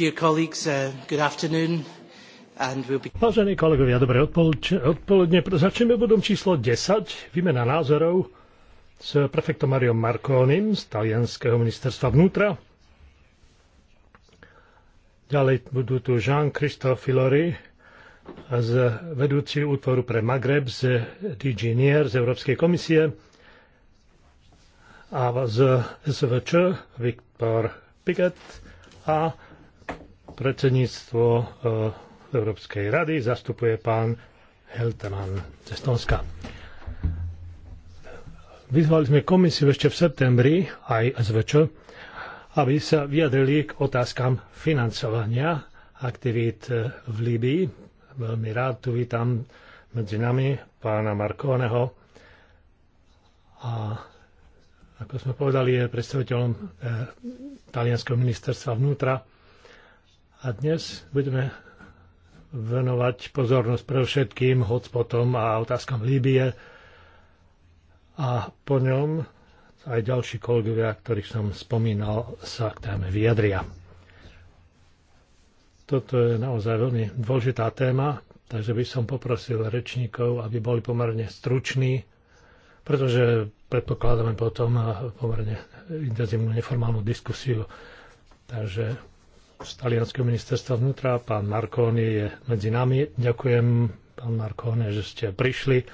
Dear colleagues, uh, good afternoon. And we'll be... Vážení kolegovia, dobré odpoludne. Začneme bodom číslo 10, výmena názorov s prefektom Mariom Markónim z talianského ministerstva vnútra. Ďalej budú tu Jean-Christophe Filori, z vedúci útvoru pre Magreb z DG NIR z Európskej komisie a z SVČ Viktor Piket a predsedníctvo eh, Európskej rady zastupuje pán Helteman z Estonska. Vyzvali sme komisiu ešte v septembri, aj SVČ, aby sa vyjadrili k otázkam financovania aktivít eh, v Líbii. Veľmi rád tu vítam medzi nami pána Markoneho. A ako sme povedali, je predstaviteľom e, talianského ministerstva vnútra a dnes budeme venovať pozornosť pre všetkým hotspotom a otázkam Líbie a po ňom aj ďalší kolegovia, ktorých som spomínal, sa k téme vyjadria. Toto je naozaj veľmi dôležitá téma, takže by som poprosil rečníkov, aby boli pomerne struční, pretože predpokladáme potom pomerne intenzívnu neformálnu diskusiu. Takže z Talianského ministerstva vnútra. Pán Markóny je medzi nami. Ďakujem, pán Markóny, že ste prišli,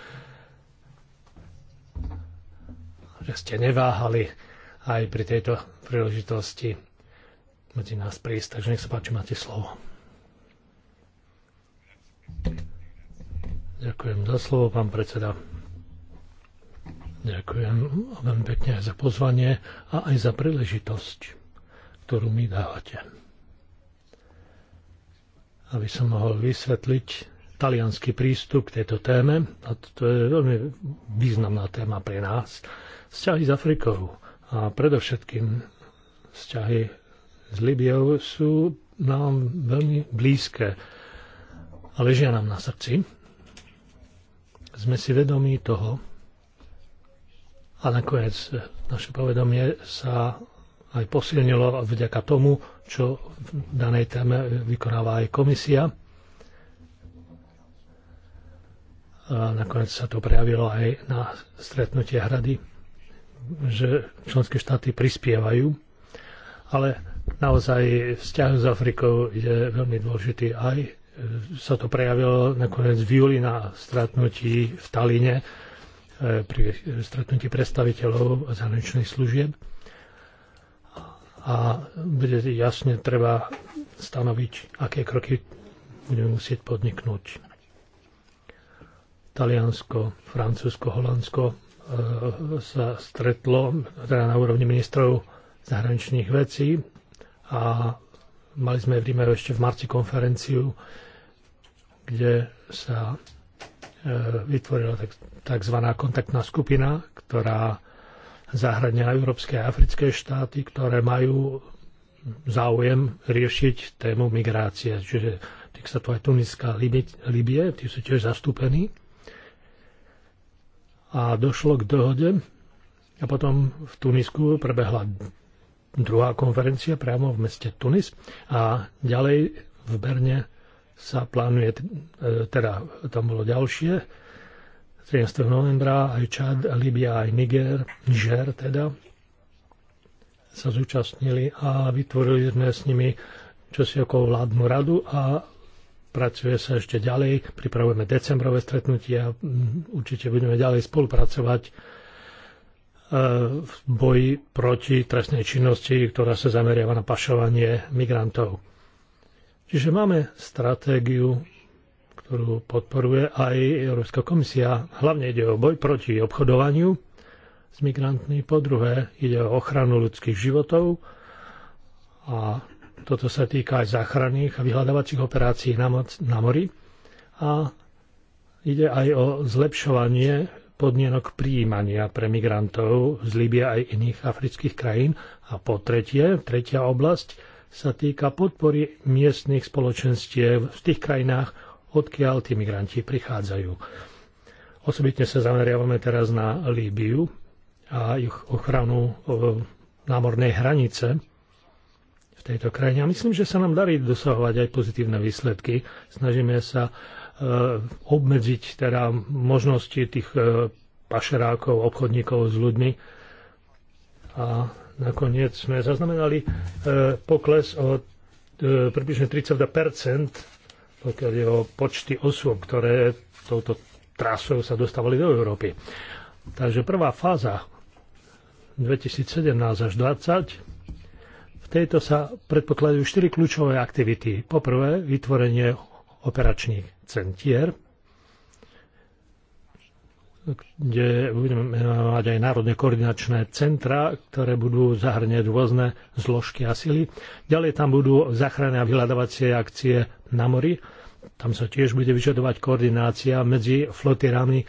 že ste neváhali aj pri tejto príležitosti medzi nás prísť. Takže nech sa páči, máte slovo. Ďakujem za slovo, pán predseda. Ďakujem veľmi pekne aj za pozvanie a aj za príležitosť, ktorú mi dávate aby som mohol vysvetliť talianský prístup k tejto téme. A to je veľmi významná téma pre nás. Vzťahy s Afrikou a predovšetkým vzťahy s Libiou sú nám veľmi blízke a ležia nám na srdci. Sme si vedomí toho a nakoniec naše povedomie sa aj posilnilo vďaka tomu, čo v danej téme vykonáva aj komisia. A nakoniec sa to prejavilo aj na stretnutie hrady, že členské štáty prispievajú, ale naozaj vzťah s Afrikou je veľmi dôležitý aj sa to prejavilo nakoniec v júli na stretnutí v Taline eh, pri stretnutí predstaviteľov zahraničných služieb a bude jasne treba stanoviť, aké kroky budeme musieť podniknúť. Taliansko, Francúzsko, Holandsko e, sa stretlo teda na úrovni ministrov zahraničných vecí a mali sme v Ríme ešte v marci konferenciu, kde sa e, vytvorila tzv. kontaktná skupina, ktorá zahrania európske a africké štáty, ktoré majú záujem riešiť tému migrácie. Čiže tak sa to aj Tuniska, Libie, tí sú tiež zastúpení. A došlo k dohode a potom v Tunisku prebehla druhá konferencia priamo v meste Tunis a ďalej v Berne sa plánuje, e, teda tam bolo ďalšie 13. novembra aj Čad, Libia, aj Niger, Niger teda, sa zúčastnili a vytvorili sme s nimi čosi ako vládnu radu a pracuje sa ešte ďalej. Pripravujeme decembrové stretnutie a mm, určite budeme ďalej spolupracovať e, v boji proti trestnej činnosti, ktorá sa zameriava na pašovanie migrantov. Čiže máme stratégiu ktorú podporuje aj Európska komisia. Hlavne ide o boj proti obchodovaniu s migrantmi, po druhé ide o ochranu ľudských životov a toto sa týka aj záchranných a vyhľadávacích operácií na, moc, na mori a ide aj o zlepšovanie podmienok príjmania pre migrantov z Líbia aj iných afrických krajín. A po tretie, tretia oblasť sa týka podpory miestnych spoločenstiev v tých krajinách, odkiaľ tí migranti prichádzajú. Osobitne sa zameriavame teraz na Líbiu a ich ochranu e, námornej hranice v tejto krajine. A myslím, že sa nám darí dosahovať aj pozitívne výsledky. Snažíme sa e, obmedziť teda možnosti tých e, pašerákov, obchodníkov s ľuďmi. A nakoniec sme zaznamenali pokles o približne 30 pokiaľ je o počty osôb, ktoré touto trasou sa dostávali do Európy. Takže prvá fáza 2017 až 2020, v tejto sa predpokladajú štyri kľúčové aktivity. Poprvé, vytvorenie operačných centier, kde budeme mať aj národné koordinačné centra, ktoré budú zahrňať rôzne zložky a sily. Ďalej tam budú záchranné a vyhľadávacie akcie na mori tam sa tiež bude vyžadovať koordinácia medzi flotirami,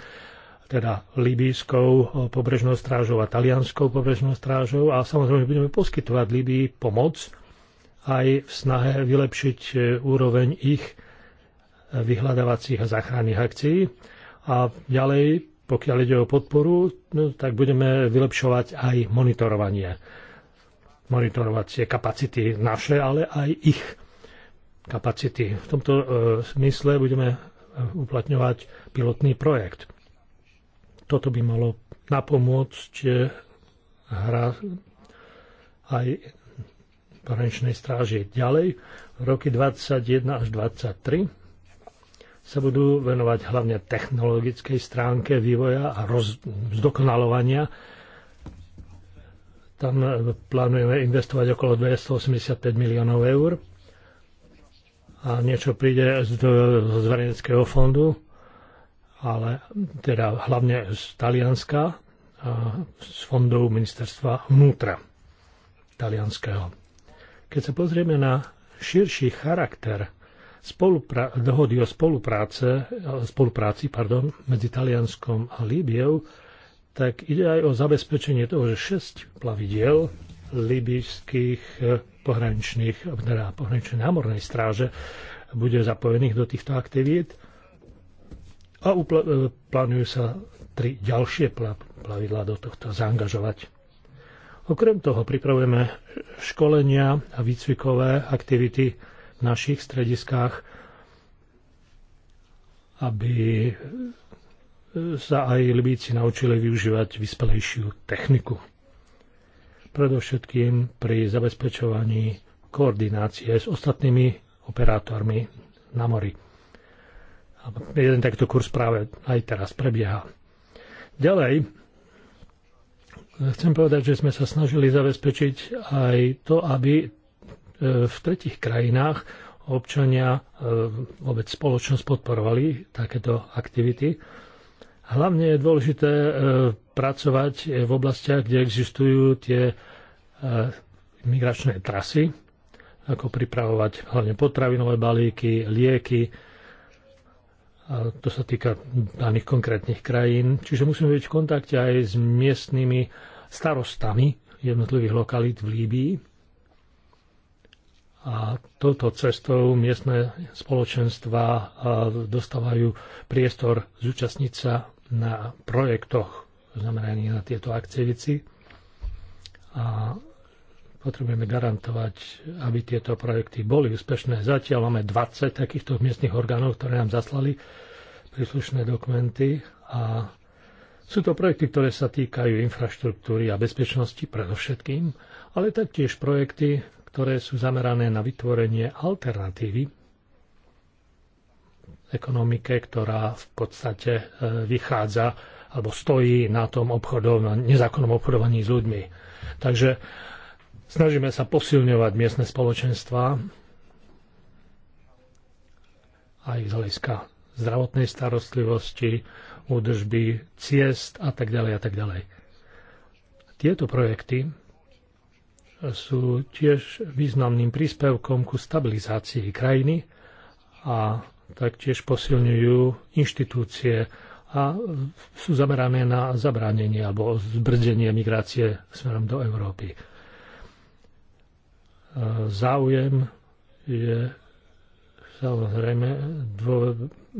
teda libijskou pobrežnou strážou a talianskou pobrežnou strážou a samozrejme budeme poskytovať Libii pomoc aj v snahe vylepšiť e, úroveň ich vyhľadávacích a záchranných akcií. A ďalej, pokiaľ ide o podporu, no, tak budeme vylepšovať aj monitorovanie. Monitorovacie kapacity naše, ale aj ich kapacity. V tomto e, smysle budeme e, uplatňovať pilotný projekt. Toto by malo napomôcť e, hra aj pohraničnej stráži. Ďalej, roky 2021 až 2023 sa budú venovať hlavne technologickej stránke vývoja a roz, zdokonalovania. Tam plánujeme investovať okolo 285 miliónov eur a niečo príde z, z Verejnického fondu, ale teda hlavne z Talianska, a z fondov ministerstva vnútra talianského. Keď sa pozrieme na širší charakter spolupra- dohody o spolupráce, spolupráci pardon, medzi Talianskom a Líbiou, tak ide aj o zabezpečenie toho, že 6 plavidiel libyských eh, pohraničných, teda pohraničnej námornej stráže bude zapojených do týchto aktivít a upl- eh, plánujú sa tri ďalšie plavidla do tohto zaangažovať. Okrem toho pripravujeme školenia a výcvikové aktivity v našich strediskách, aby eh, sa aj Libíci naučili využívať vyspelejšiu techniku predovšetkým pri zabezpečovaní koordinácie s ostatnými operátormi na mori. A jeden takýto kurz práve aj teraz prebieha. Ďalej, chcem povedať, že sme sa snažili zabezpečiť aj to, aby e, v tretich krajinách občania, e, vôbec spoločnosť podporovali takéto aktivity Hlavne je dôležité e, pracovať v oblastiach, kde existujú tie e, migračné trasy, ako pripravovať hlavne potravinové balíky, lieky. A to sa týka daných konkrétnych krajín. Čiže musíme byť v kontakte aj s miestnymi starostami jednotlivých lokalít v Líbii. A touto cestou miestne spoločenstva e, dostávajú priestor zúčastniť sa na projektoch zameraných na tieto aktivity a potrebujeme garantovať, aby tieto projekty boli úspešné. Zatiaľ máme 20 takýchto miestnych orgánov, ktoré nám zaslali príslušné dokumenty a sú to projekty, ktoré sa týkajú infraštruktúry a bezpečnosti predovšetkým, ale taktiež projekty, ktoré sú zamerané na vytvorenie alternatívy ekonomike, ktorá v podstate e, vychádza alebo stojí na tom na nezákonnom obchodovaní s ľuďmi. Takže snažíme sa posilňovať miestne spoločenstva aj z hľadiska zdravotnej starostlivosti, údržby ciest a tak ďalej a tak ďalej. Tieto projekty sú tiež významným príspevkom ku stabilizácii krajiny a taktiež posilňujú inštitúcie a sú zamerané na zabránenie alebo zbrdenie migrácie smerom do Európy. E, záujem je samozrejme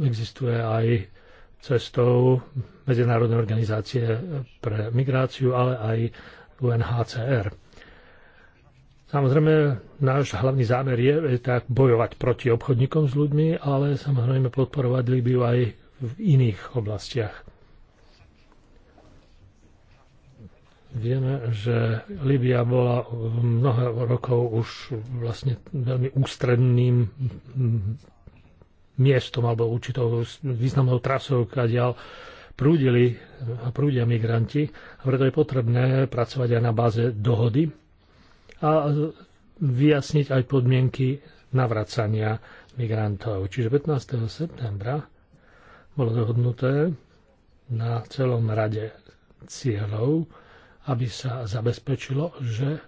existuje aj cestou Medzinárodnej organizácie pre migráciu, ale aj UNHCR. Samozrejme, náš hlavný zámer je tak bojovať proti obchodníkom s ľuďmi, ale samozrejme podporovať Libiu aj v iných oblastiach. Vieme, že Libia bola mnoho rokov už vlastne veľmi ústredným miestom alebo určitou významnou trasou, kadiaľ prúdili a prúdia migranti. A preto je potrebné pracovať aj na báze dohody a vyjasniť aj podmienky navracania migrantov. Čiže 15. septembra bolo dohodnuté na celom rade cieľov, aby sa zabezpečilo, že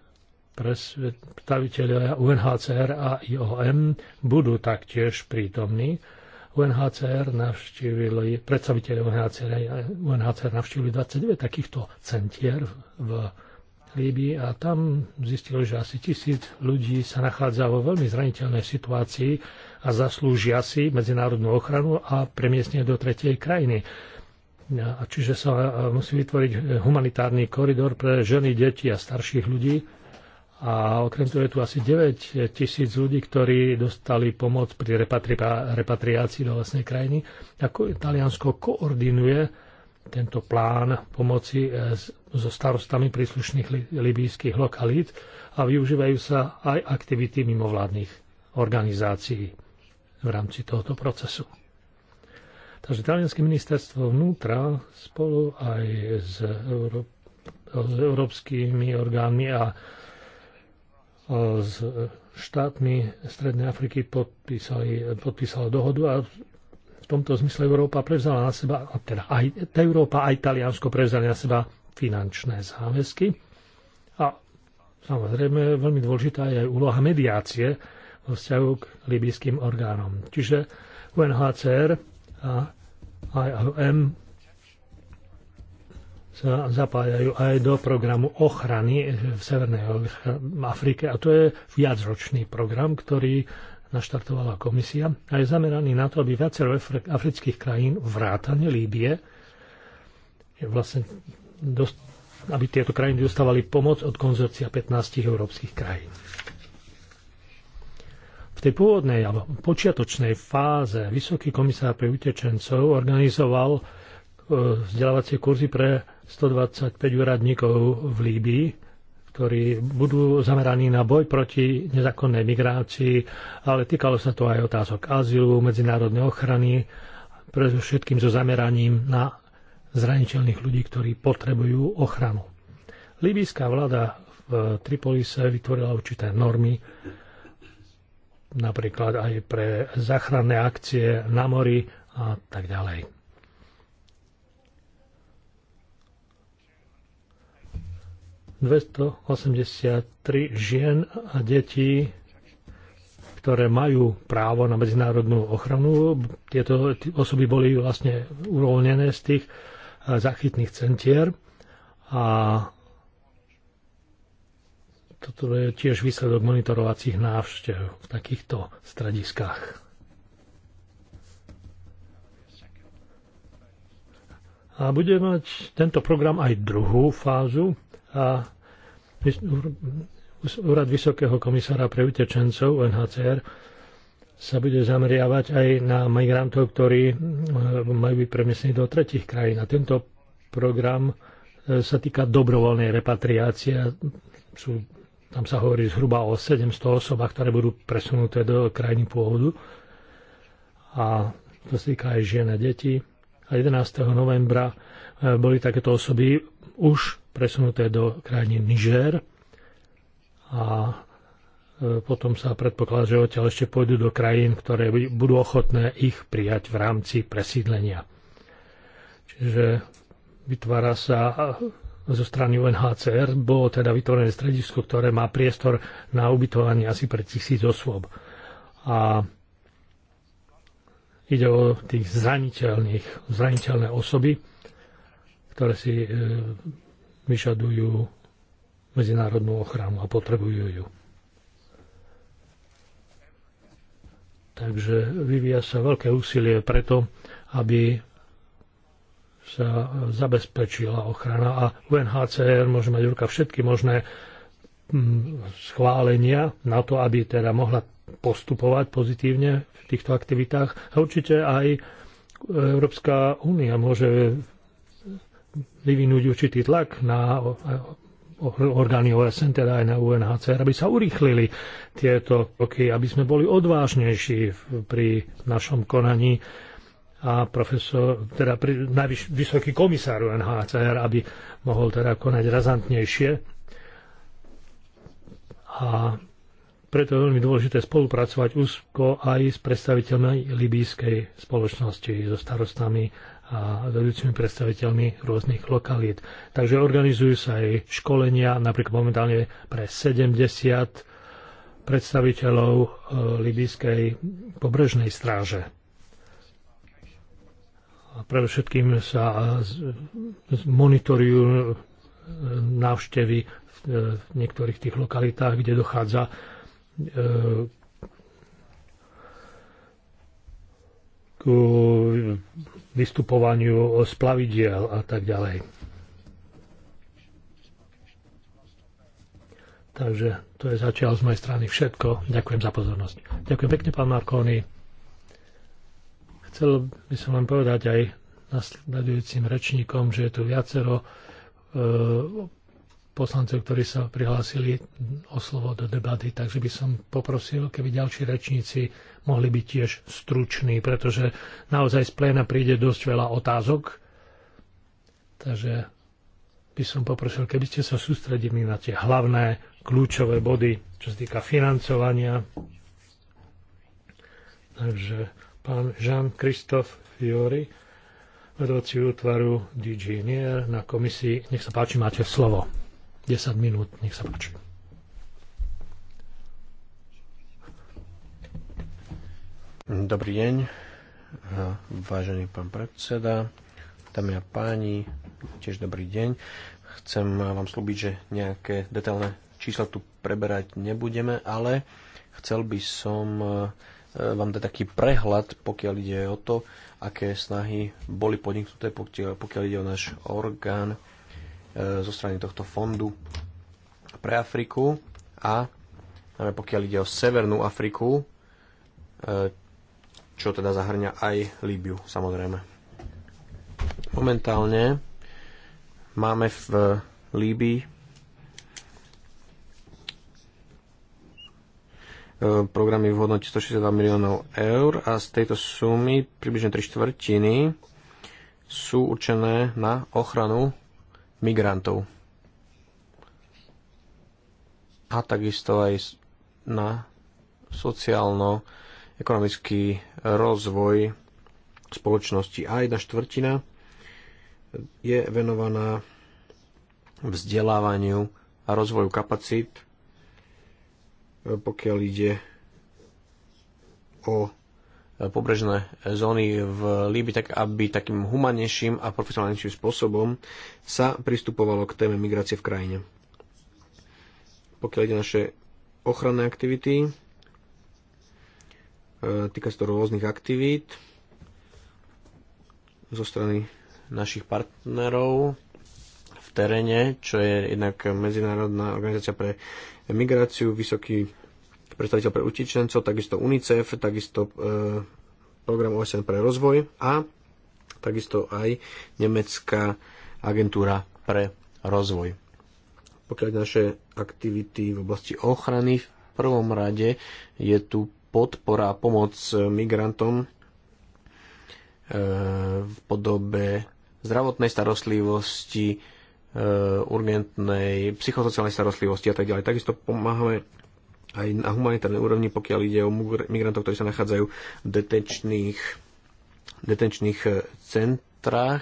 predstaviteľia UNHCR a IOM budú taktiež prítomní. UNHCR navštívili, predstaviteľe UNHCR, UNHCR navštívili 29 takýchto centier v Líbii a tam zistil, že asi tisíc ľudí sa nachádza vo veľmi zraniteľnej situácii a zaslúžia si medzinárodnú ochranu a premiestne do tretej krajiny. A čiže sa e, musí vytvoriť humanitárny koridor pre ženy, deti a starších ľudí. A okrem toho je tu asi 9 tisíc ľudí, ktorí dostali pomoc pri repatri- repatriácii do vlastnej krajiny. Ako Taliansko koordinuje tento plán pomoci e, s so starostami príslušných libijských lokalít a využívajú sa aj aktivity mimovládnych organizácií v rámci tohoto procesu. Takže Talianské ministerstvo vnútra spolu aj s, Euró- s európskymi orgánmi a s štátmi Strednej Afriky podpísali, podpísalo dohodu a v tomto zmysle Európa prevzala na seba, teda aj Európa, aj Taliansko prevzali na seba finančné záväzky. A samozrejme veľmi dôležitá je aj úloha mediácie vo vzťahu k libyským orgánom. Čiže UNHCR a IOM sa zapájajú aj do programu ochrany v Severnej Afrike a to je viacročný program, ktorý naštartovala komisia a je zameraný na to, aby viacero afrických krajín vrátane Líbie je vlastne aby tieto krajiny dostávali pomoc od konzorcia 15 európskych krajín. V tej pôvodnej alebo počiatočnej fáze Vysoký komisár pre utečencov organizoval e, vzdelávacie kurzy pre 125 úradníkov v Líbii, ktorí budú zameraní na boj proti nezákonnej migrácii, ale týkalo sa to aj otázok azylu, medzinárodnej ochrany, predovšetkým so zameraním na zraniteľných ľudí, ktorí potrebujú ochranu. Libijská vláda v Tripolise vytvorila určité normy, napríklad aj pre záchranné akcie na mori a tak ďalej. ...283 žien a detí, ktoré majú právo na medzinárodnú ochranu. Tieto osoby boli vlastne uvoľnené z tých E, zachytných centier a toto je tiež výsledok monitorovacích návštev v takýchto strediskách. A bude mať tento program aj druhú fázu a Úrad Vysokého komisára pre utečencov UNHCR sa bude zameriavať aj na migrantov, ktorí eh, majú byť premiestnení do tretich krajín. A tento program eh, sa týka dobrovoľnej repatriácie. Sú, tam sa hovorí zhruba o 700 osobách, ktoré budú presunuté do krajiny pôvodu. A to sa týka aj žien a detí. A 11. novembra eh, boli takéto osoby už presunuté do krajiny Niger. A E, potom sa predpokladá, že odtiaľ ešte pôjdu do krajín, ktoré budú ochotné ich prijať v rámci presídlenia. Čiže vytvára sa e, zo strany UNHCR, bolo teda vytvorené stredisko, ktoré má priestor na ubytovanie asi pre tisíc osôb. A ide o tých zraniteľných, zraniteľné osoby, ktoré si e, vyžadujú medzinárodnú ochranu a potrebujú ju. Takže vyvíja sa veľké úsilie preto, aby sa zabezpečila ochrana a UNHCR môže mať v ruka všetky možné mm, schválenia na to, aby teda mohla postupovať pozitívne v týchto aktivitách. A určite aj Európska únia môže vyvinúť určitý tlak na orgány OSN, teda aj na UNHCR, aby sa urýchlili tieto roky, aby sme boli odvážnejší pri našom konaní a profesor, teda pri, najvyš, vysoký komisár UNHCR, aby mohol teda konať razantnejšie. A preto je veľmi dôležité spolupracovať úzko aj s predstaviteľmi libýskej spoločnosti, so starostami a vedúcimi predstaviteľmi rôznych lokalít. Takže organizujú sa aj školenia, napríklad momentálne pre 70 predstaviteľov e, libijskej pobrežnej stráže. A predovšetkým sa e, monitorujú e, návštevy v niektorých tých lokalitách, kde dochádza k vystupovaniu splavidiel a tak ďalej. Takže to je zatiaľ z mojej strany všetko. Ďakujem za pozornosť. Ďakujem pekne, pán Markóny. Chcel by som vám povedať aj nasledujúcim rečníkom, že je tu viacero e, poslancov, ktorí sa prihlásili o slovo do debaty, takže by som poprosil, keby ďalší rečníci mohli byť tiež struční, pretože naozaj z pléna príde dosť veľa otázok. Takže by som poprosil, keby ste sa sústredili na tie hlavné, kľúčové body, čo sa týka financovania. Takže pán Jean-Christophe Fiori, vedúci útvaru DG Nier na komisii. Nech sa páči, máte slovo. 10 minút, nech sa páči. Dobrý deň, vážený pán predseda, dámy a páni, tiež dobrý deň. Chcem vám slúbiť, že nejaké detailné čísla tu preberať nebudeme, ale chcel by som e, vám dať taký prehľad, pokiaľ ide o to, aké snahy boli podniknuté, pokiaľ ide o náš orgán E, zo strany tohto fondu pre Afriku a najmä pokiaľ ide o Severnú Afriku, e, čo teda zahrňa aj Líbiu samozrejme. Momentálne máme v Líbii e, programy v hodnote 162 miliónov eur a z tejto sumy približne 3 štvrtiny sú určené na ochranu migrantov. A takisto aj na sociálno-ekonomický rozvoj spoločnosti. A jedna štvrtina je venovaná vzdelávaniu a rozvoju kapacít, pokiaľ ide o pobrežné zóny v Líbi, tak aby takým humanejším a profesionálnejším spôsobom sa pristupovalo k téme migrácie v krajine. Pokiaľ ide naše ochranné aktivity, e, týka sa to rôznych aktivít zo strany našich partnerov v teréne, čo je jednak Medzinárodná organizácia pre migráciu, vysoký predstaviteľ pre utečencov, takisto UNICEF, takisto e, program OSN pre rozvoj a takisto aj Nemecká agentúra pre rozvoj. Pokiaľ naše aktivity v oblasti ochrany, v prvom rade je tu podpora a pomoc migrantom e, v podobe zdravotnej starostlivosti, e, urgentnej psychosociálnej starostlivosti a tak ďalej. Takisto pomáhame aj na humanitárnej úrovni, pokiaľ ide o migrantov, ktorí sa nachádzajú v detenčných, detenčných e, centrách,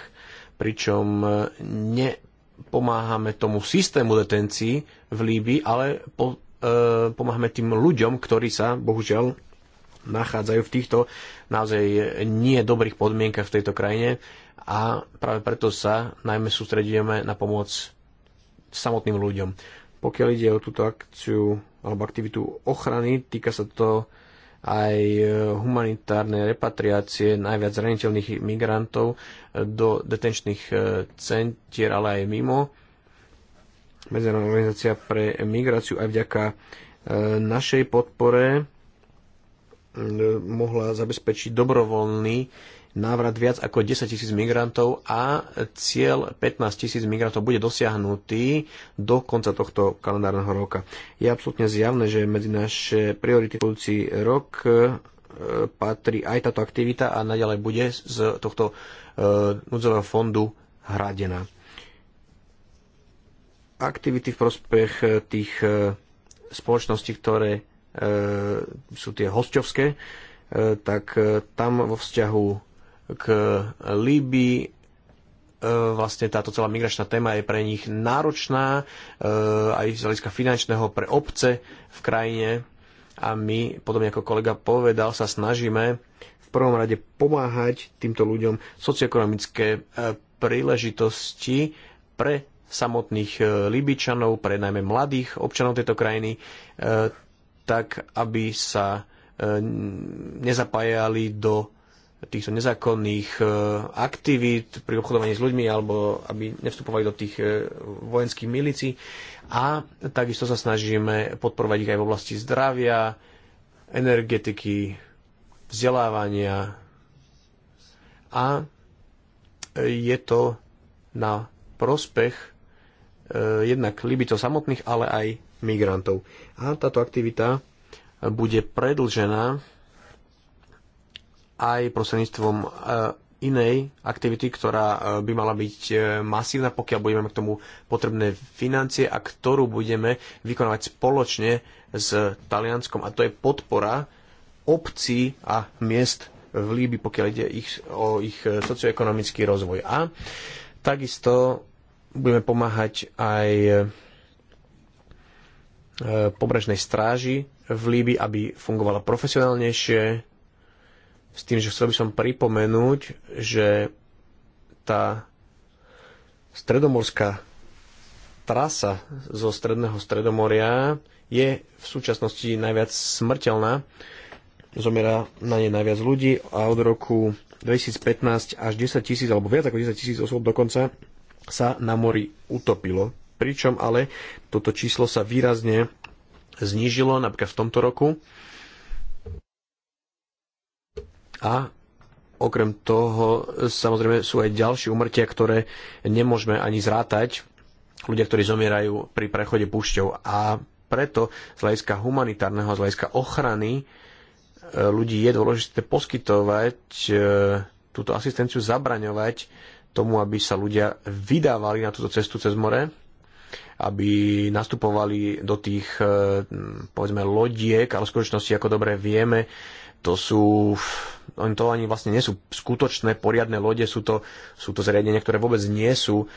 pričom e, nepomáhame tomu systému detencií v Líbii, ale po, e, pomáhame tým ľuďom, ktorí sa bohužiaľ nachádzajú v týchto naozaj nie dobrých podmienkach v tejto krajine a práve preto sa najmä sústredíme na pomoc samotným ľuďom. Pokiaľ ide o túto akciu alebo aktivitu ochrany. Týka sa to aj e, humanitárnej repatriácie najviac zraniteľných migrantov e, do detenčných e, centier, ale aj mimo. Medzinárodná organizácia pre migráciu aj vďaka našej podpore mohla zabezpečiť dobrovoľný návrat viac ako 10 tisíc migrantov a cieľ 15 tisíc migrantov bude dosiahnutý do konca tohto kalendárneho roka. Je absolútne zjavné, že medzi naše priority budúci rok e, patrí aj táto aktivita a naďalej bude z tohto e, núdzového fondu hradená. Aktivity v prospech e, tých spoločností, ktoré sú tie hostovské, tak tam vo vzťahu k Líbii, e, vlastne táto celá migračná téma je pre nich náročná, e, aj z hľadiska finančného pre obce v krajine. A my, podobne ako kolega povedal, sa snažíme v prvom rade pomáhať týmto ľuďom socioekonomické e, príležitosti pre samotných Libičanov, pre najmä mladých občanov tejto krajiny, tak aby sa nezapájali do týchto nezákonných e, aktivít pri obchodovaní s ľuďmi alebo aby nevstupovali do tých e, vojenských milícií a takisto sa snažíme podporovať ich aj v oblasti zdravia, energetiky, vzdelávania a je to na prospech e, jednak Libitov samotných, ale aj migrantov. A táto aktivita bude predlžená aj prostredníctvom eh, inej aktivity, ktorá eh, by mala byť eh, masívna, pokiaľ budeme k tomu potrebné financie a ktorú budeme vykonávať spoločne s Talianskom. A to je podpora obcí a miest v Líbi, pokiaľ ide ich, o ich socioekonomický rozvoj. A takisto budeme pomáhať aj pobrežnej stráži v Líbi, aby fungovala profesionálnejšie, s tým, že chcel by som pripomenúť, že tá stredomorská trasa zo stredného stredomoria je v súčasnosti najviac smrteľná. Zomiera na nej najviac ľudí a od roku 2015 až 10 tisíc, alebo viac ako 10 tisíc osôb dokonca sa na mori utopilo. Pričom ale toto číslo sa výrazne znížilo napríklad v tomto roku a okrem toho samozrejme sú aj ďalšie umrtia, ktoré nemôžeme ani zrátať. Ľudia, ktorí zomierajú pri prechode púšťou. A preto z hľadiska humanitárneho, z hľadiska ochrany e, ľudí je dôležité poskytovať e, túto asistenciu, zabraňovať tomu, aby sa ľudia vydávali na túto cestu cez more, aby nastupovali do tých, e, povedzme, lodiek, ale v skutočnosti, ako dobre vieme, to sú oni to ani vlastne nie sú skutočné poriadne lode, sú to, sú to zariadenia, ktoré vôbec nie sú e,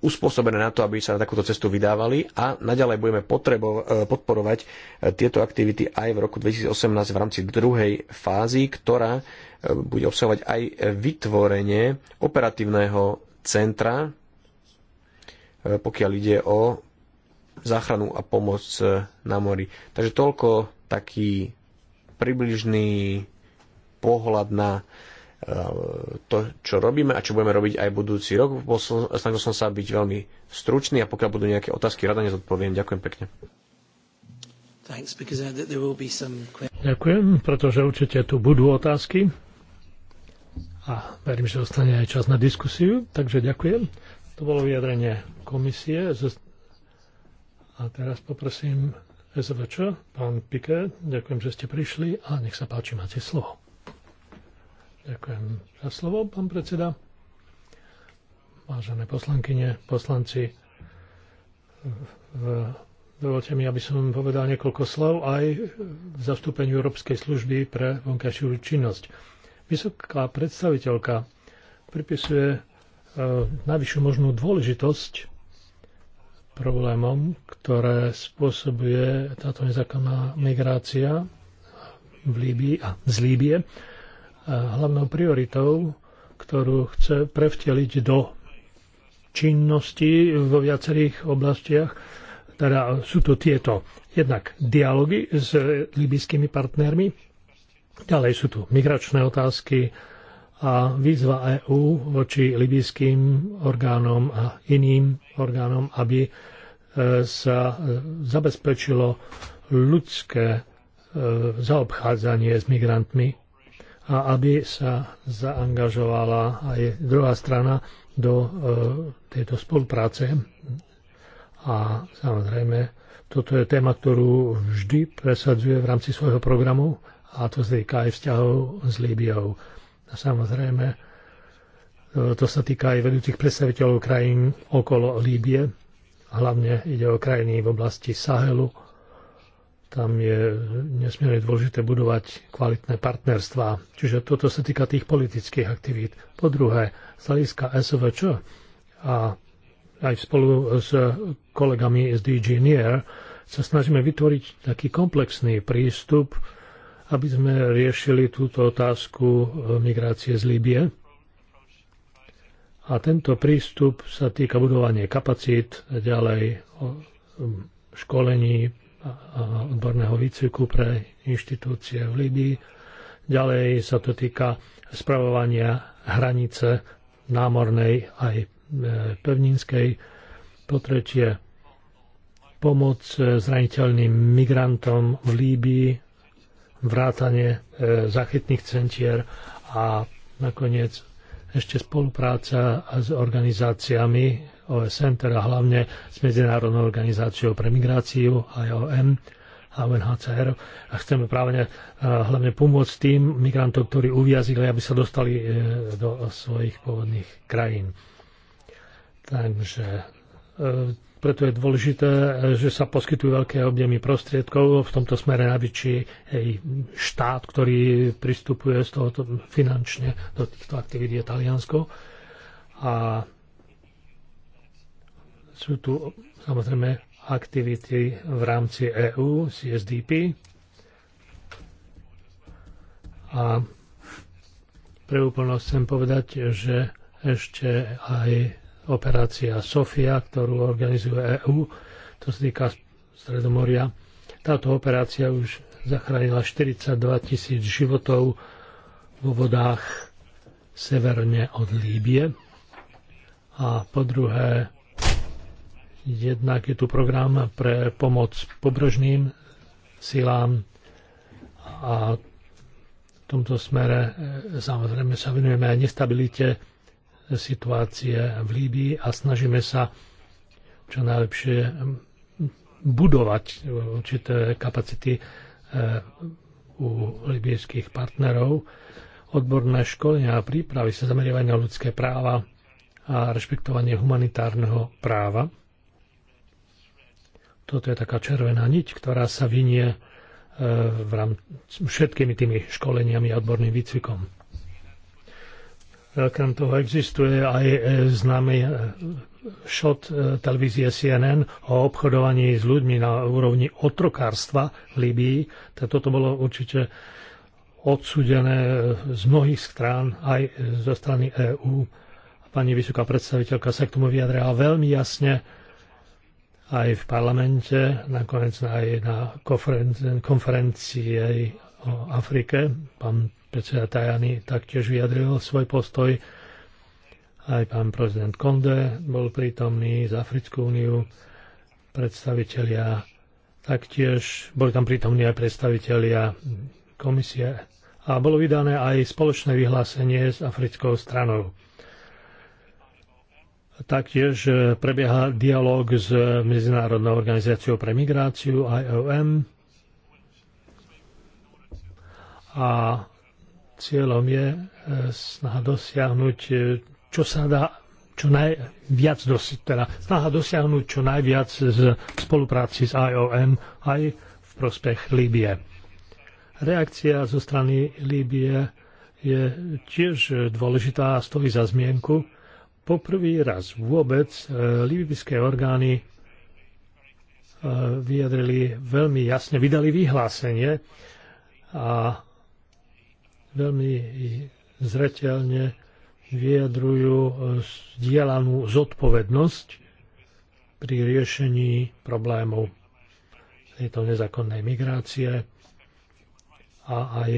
uspôsobené na to, aby sa na takúto cestu vydávali a naďalej budeme potrebo, e, podporovať e, tieto aktivity aj v roku 2018 v rámci druhej fázy, ktorá e, bude obsahovať aj vytvorenie operatívneho centra, e, pokiaľ ide o záchranu a pomoc e, na mori. Takže toľko taký približný pohľad na e, to, čo robíme a čo budeme robiť aj budúci rok. Snažil som sa byť veľmi stručný a pokiaľ budú nejaké otázky, rada nezodpoviem. Ďakujem pekne. Uh, ďakujem, pretože určite tu budú otázky a verím, že ostane aj čas na diskusiu, takže ďakujem. To bolo vyjadrenie komisie. A teraz poprosím SVČ, pán Pike, ďakujem, že ste prišli a nech sa páči, máte slovo. Ďakujem za slovo, pán predseda. Vážené poslankyne, poslanci, dovolte mi, aby som povedal niekoľko slov aj v zastúpení Európskej služby pre vonkajšiu činnosť. Vysoká predstaviteľka pripisuje e, najvyššiu možnú dôležitosť problémom, ktoré spôsobuje táto nezákonná migrácia v Líbii a z Líbie. A hlavnou prioritou, ktorú chce prevteliť do činnosti vo viacerých oblastiach, teda sú to tieto jednak dialógy s libyskými partnermi, ďalej sú tu migračné otázky, a výzva EÚ voči libijským orgánom a iným orgánom, aby e, sa e, zabezpečilo ľudské e, zaobchádzanie s migrantmi a aby sa zaangažovala aj druhá strana do tejto spolupráce. A samozrejme, toto je téma, ktorú vždy presadzuje v rámci svojho programu a to sa týka aj vzťahov s Líbiou. A Samozrejme, e, to sa týka aj vedúcich predstaviteľov krajín okolo Líbie. Hlavne ide o krajiny v oblasti Sahelu. Tam je nesmierne dôležité budovať kvalitné partnerstvá. Čiže toto sa týka tých politických aktivít. Po druhé, z hľadiska SVČ a aj spolu s kolegami z DG NIR sa snažíme vytvoriť taký komplexný prístup aby sme riešili túto otázku eh, migrácie z Líbie. A tento prístup sa týka budovania kapacít, ďalej hm, školení a odborného výcviku pre inštitúcie v Líbii. Ďalej sa to týka spravovania hranice námornej aj eh, pevninskej. Po tretie, pomoc eh, zraniteľným migrantom v Líbii vrátanie e, zachytných centier a nakoniec ešte spolupráca s organizáciami OSN, teda hlavne s Medzinárodnou organizáciou pre migráciu IOM a UNHCR. A chceme práve e, hlavne pomôcť tým migrantom, ktorí uviazili, aby sa dostali e, do svojich pôvodných krajín. Takže preto je dôležité, že sa poskytujú veľké objemy prostriedkov v tomto smere, aby či hej, štát, ktorý pristupuje z tohoto finančne do týchto aktivít je Taliansko. A sú tu samozrejme aktivity v rámci EU, CSDP. A pre úplnosť chcem povedať, že ešte aj operácia SOFIA, ktorú organizuje EÚ, to sa týka Stredomoria. Táto operácia už zachránila 42 tisíc životov vo vodách severne od Líbie. A po druhé, jednak je tu program pre pomoc pobrežným silám a v tomto smere e, samozrejme sa venujeme aj nestabilite situácie v Líbii a snažíme sa čo najlepšie budovať určité kapacity eh, u libijských partnerov. Odborné školenia a prípravy sa zameriavajú na ľudské práva a rešpektovanie humanitárneho práva. Toto je taká červená niť, ktorá sa vynie eh, v rám- všetkými tými školeniami a odborným výcvikom. Okrem toho existuje aj e, známy šot e, e, televízie CNN o obchodovaní s ľuďmi na úrovni otrokárstva v Libii. Toto bolo určite odsudené z mnohých strán, aj zo strany EÚ. Pani vysoká predstaviteľka sa k tomu vyjadrila veľmi jasne aj v parlamente, nakoniec aj na konferencii o Afrike. Pán predseda Tajany taktiež vyjadril svoj postoj. Aj pán prezident Konde bol prítomný z Africkú úniu, predstavitelia taktiež, boli tam prítomní aj predstavitelia komisie a bolo vydané aj spoločné vyhlásenie s africkou stranou. Taktiež e, prebieha dialog s Medzinárodnou organizáciou pre migráciu IOM a cieľom je e, snaha dosiahnuť, e, čo sa dá čo najviac dosiť, teda snaha dosiahnuť čo najviac z spolupráci s IOM aj v prospech Líbie. Reakcia zo strany Líbie je tiež dôležitá a stojí za zmienku. Poprvý raz vôbec e, líbyské orgány vyjadrili veľmi jasne, vydali vyhlásenie a veľmi zreteľne vyjadrujú e, zdieľanú zodpovednosť pri riešení problémov tejto nezákonnej migrácie a aj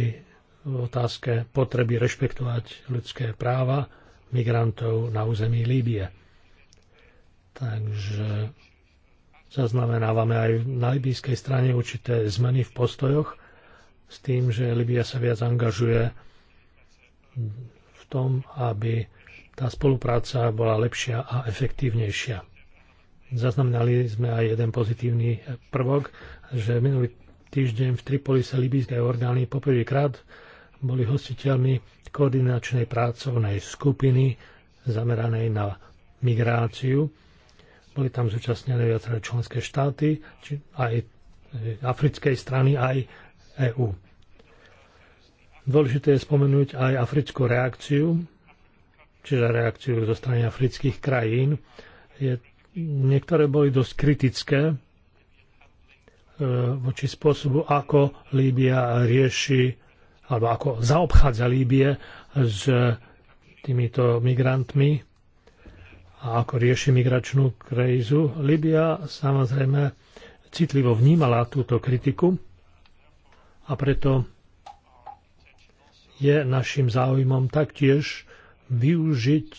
v otázke potreby rešpektovať ľudské práva migrantov na území Líbie. Takže zaznamenávame aj na libijskej strane určité zmeny v postojoch s tým, že Libia sa viac angažuje v tom, aby tá spolupráca bola lepšia a efektívnejšia. Zaznamenali sme aj jeden pozitívny prvok, že minulý týždeň v Tripoli sa libijské orgány poprvýkrát boli hostiteľmi koordinačnej pracovnej skupiny zameranej na migráciu. Boli tam zúčastnené viaceré členské štáty, či aj africkej strany, aj EÚ. Dôležité je spomenúť aj africkú reakciu, čiže reakciu zo strany afrických krajín. Je, niektoré boli dosť kritické e, voči spôsobu, ako Líbia rieši alebo ako zaobchádza Líbie s týmito migrantmi a ako rieši migračnú krízu. Líbia samozrejme citlivo vnímala túto kritiku a preto je našim záujmom taktiež využiť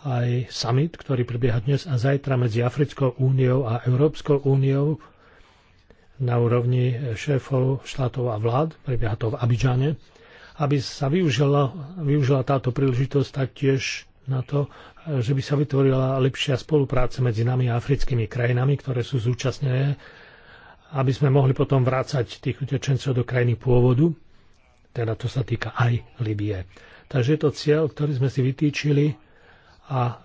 aj summit, ktorý prebieha dnes a zajtra medzi Africkou úniou a Európskou úniou na úrovni šéfov štátov a vlád, prebieha to v Abidžane, aby sa využila, využila táto príležitosť taktiež na to, že by sa vytvorila lepšia spolupráca medzi nami a africkými krajinami, ktoré sú zúčastnené aby sme mohli potom vrácať tých utečencov do krajiny pôvodu. Teda to sa týka aj Libie. Takže je to cieľ, ktorý sme si vytýčili a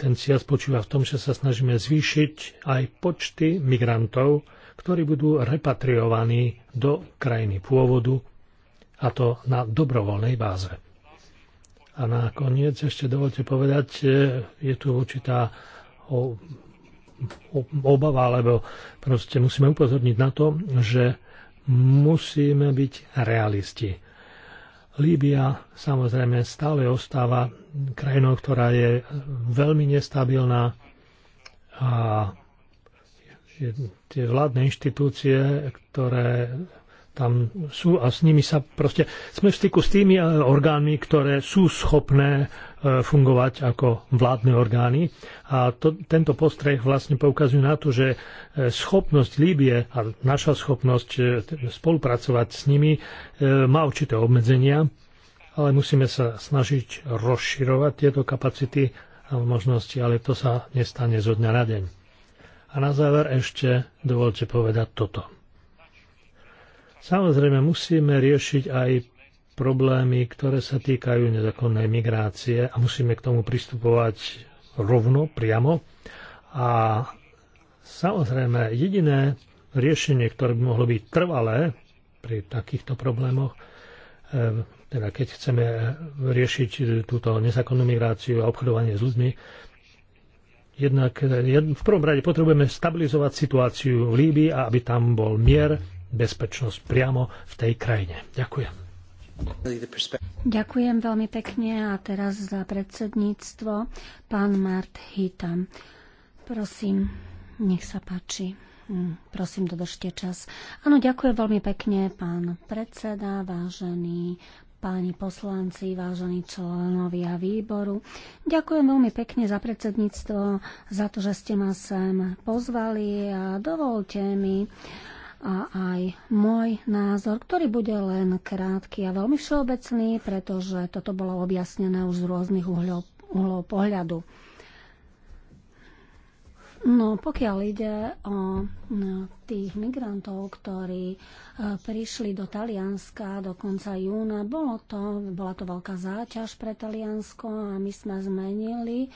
ten cieľ spočíva v tom, že sa snažíme zvýšiť aj počty migrantov, ktorí budú repatriovaní do krajiny pôvodu a to na dobrovoľnej báze. A nakoniec ešte dovolte povedať, je tu určitá obava, alebo proste musíme upozorniť na to, že musíme byť realisti. Líbia samozrejme stále ostáva krajinou, ktorá je veľmi nestabilná a tie vládne inštitúcie, ktoré tam sú a s nimi sa proste... Sme v styku s tými eh, orgánmi, ktoré sú schopné E, fungovať ako vládne orgány. A to, tento postreh vlastne poukazuje na to, že e, schopnosť Líbie a naša schopnosť e, spolupracovať s nimi má určité obmedzenia, ale musíme sa snažiť rozširovať tieto kapacity a možnosti, ale to sa nestane zo dňa na deň. A na záver ešte dovolte povedať toto. Samozrejme musíme riešiť aj problémy, ktoré sa týkajú nezákonnej migrácie a musíme k tomu pristupovať rovno, priamo. A samozrejme, jediné riešenie, ktoré by mohlo byť trvalé pri takýchto problémoch, e, teda keď chceme riešiť túto nezákonnú migráciu a obchodovanie s ľuďmi, jednak e, v prvom rade potrebujeme stabilizovať situáciu v Líbii a aby tam bol mier, bezpečnosť priamo v tej krajine. Ďakujem. Ďakujem veľmi pekne a teraz za predsedníctvo pán Mart Hitam. Prosím, nech sa páči. Mm, prosím, dodržte čas. Áno, ďakujem veľmi pekne, pán predseda, vážený páni poslanci, vážení členovia výboru. Ďakujem veľmi pekne za predsedníctvo, za to, že ste ma sem pozvali a dovolte mi a aj môj názor, ktorý bude len krátky a veľmi všeobecný, pretože toto bolo objasnené už z rôznych uhlov, uhľov pohľadu. No, pokiaľ ide o no, tých migrantov, ktorí e, prišli do Talianska do konca júna, bolo to, bola to veľká záťaž pre Taliansko a my sme zmenili e,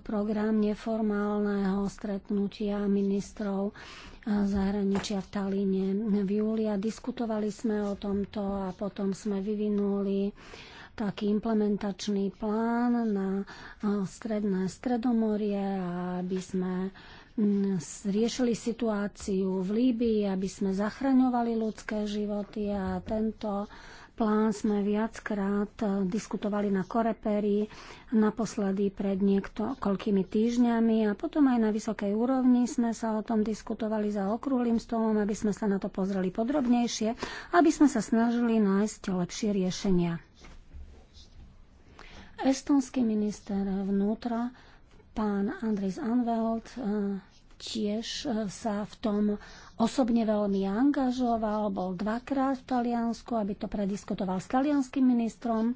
program neformálneho stretnutia ministrov zahraničia v Talíne v júli a diskutovali sme o tomto a potom sme vyvinuli taký implementačný plán na stredné stredomorie, aby sme mm, riešili situáciu v Líbii, aby sme zachraňovali ľudské životy a tento Plán sme viackrát eh, diskutovali na Koreperi, naposledy pred niekoľkými týždňami a potom aj na vysokej úrovni sme sa o tom diskutovali za okrúhlym stolom, aby sme sa na to pozreli podrobnejšie, aby sme sa snažili nájsť lepšie riešenia. Estonský minister vnútra, pán Andris Anveld, eh, tiež eh, sa v tom osobne veľmi angažoval, bol dvakrát v Taliansku, aby to prediskutoval s talianským ministrom.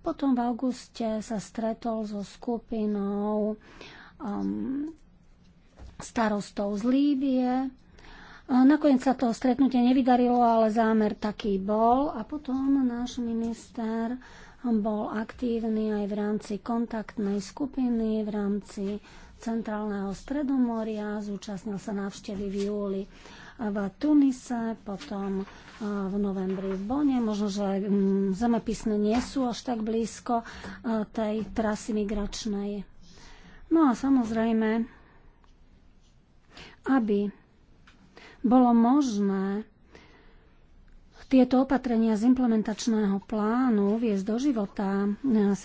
Potom v auguste sa stretol so skupinou um, starostov z Líbie. Nakoniec sa to stretnutie nevydarilo, ale zámer taký bol. A potom náš minister um, bol aktívny aj v rámci kontaktnej skupiny, v rámci centrálneho stredomoria, zúčastnil sa návštevy v júli v Tunise, potom e, v novembri v Bone. Možno, že mm, zemepisne nie sú až tak blízko e, tej trasy migračnej. No a samozrejme, aby bolo možné tieto opatrenia z implementačného plánu viesť do života.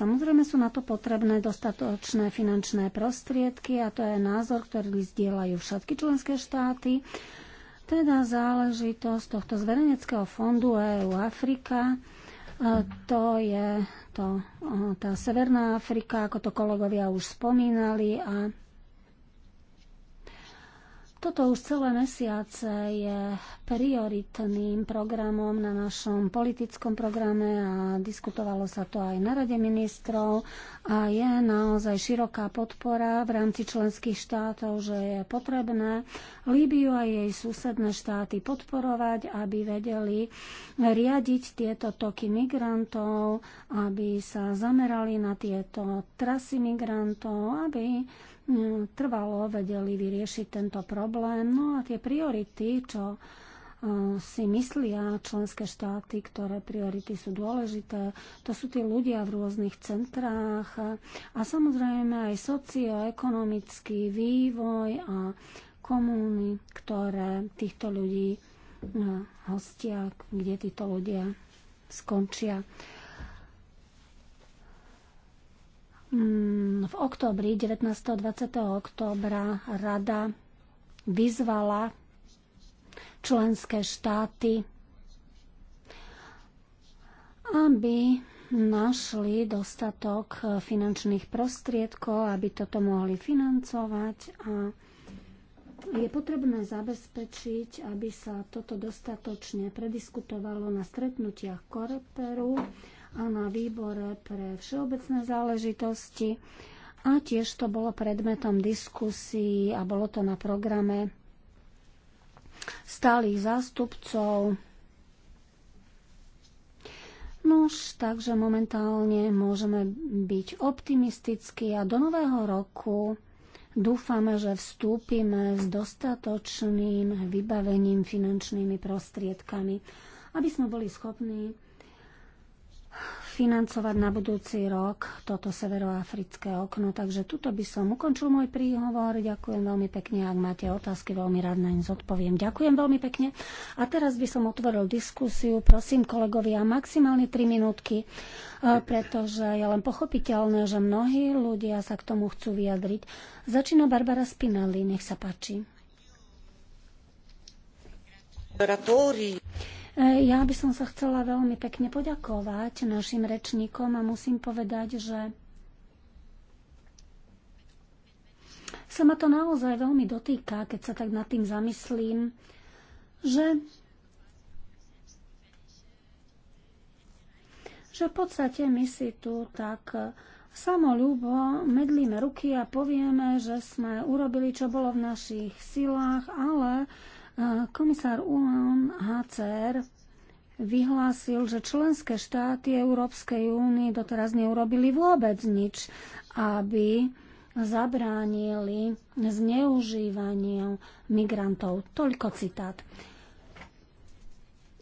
Samozrejme sú na to potrebné dostatočné finančné prostriedky a to je názor, ktorý zdieľajú všetky členské štáty. Teda záležitosť tohto zverejneckého fondu EU Afrika, e, to je to, e, tá Severná Afrika, ako to kolegovia už spomínali a toto už celé mesiace je prioritným programom na našom politickom programe a diskutovalo sa to aj na Rade ministrov a je naozaj široká podpora v rámci členských štátov, že je potrebné Líbiu a jej susedné štáty podporovať, aby vedeli riadiť tieto toky migrantov, aby sa zamerali na tieto trasy migrantov, aby trvalo vedeli vyriešiť tento problém. No a tie priority, čo e, si myslia členské štáty, ktoré priority sú dôležité. To sú tí ľudia v rôznych centrách a samozrejme aj socioekonomický vývoj a komúny, ktoré týchto ľudí e, hostia, kde títo ľudia skončia. Mm, v oktobri, 19. 20. oktobra, rada vyzvala členské štáty, aby našli dostatok finančných prostriedkov, aby toto mohli financovať a je potrebné zabezpečiť, aby sa toto dostatočne prediskutovalo na stretnutiach Koreperu a na výbore pre všeobecné záležitosti. A tiež to bolo predmetom diskusí a bolo to na programe stálych zástupcov. Nož, takže momentálne môžeme byť optimistickí a do nového roku Dúfame, že vstúpime s dostatočným vybavením finančnými prostriedkami, aby sme boli schopní financovať na budúci rok toto severoafrické okno. Takže tuto by som ukončil môj príhovor. Ďakujem veľmi pekne. Ak máte otázky, veľmi rád na ne zodpoviem. Ďakujem veľmi pekne. A teraz by som otvoril diskusiu. Prosím kolegovia, maximálne 3 minútky, e, pretože je len pochopiteľné, že mnohí ľudia sa k tomu chcú vyjadriť. Začína Barbara Spinelli. Nech sa páči. E, ja by som sa chcela veľmi pekne poďakovať našim rečníkom a musím povedať, že sa ma to naozaj veľmi dotýka, keď sa tak nad tým zamyslím, že že v podstate my si tu tak samolúbo medlíme ruky a povieme, že sme urobili, čo bolo v našich silách, ale Komisár UNHCR vyhlásil, že členské štáty Európskej únie doteraz neurobili vôbec nič, aby zabránili zneužívaniu migrantov. Toľko citát.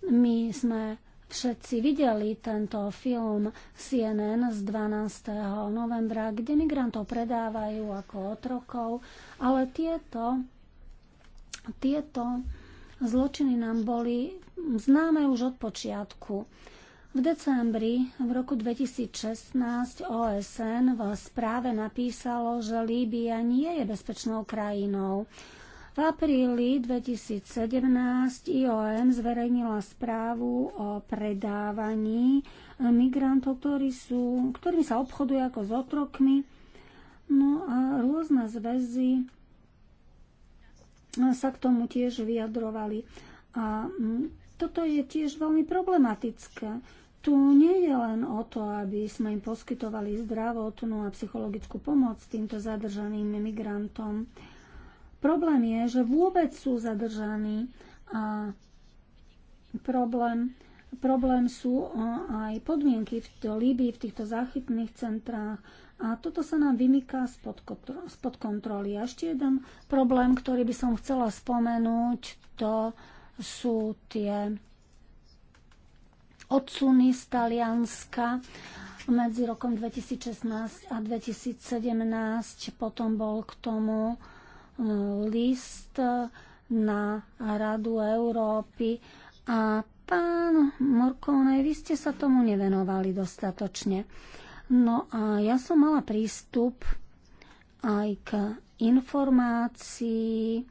My sme všetci videli tento film CNN z 12. novembra, kde migrantov predávajú ako otrokov, ale tieto tieto zločiny nám boli známe už od počiatku. V decembri v roku 2016 OSN v správe napísalo, že Líbia nie je bezpečnou krajinou. V apríli 2017 IOM zverejnila správu o predávaní migrantov, ktorí sú, ktorými sa obchoduje ako s otrokmi. No a rôzne zväzy sa k tomu tiež vyjadrovali. A mm, toto je tiež veľmi problematické. Tu nie je len o to, aby sme im poskytovali zdravotnú a psychologickú pomoc týmto zadržaným migrantom. Problém je, že vôbec sú zadržaní a problém, problém sú aj podmienky v Líbii, v týchto záchytných centrách, a toto sa nám vymyká spod, spod kontroly. A ešte jeden problém, ktorý by som chcela spomenúť, to sú tie odsuny z Talianska medzi rokom 2016 a 2017. Potom bol k tomu e, list na Radu Európy a pán Morkone, vy ste sa tomu nevenovali dostatočne. No a ja som mala prístup aj k informácii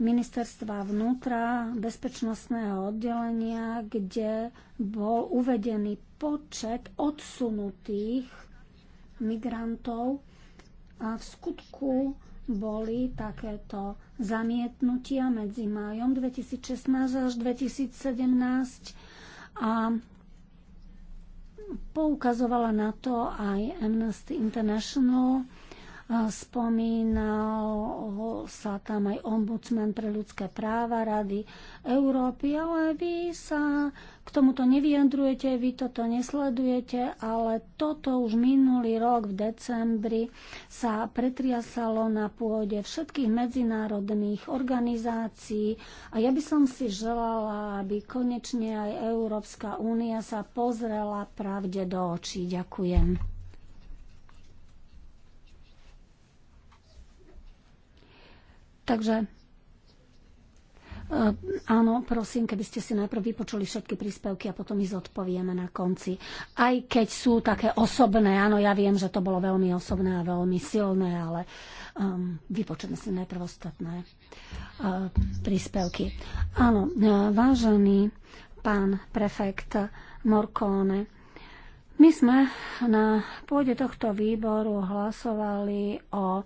ministerstva vnútra, bezpečnostného oddelenia, kde bol uvedený počet odsunutých migrantov a v skutku boli takéto zamietnutia medzi májom 2016 až 2017 a poukazovala na to aj Amnesty International, Spomínal sa tam aj ombudsman pre ľudské práva Rady Európy, ale vy sa k tomuto nevyjadrujete, vy toto nesledujete, ale toto už minulý rok v decembri sa pretriasalo na pôde všetkých medzinárodných organizácií a ja by som si želala, aby konečne aj Európska únia sa pozrela pravde do očí. Ďakujem. Takže e, Áno, prosím, keby ste si najprv vypočuli všetky príspevky a potom ich zodpovieme na konci. Aj keď sú také osobné, áno, ja viem, že to bolo veľmi osobné a veľmi silné, ale um, vypočujeme si najprv ostatné uh, príspevky. Áno, e, vážený pán prefekt Morkone, my sme na pôde tohto výboru hlasovali o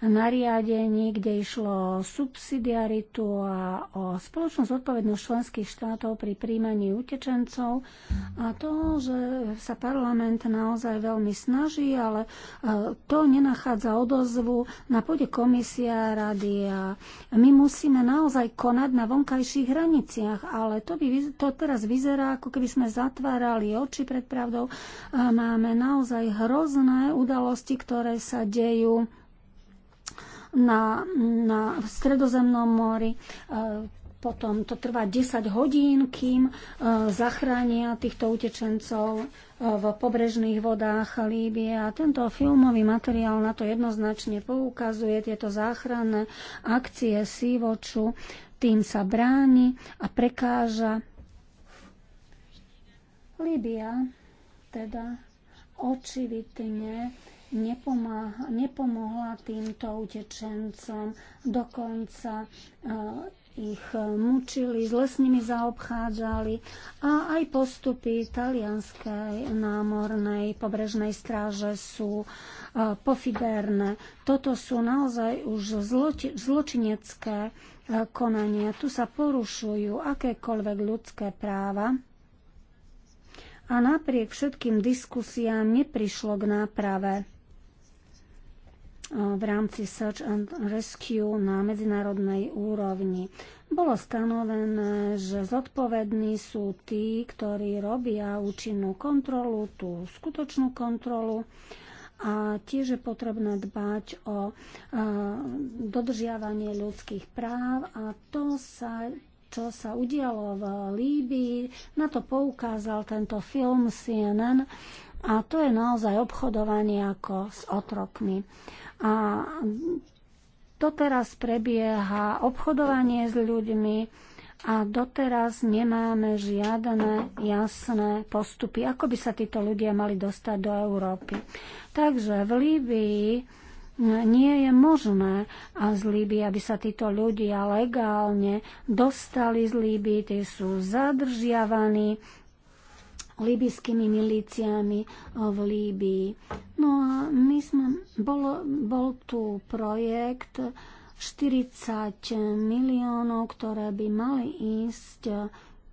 nariadení, kde išlo o subsidiaritu a o spoločnú zodpovednosť členských štátov pri príjmaní utečencov a to, že sa parlament naozaj veľmi snaží, ale e, to nenachádza odozvu na pôde komisia rady a my musíme naozaj konať na vonkajších hraniciach, ale to, by, to teraz vyzerá, ako keby sme zatvárali oči pred pravdou, Máme naozaj hrozné udalosti, ktoré sa dejú na, na Stredozemnom mori. E, potom to trvá 10 hodín, kým e, zachránia týchto utečencov e, v pobrežných vodách Líbie. A tento filmový materiál na to jednoznačne poukazuje. Tieto záchranné akcie Sivoču tým sa bráni a prekáža Líbia teda očividne nepomáha, nepomohla týmto utečencom, dokonca e, ich mučili, zle s nimi zaobchádzali a aj postupy talianskej námornej pobrežnej stráže sú e, pofiderné. Toto sú naozaj už zloči- zločinecké e, konania. Tu sa porušujú akékoľvek ľudské práva a napriek všetkým diskusiám neprišlo k náprave e, v rámci Search and Rescue na medzinárodnej úrovni. Bolo stanovené, že zodpovední sú tí, ktorí robia účinnú kontrolu, tú skutočnú kontrolu a tiež je potrebné dbať o e, dodržiavanie ľudských práv a to sa čo sa udialo v Líbii. Na to poukázal tento film CNN a to je naozaj obchodovanie ako s otrokmi. A doteraz prebieha obchodovanie s ľuďmi a doteraz nemáme žiadne jasné postupy, ako by sa títo ľudia mali dostať do Európy. Takže v Líbii nie je možné z Líby, aby sa títo ľudia legálne dostali z Líby, tí sú zadržiavaní libyskými milíciami e, v Líbii. No a my sme, bol, bol tu projekt 40 miliónov, ktoré by mali ísť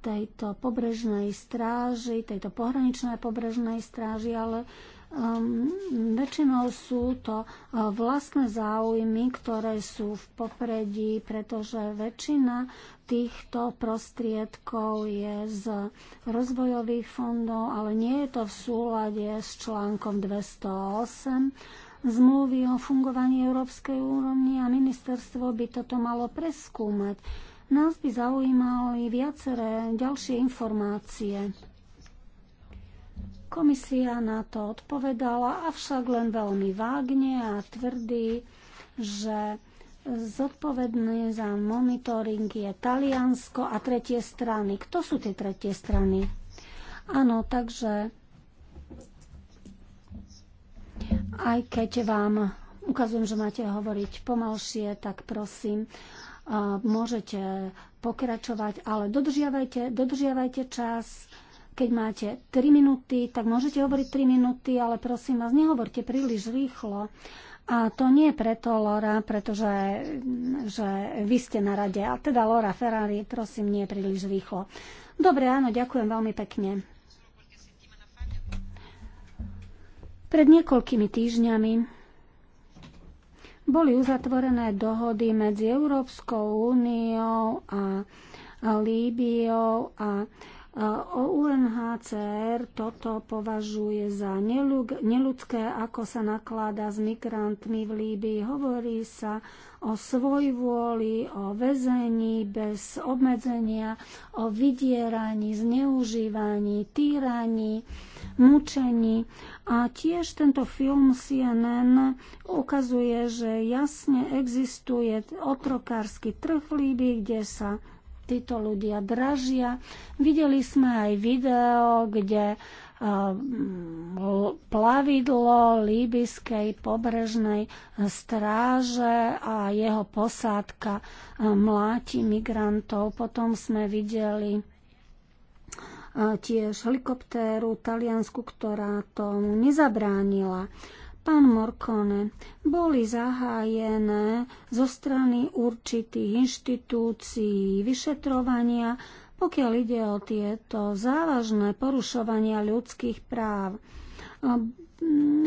tejto pobrežnej stráži, tejto pohraničnej pobrežnej stráži, ale Um, väčšinou sú to eh, vlastné záujmy, ktoré sú v popredí, pretože väčšina týchto prostriedkov je z rozvojových fondov, ale nie je to v súlade s článkom 208 zmluvy o fungovaní Európskej úrovni a ministerstvo by toto malo preskúmať. Nás by zaujímali viaceré ďalšie informácie. Komisia na to odpovedala, avšak len veľmi vágne a tvrdí, že zodpovedný za monitoring je Taliansko a tretie strany. Kto sú tie tretie strany? Áno, takže aj keď vám ukazujem, že máte hovoriť pomalšie, tak prosím, môžete pokračovať, ale dodržiavajte, dodržiavajte čas keď máte 3 minúty, tak môžete hovoriť 3 minúty, ale prosím vás, nehovorte príliš rýchlo. A to nie preto, Lora, pretože že vy ste na rade. A teda, Lora Ferrari, prosím, nie príliš rýchlo. Dobre, áno, ďakujem veľmi pekne. Pred niekoľkými týždňami boli uzatvorené dohody medzi Európskou úniou a Líbiou a O UNHCR toto považuje za neludské, ako sa naklada s migrantmi v Líbii. Hovorí sa o svoj vôli, o väzení bez obmedzenia, o vydieraní, zneužívaní, týraní, mučení. A tiež tento film CNN ukazuje, že jasne existuje otrokársky trh v Líbii, kde sa títo ľudia dražia. Videli sme aj video, kde eh, plavidlo líbyskej pobrežnej stráže a jeho posádka eh, mláti migrantov. Potom sme videli eh, tiež helikoptéru taliansku, ktorá tomu nezabránila. Pán Morkone, boli zahájené zo strany určitých inštitúcií vyšetrovania, pokiaľ ide o tieto závažné porušovania ľudských práv.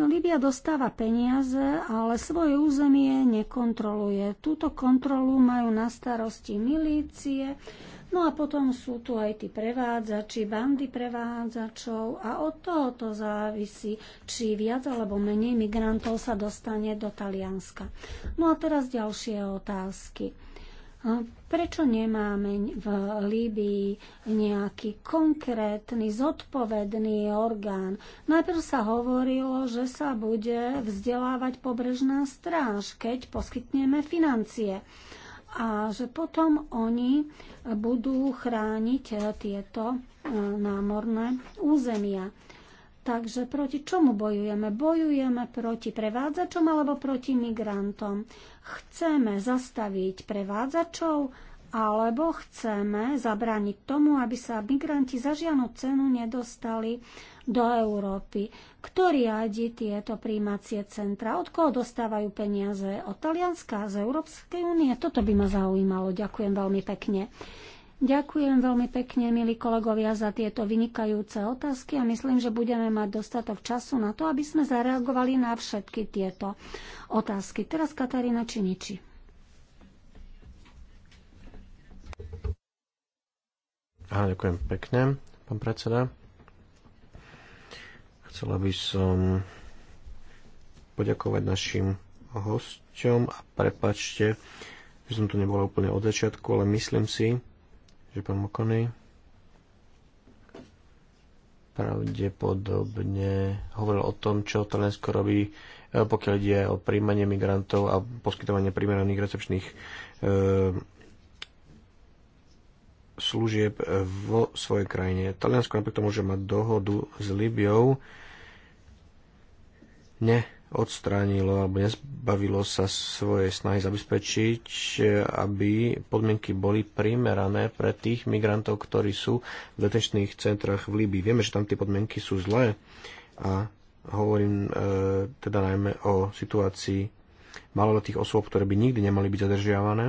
Libia dostáva peniaze, ale svoje územie nekontroluje. Túto kontrolu majú na starosti milície No a potom sú tu aj tí prevádzači, bandy prevádzačov a od toho to závisí, či viac alebo menej migrantov sa dostane do Talianska. No a teraz ďalšie otázky. Prečo nemáme v Líbii nejaký konkrétny, zodpovedný orgán? Najprv sa hovorilo, že sa bude vzdelávať pobrežná stráž, keď poskytneme financie a že potom oni budú chrániť eh, tieto eh, námorné územia. Takže proti čomu bojujeme? Bojujeme proti prevádzačom alebo proti migrantom. Chceme zastaviť prevádzačov, alebo chceme zabrániť tomu, aby sa migranti za žiadnu cenu nedostali do Európy. Kto riadi tieto príjmacie centra? Od koho dostávajú peniaze? Od Talianska? Z Európskej únie? Toto by ma zaujímalo. Ďakujem veľmi pekne. Ďakujem veľmi pekne, milí kolegovia, za tieto vynikajúce otázky a myslím, že budeme mať dostatok času na to, aby sme zareagovali na všetky tieto otázky. Teraz Katarína Činiči. Aha, ďakujem pekne, pán predseda. Chcela by som poďakovať našim hosťom a prepačte, že som tu nebola úplne od začiatku, ale myslím si, že pán Mokony pravdepodobne hovoril o tom, čo Taliansko robí, e, pokiaľ ide o príjmanie migrantov a poskytovanie primeraných recepčných e, služieb vo svojej krajine. Taliansko napriek tomu, že má dohodu s Libiou, neodstránilo alebo nezbavilo sa svojej snahy zabezpečiť, aby podmienky boli primerané pre tých migrantov, ktorí sú v detečných centrách v Líbii. Vieme, že tam tie podmienky sú zlé a hovorím e, teda najmä o situácii maloletých osôb, ktoré by nikdy nemali byť zadržiavané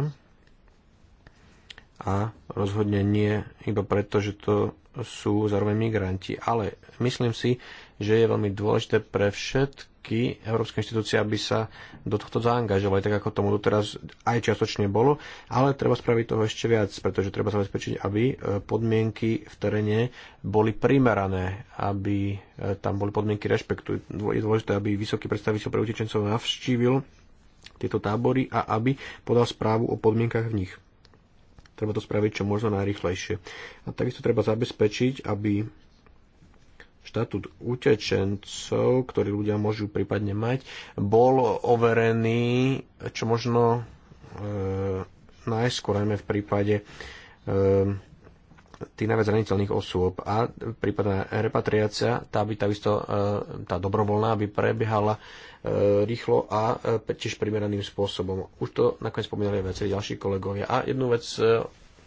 a rozhodne nie iba preto, že to sú zároveň migranti. Ale myslím si, že je veľmi dôležité pre všetky európske inštitúcie, aby sa do tohto zaangažovali, tak ako tomu doteraz aj čiastočne bolo, ale treba spraviť toho ešte viac, pretože treba zabezpečiť, aby e, podmienky v teréne boli primerané, aby e, tam boli podmienky rešpektu. Je dôležité, aby vysoký predstaviteľ pre utečencov navštívil tieto tábory a aby podal správu o podmienkach v nich treba to spraviť čo možno najrychlejšie. A takisto treba zabezpečiť, aby štatút utečencov, ktorý ľudia môžu prípadne mať, bol overený čo možno e, najskôr, najmä v prípade e, tých najviac zraniteľných osôb a prípadná repatriácia, tá by takisto, e, tá dobrovoľná by prebiehala e, rýchlo a e, tiež primeraným spôsobom. Už to nakoniec spomínali viacerí ďalší kolegovia. A jednu vec,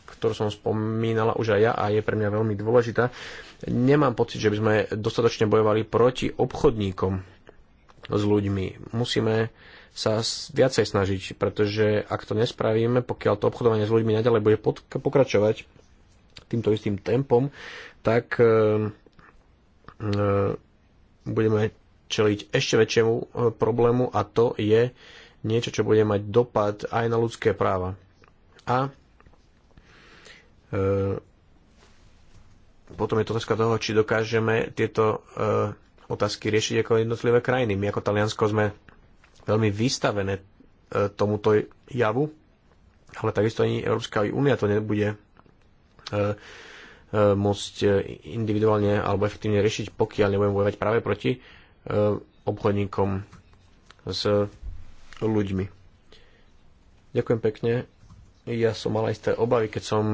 ktorú som spomínala už aj ja a je pre mňa veľmi dôležitá, nemám pocit, že by sme dostatočne bojovali proti obchodníkom s ľuďmi. Musíme sa viacej snažiť, pretože ak to nespravíme, pokiaľ to obchodovanie s ľuďmi naďalej bude pokračovať, týmto istým tempom, tak eh, eh, budeme čeliť ešte väčšiemu eh, problému a to je niečo, čo bude mať dopad aj na ľudské práva. A potom je to otázka toho, či dokážeme tieto otázky riešiť ako jednotlivé krajiny. My ako Taliansko sme veľmi vystavené tomuto javu, ale takisto ani Európska únia to nebude E, e, môcť individuálne alebo efektívne riešiť, pokiaľ nebudem bojovať práve proti e, obchodníkom s ľuďmi. Ďakujem pekne. Ja som mal isté obavy, keď som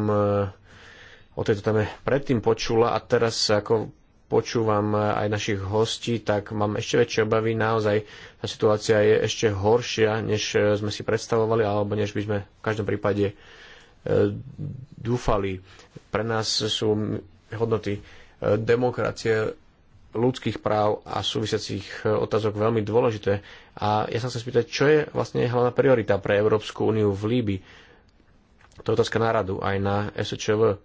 o tejto téme predtým počula a teraz ako počúvam aj našich hostí, tak mám ešte väčšie obavy. Naozaj tá situácia je ešte horšia, než sme si predstavovali, alebo než by sme v každom prípade E, dúfali. Pre nás sú hodnoty e, demokracie, ľudských práv a súvisiacich e, otázok veľmi dôležité. A ja sa chcem spýtať, čo je vlastne hlavná priorita pre Európsku úniu v líby? To je otázka náradu aj na SČV.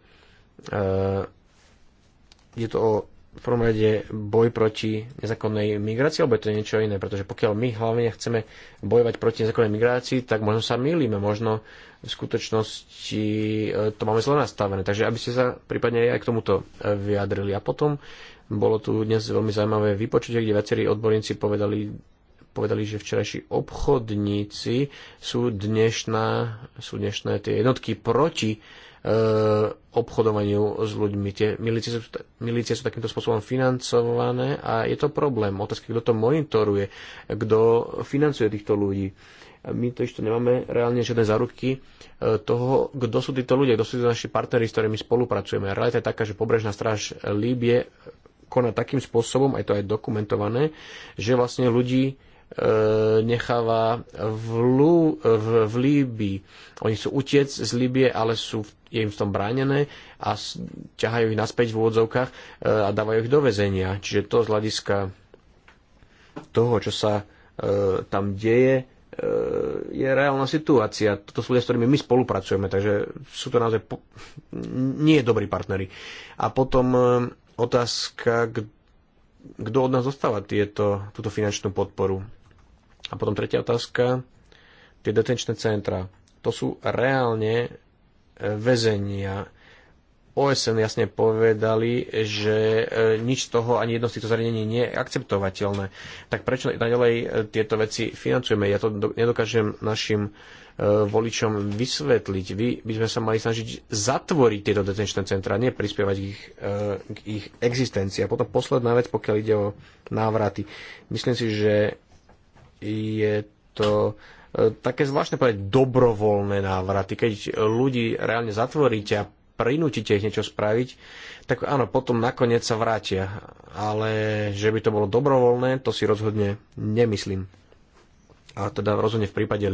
Je to o v prvom rade boj proti nezákonnej migrácii, alebo je to niečo iné? Pretože pokiaľ my hlavne chceme bojovať proti nezákonnej migrácii, tak možno sa mýlime, možno v skutočnosti e, to máme zle nastavené. Takže aby ste sa prípadne aj k tomuto e, vyjadrili. A potom bolo tu dnes veľmi zaujímavé vypočutie, kde viacerí odborníci povedali, povedali, že včerajší obchodníci sú, dnešná, sú dnešné tie jednotky proti Eh, obchodovaniu s ľuďmi. Tie milície sú, milície sú takýmto spôsobom financované a je to problém. Otázka, kto to monitoruje, kto financuje týchto ľudí. My to ešte nemáme reálne žiadne záruky eh, toho, kto sú títo ľudia, kto sú títo naši partneri, s ktorými spolupracujeme. realita je taká, že pobrežná stráž Líbie koná takým spôsobom, aj to je dokumentované, že vlastne ľudí E, necháva v, Lú, v, v Líbii. Oni sú utiec z Líbie, ale sú je im v tom bránené a ťahajú ich naspäť v úvodzovkách e, a dávajú ich do väzenia. Čiže to z hľadiska toho, čo sa e, tam deje, e, je reálna situácia. To sú ľudia, s ktorými my spolupracujeme, takže sú to naozaj po- nie dobrí partnery. A potom e, otázka, kto od nás dostáva tieto, túto finančnú podporu a potom tretia otázka, tie detenčné centra. To sú reálne e, väzenia. OSN jasne povedali, že e, nič z toho, ani jedno z týchto zariadení nie je akceptovateľné. Tak prečo naďalej e, tieto veci financujeme? Ja to nedokážem našim voličom vysvetliť. Vy by sme sa mali snažiť zatvoriť tieto detenčné centra, nie prispievať ich, k ich existencii. A potom posledná vec, pokiaľ ide o návraty. Myslím si, že je to e, také zvláštne povedať dobrovoľné návraty. Keď ľudí reálne zatvoríte a prinútite ich niečo spraviť, tak áno, potom nakoniec sa vrátia. Ale že by to bolo dobrovoľné, to si rozhodne nemyslím. A teda rozhodne v prípade e,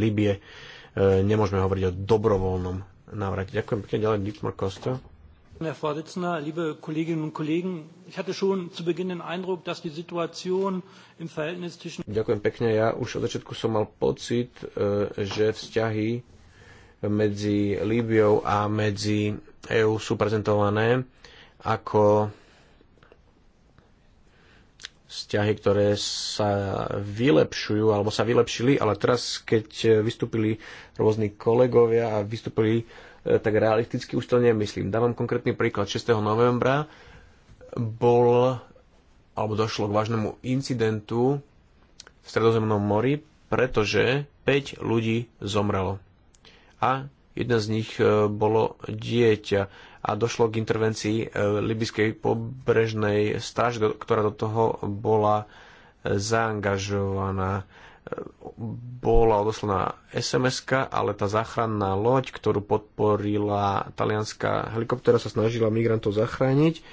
nemôžeme hovoriť o dobrovoľnom návrate. Ďakujem pekne, ďalej Dietmar Kosto. Herr Vorsitzender, liebe Kolleginnen und Kollegen, ich hatte schon zu Beginn den Eindruck, dass die Situation im Verhältnis zwischen... Ďakujem pekne, ja už od začiatku som mal pocit, e, že vzťahy medzi Líbiou a medzi EÚ sú prezentované ako vzťahy, ktoré sa vylepšujú alebo sa vylepšili, ale teraz, keď vystúpili rôzni kolegovia a vystúpili E, tak realisticky už to nemyslím. Dávam konkrétny príklad. 6. novembra bol alebo došlo k vážnemu incidentu v Stredozemnom mori, pretože 5 ľudí zomrelo. A jedna z nich e, bolo dieťa a došlo k intervencii e, libyskej pobrežnej stáže, ktorá do toho bola zaangažovaná bola odoslaná sms ale tá záchranná loď, ktorú podporila talianská helikoptéra, sa snažila migrantov zachrániť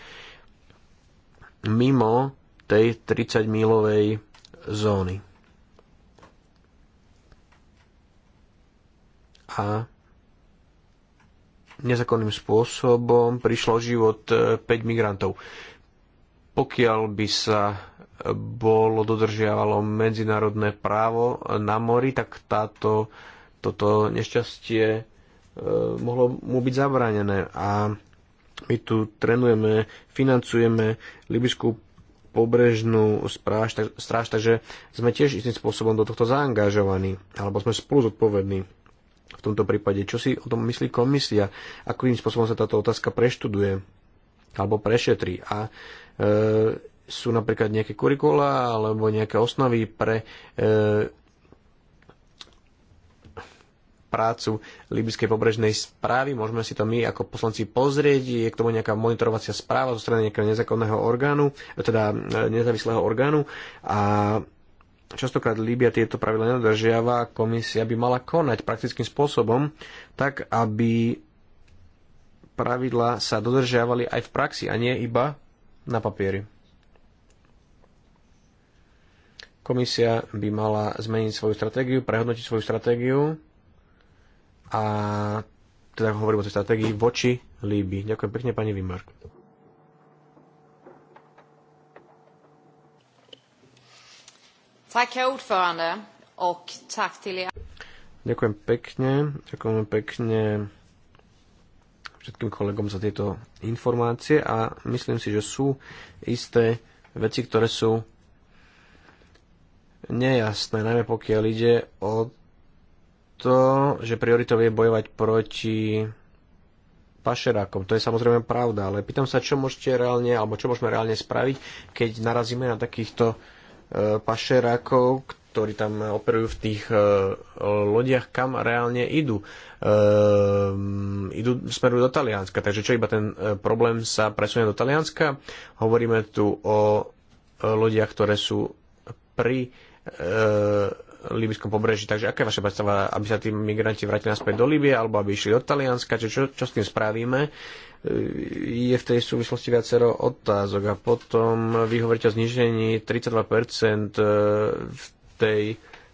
mimo tej 30-milovej zóny. A nezakonným spôsobom prišlo život 5 eh, migrantov pokiaľ by sa bolo dodržiavalo medzinárodné právo na mori, tak táto, toto nešťastie e, mohlo mu byť zabranené. A my tu trenujeme, financujeme libyskú pobrežnú stráž, tak, stráž, takže sme tiež istým spôsobom do tohto zaangažovaní, alebo sme spolu zodpovední v tomto prípade. Čo si o tom myslí komisia? Akým spôsobom sa táto otázka preštuduje? alebo prešetrí. A e, sú napríklad nejaké kurikula alebo nejaké osnovy pre e, prácu Libyskej pobrežnej správy. Môžeme si to my ako poslanci pozrieť. Je k tomu nejaká monitorovacia správa zo strany nejakého nezákonného orgánu, e, teda e, nezávislého orgánu. A častokrát Líbia tieto pravidla nedodržiava. Komisia by mala konať praktickým spôsobom, tak aby pravidlá sa dodržiavali aj v praxi a nie iba na papieri. Komisia by mala zmeniť svoju stratégiu, prehodnotiť svoju stratégiu a teda hovorím o tej stratégii voči Líby. Ďakujem pekne, pani Vimark. Er. Ďakujem pekne. Ďakujem pekne všetkým kolegom za tieto informácie a myslím si, že sú isté veci, ktoré sú nejasné, najmä pokiaľ ide o to, že prioritou je bojovať proti pašerákom. To je samozrejme pravda, ale pýtam sa, čo môžete reálne, alebo čo môžeme reálne spraviť, keď narazíme na takýchto e, pašerákov, ktorí tam operujú v tých e, lodiach, kam reálne idú. E, mm, idú smeru do Talianska, takže čo iba ten e, problém sa presunie do Talianska. Hovoríme tu o e, lodiach, ktoré sú pri e, libyskom pobreží. Takže aká je vaša predstava, aby sa tí migranti vrátili naspäť do Libie alebo aby išli do Talianska? čo, čo s tým spravíme? E, je v tej súvislosti viacero otázok a potom vy hovoríte o znižení 32% e, v tej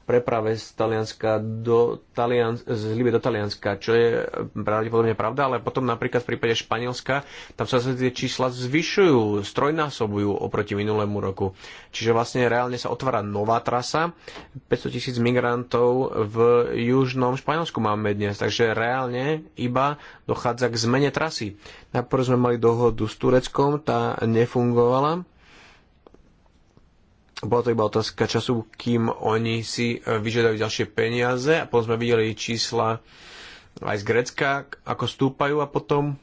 preprave z, Talianska do Talian- z Libie do Talianska, čo je pravdepodobne pravda, ale potom napríklad v prípade Španielska, tam sa tie čísla zvyšujú, strojnásobujú oproti minulému roku. Čiže vlastne reálne sa otvára nová trasa, 500 tisíc migrantov v južnom Španielsku máme dnes, takže reálne iba dochádza k zmene trasy. Najprv sme mali dohodu s Tureckom, tá nefungovala, bola to iba otázka času, kým oni si e, vyžiadajú ďalšie peniaze a potom sme videli čísla aj z Grecka, ako stúpajú a potom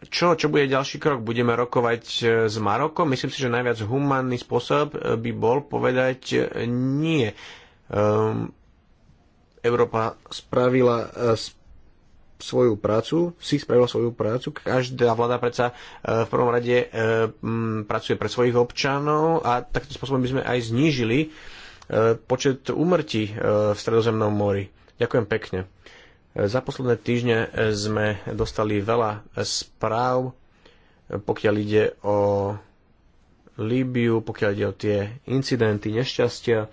čo, čo bude ďalší krok? Budeme rokovať e, s Marokom? Myslím si, že najviac humánny spôsob e, by bol povedať nie. Ehm, Európa spravila svoju prácu, si spravila svoju prácu. Každá vláda predsa e, v prvom rade e, pracuje pre svojich občanov a takto spôsobom by sme aj znížili e, počet úmrtí v Stredozemnom mori. Ďakujem pekne. Za posledné týždne sme dostali veľa správ, pokiaľ ide o Líbiu, pokiaľ ide o tie incidenty, nešťastia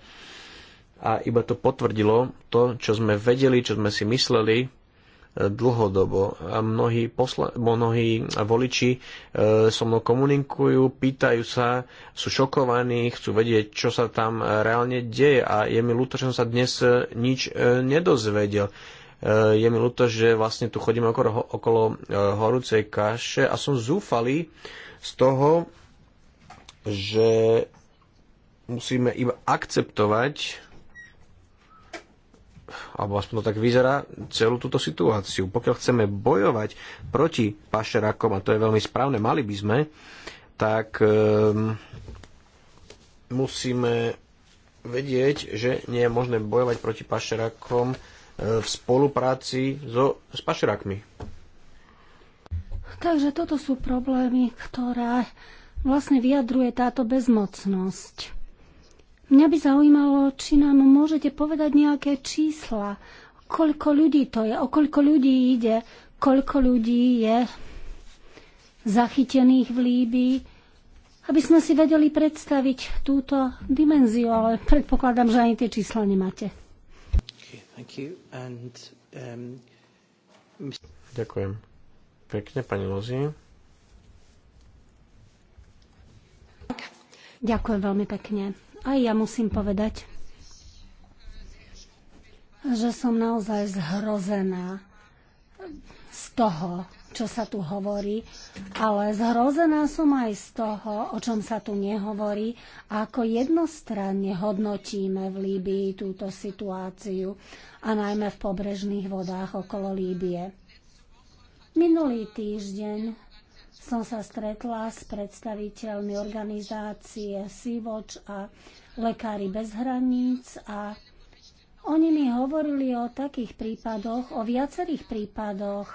a iba to potvrdilo to, čo sme vedeli, čo sme si mysleli, dlhodobo. A mnohí, posla- mnohí voliči e, so mnou komunikujú, pýtajú sa, sú šokovaní, chcú vedieť, čo sa tam reálne deje a je mi ľúto, že som sa dnes e, nič e, nedozvedel. E, je mi ľúto, že vlastne tu chodíme okolo, okolo e, horúcej kaše a som zúfalý z toho, že musíme iba akceptovať alebo aspoň to tak vyzerá, celú túto situáciu. Pokiaľ chceme bojovať proti pašerakom, a to je veľmi správne, mali by sme, tak um, musíme vedieť, že nie je možné bojovať proti pašerakom e, v spolupráci so, s pašerakmi. Takže toto sú problémy, ktoré vlastne vyjadruje táto bezmocnosť. Mňa by zaujímalo, či nám môžete povedať nejaké čísla, koľko ľudí to je, o koľko ľudí ide, koľko ľudí je zachytených v Líbii, aby sme si vedeli predstaviť túto dimenziu, ale predpokladám, že ani tie čísla nemáte. And, um... Ďakujem. Pekne, pani Lozi. Ďakujem veľmi pekne. Aj ja musím povedať, že som naozaj zhrozená z toho, čo sa tu hovorí, ale zhrozená som aj z toho, o čom sa tu nehovorí, ako jednostranne hodnotíme v Líbii túto situáciu a najmä v pobrežných vodách okolo Líbie. Minulý týždeň som sa stretla s predstaviteľmi organizácie Sivoč a Lekári bez hraníc a oni mi hovorili o takých prípadoch, o viacerých prípadoch,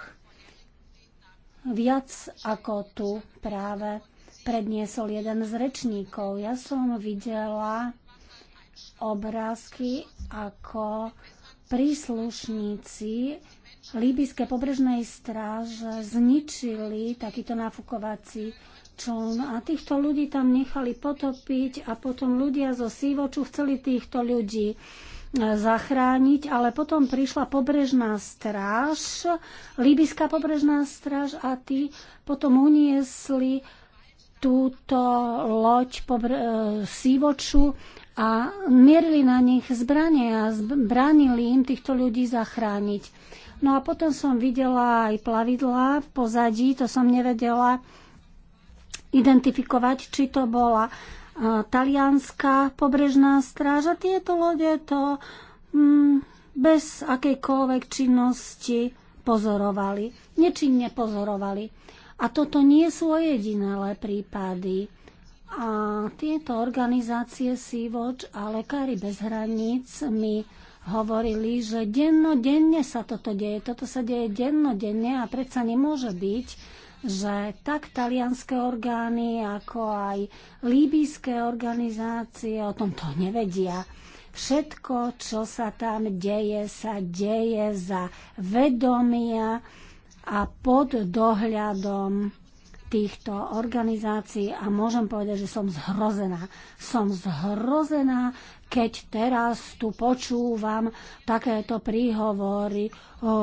viac ako tu práve predniesol jeden z rečníkov. Ja som videla obrázky, ako príslušníci líbyské pobrežnej stráže zničili takýto nafukovací čln a týchto ľudí tam nechali potopiť a potom ľudia zo Sívoču chceli týchto ľudí e, zachrániť, ale potom prišla pobrežná stráž, líbyská pobrežná stráž a tí potom uniesli túto loď pobr- e, sívoču a mierili na nich zbranie a bránili im týchto ľudí zachrániť. No a potom som videla aj plavidlá v pozadí, to som nevedela identifikovať, či to bola e, talianská pobrežná stráž a tieto lode to mm, bez akejkoľvek činnosti pozorovali. Nečinne pozorovali. A toto nie sú jediné prípady. A tieto organizácie Sea-Watch a Lekári bez hraníc mi hovorili, že dennodenne sa toto deje. Toto sa deje dennodenne a predsa nemôže byť, že tak talianské orgány, ako aj líbyjské organizácie o tomto nevedia. Všetko, čo sa tam deje, sa deje za vedomia a pod dohľadom týchto organizácií a môžem povedať, že som zhrozená. Som zhrozená, keď teraz tu počúvam takéto príhovory o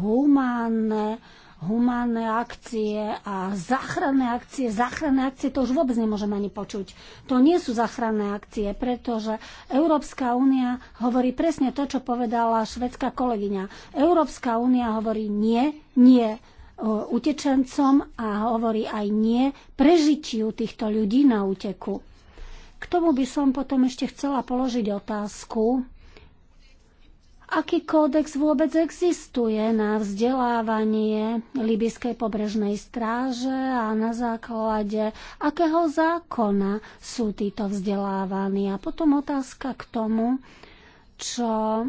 humánne, humánne akcie a záchranné akcie. Záchranné akcie to už vôbec nemôžem ani počuť. To nie sú záchranné akcie, pretože Európska únia hovorí presne to, čo povedala švedská kolegyňa. Európska únia hovorí nie, nie utečencom a hovorí aj nie prežitiu týchto ľudí na úteku. K tomu by som potom ešte chcela položiť otázku, aký kódex vôbec existuje na vzdelávanie Libyskej pobrežnej stráže a na základe akého zákona sú títo vzdelávaní. A potom otázka k tomu, čo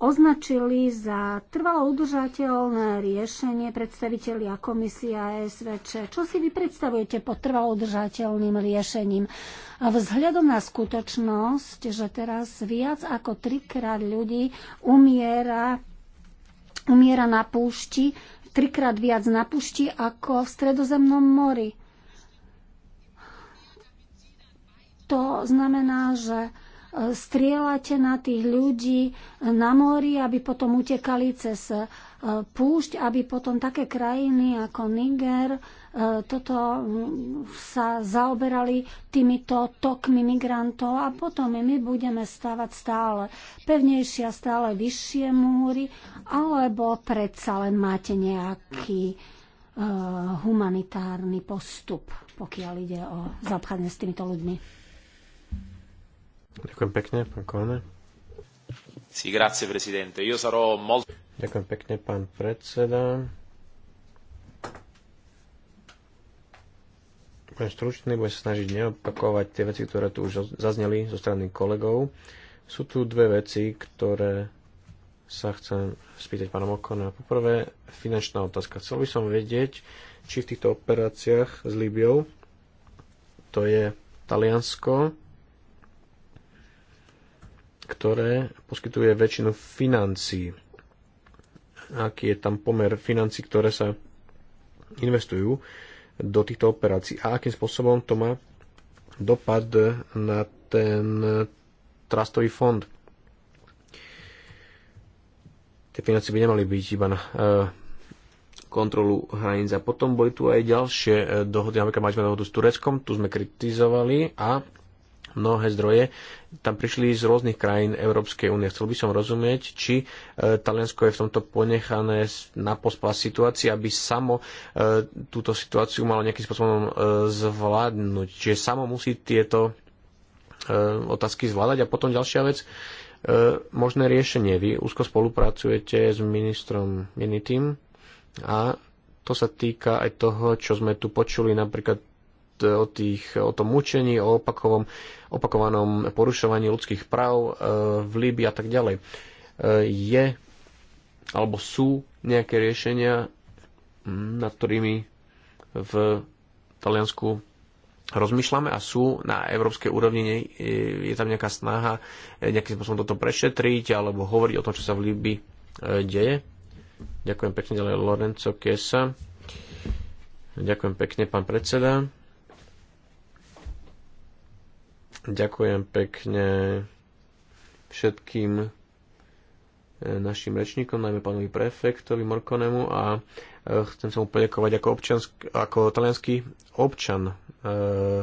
označili za trvalo udržateľné riešenie predstavitelia komisia SVČ. Čo si vy predstavujete pod trvalo udržateľným riešením? A vzhľadom na skutočnosť, že teraz viac ako trikrát ľudí umiera, umiera na púšti, trikrát viac na púšti ako v stredozemnom mori. To znamená, že strieľate na tých ľudí na mori, aby potom utekali cez e, púšť, aby potom také krajiny ako Niger e, toto mm, sa zaoberali týmito tokmi migrantov a potom my budeme stavať stále pevnejšie a stále vyššie múry, alebo predsa len máte nejaký e, humanitárny postup, pokiaľ ide o zapchanie s týmito ľuďmi. Ďakujem pekne, pán kone. grazie, presidente. Io sarò molto... Ďakujem pekne, pán predseda. Budem stručný, budem sa snažiť neopakovať tie veci, ktoré tu už zazneli zo strany kolegov. Sú tu dve veci, ktoré sa chcem spýtať pánom Okona. Poprvé, finančná otázka. Chcel by som vedieť, či v týchto operáciách s Líbiou, to je Taliansko, ktoré poskytuje väčšinu financií. Aký je tam pomer financí, ktoré sa investujú do týchto operácií a akým spôsobom to má dopad na ten trastový fond. Tie financie by nemali byť iba na e, kontrolu hraníc. A potom boli tu aj ďalšie e, dohody, napríklad mali sme dohodu s Tureckom, tu sme kritizovali a mnohé zdroje tam prišli z rôznych krajín Európskej únie. Chcel by som rozumieť, či e, Taliansko je v tomto ponechané na pospa situácii, aby samo e, túto situáciu malo nejakým spôsobom e, zvládnuť. Čiže samo musí tieto e, otázky zvládať. A potom ďalšia vec, e, možné riešenie. Vy úzko spolupracujete s ministrom Minitým a to sa týka aj toho, čo sme tu počuli napríklad e, o, tých, o tom mučení, o opakovom opakovanom porušovaní ľudských práv e, v Líbii a tak ďalej. E, je alebo sú nejaké riešenia, nad ktorými v Taliansku rozmýšľame a sú na európskej úrovni, e, je tam nejaká snaha nejakým spôsobom toto prešetriť alebo hovoriť o tom, čo sa v Líbii deje. Ďakujem pekne ďalej Lorenzo Kiesa. Ďakujem pekne, pán predseda. Ďakujem pekne všetkým eh, našim rečníkom, najmä pánovi prefektovi Morkonemu a eh, chcem sa mu poďakovať ako, občansk, ako talianský občan eh,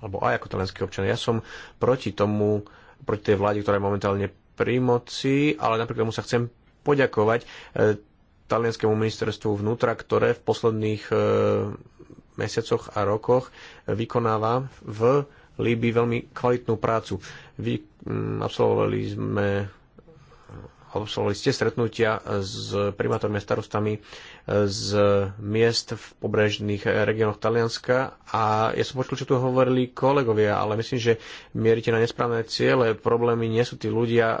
alebo aj ako talianský občan. Ja som proti tomu, proti tej vláde, ktorá je momentálne pri moci, ale napriek tomu sa chcem poďakovať talianskému ministerstvu vnútra, ktoré v posledných mesiacoch a rokoch vykonáva v Líbí veľmi kvalitnú prácu. Vy m, mm, absolvovali sme absolvovali ste stretnutia s primátormi a starostami z miest v pobrežných regiónoch Talianska a ja som počul, čo tu hovorili kolegovia, ale myslím, že mierite na nesprávne ciele. Problémy nie sú tí ľudia, e,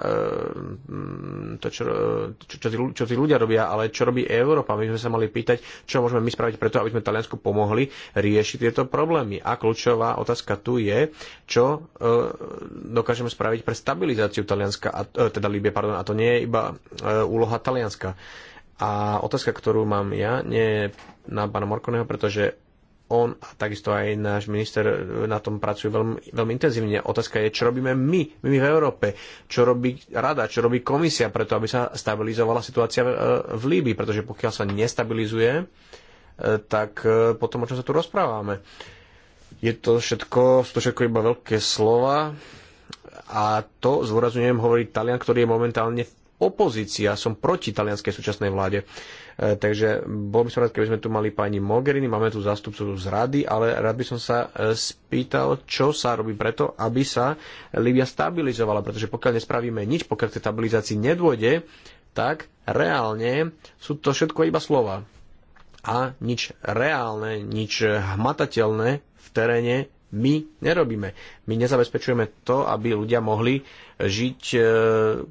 to, čo, e, čo, čo, tí, čo tí ľudia robia, ale čo robí Európa. My sme sa mali pýtať, čo môžeme my spraviť preto, aby sme Taliansku pomohli riešiť tieto problémy. A kľúčová otázka tu je, čo e, dokážeme spraviť pre stabilizáciu Talianska, teda Líbie, pardon, a to nie je iba úloha Talianska. A otázka, ktorú mám ja, nie je na pána Morkoneho, pretože on a takisto aj náš minister na tom pracujú veľmi, veľmi intenzívne. Otázka je, čo robíme my, my v Európe, čo robí rada, čo robí komisia preto, aby sa stabilizovala situácia v, e, v Líbii, pretože pokiaľ sa nestabilizuje, e, tak e, potom o čom sa tu rozprávame. Je to všetko, sú to všetko iba veľké slova a to, zvorazňujem, hovorí Talian, ktorý je momentálne v opozícia, som proti talianskej súčasnej vláde. E, takže bol by som rád, keby sme tu mali pani Mogherini, máme tu zástupcu z rady, ale rád by som sa e, spýtal, čo sa robí preto, aby sa Libia stabilizovala, pretože pokiaľ nespravíme nič, pokiaľ k tej stabilizácii nedôjde, tak reálne sú to všetko iba slova. A nič reálne, nič hmatateľné v teréne my nerobíme. My nezabezpečujeme to, aby ľudia mohli žiť e,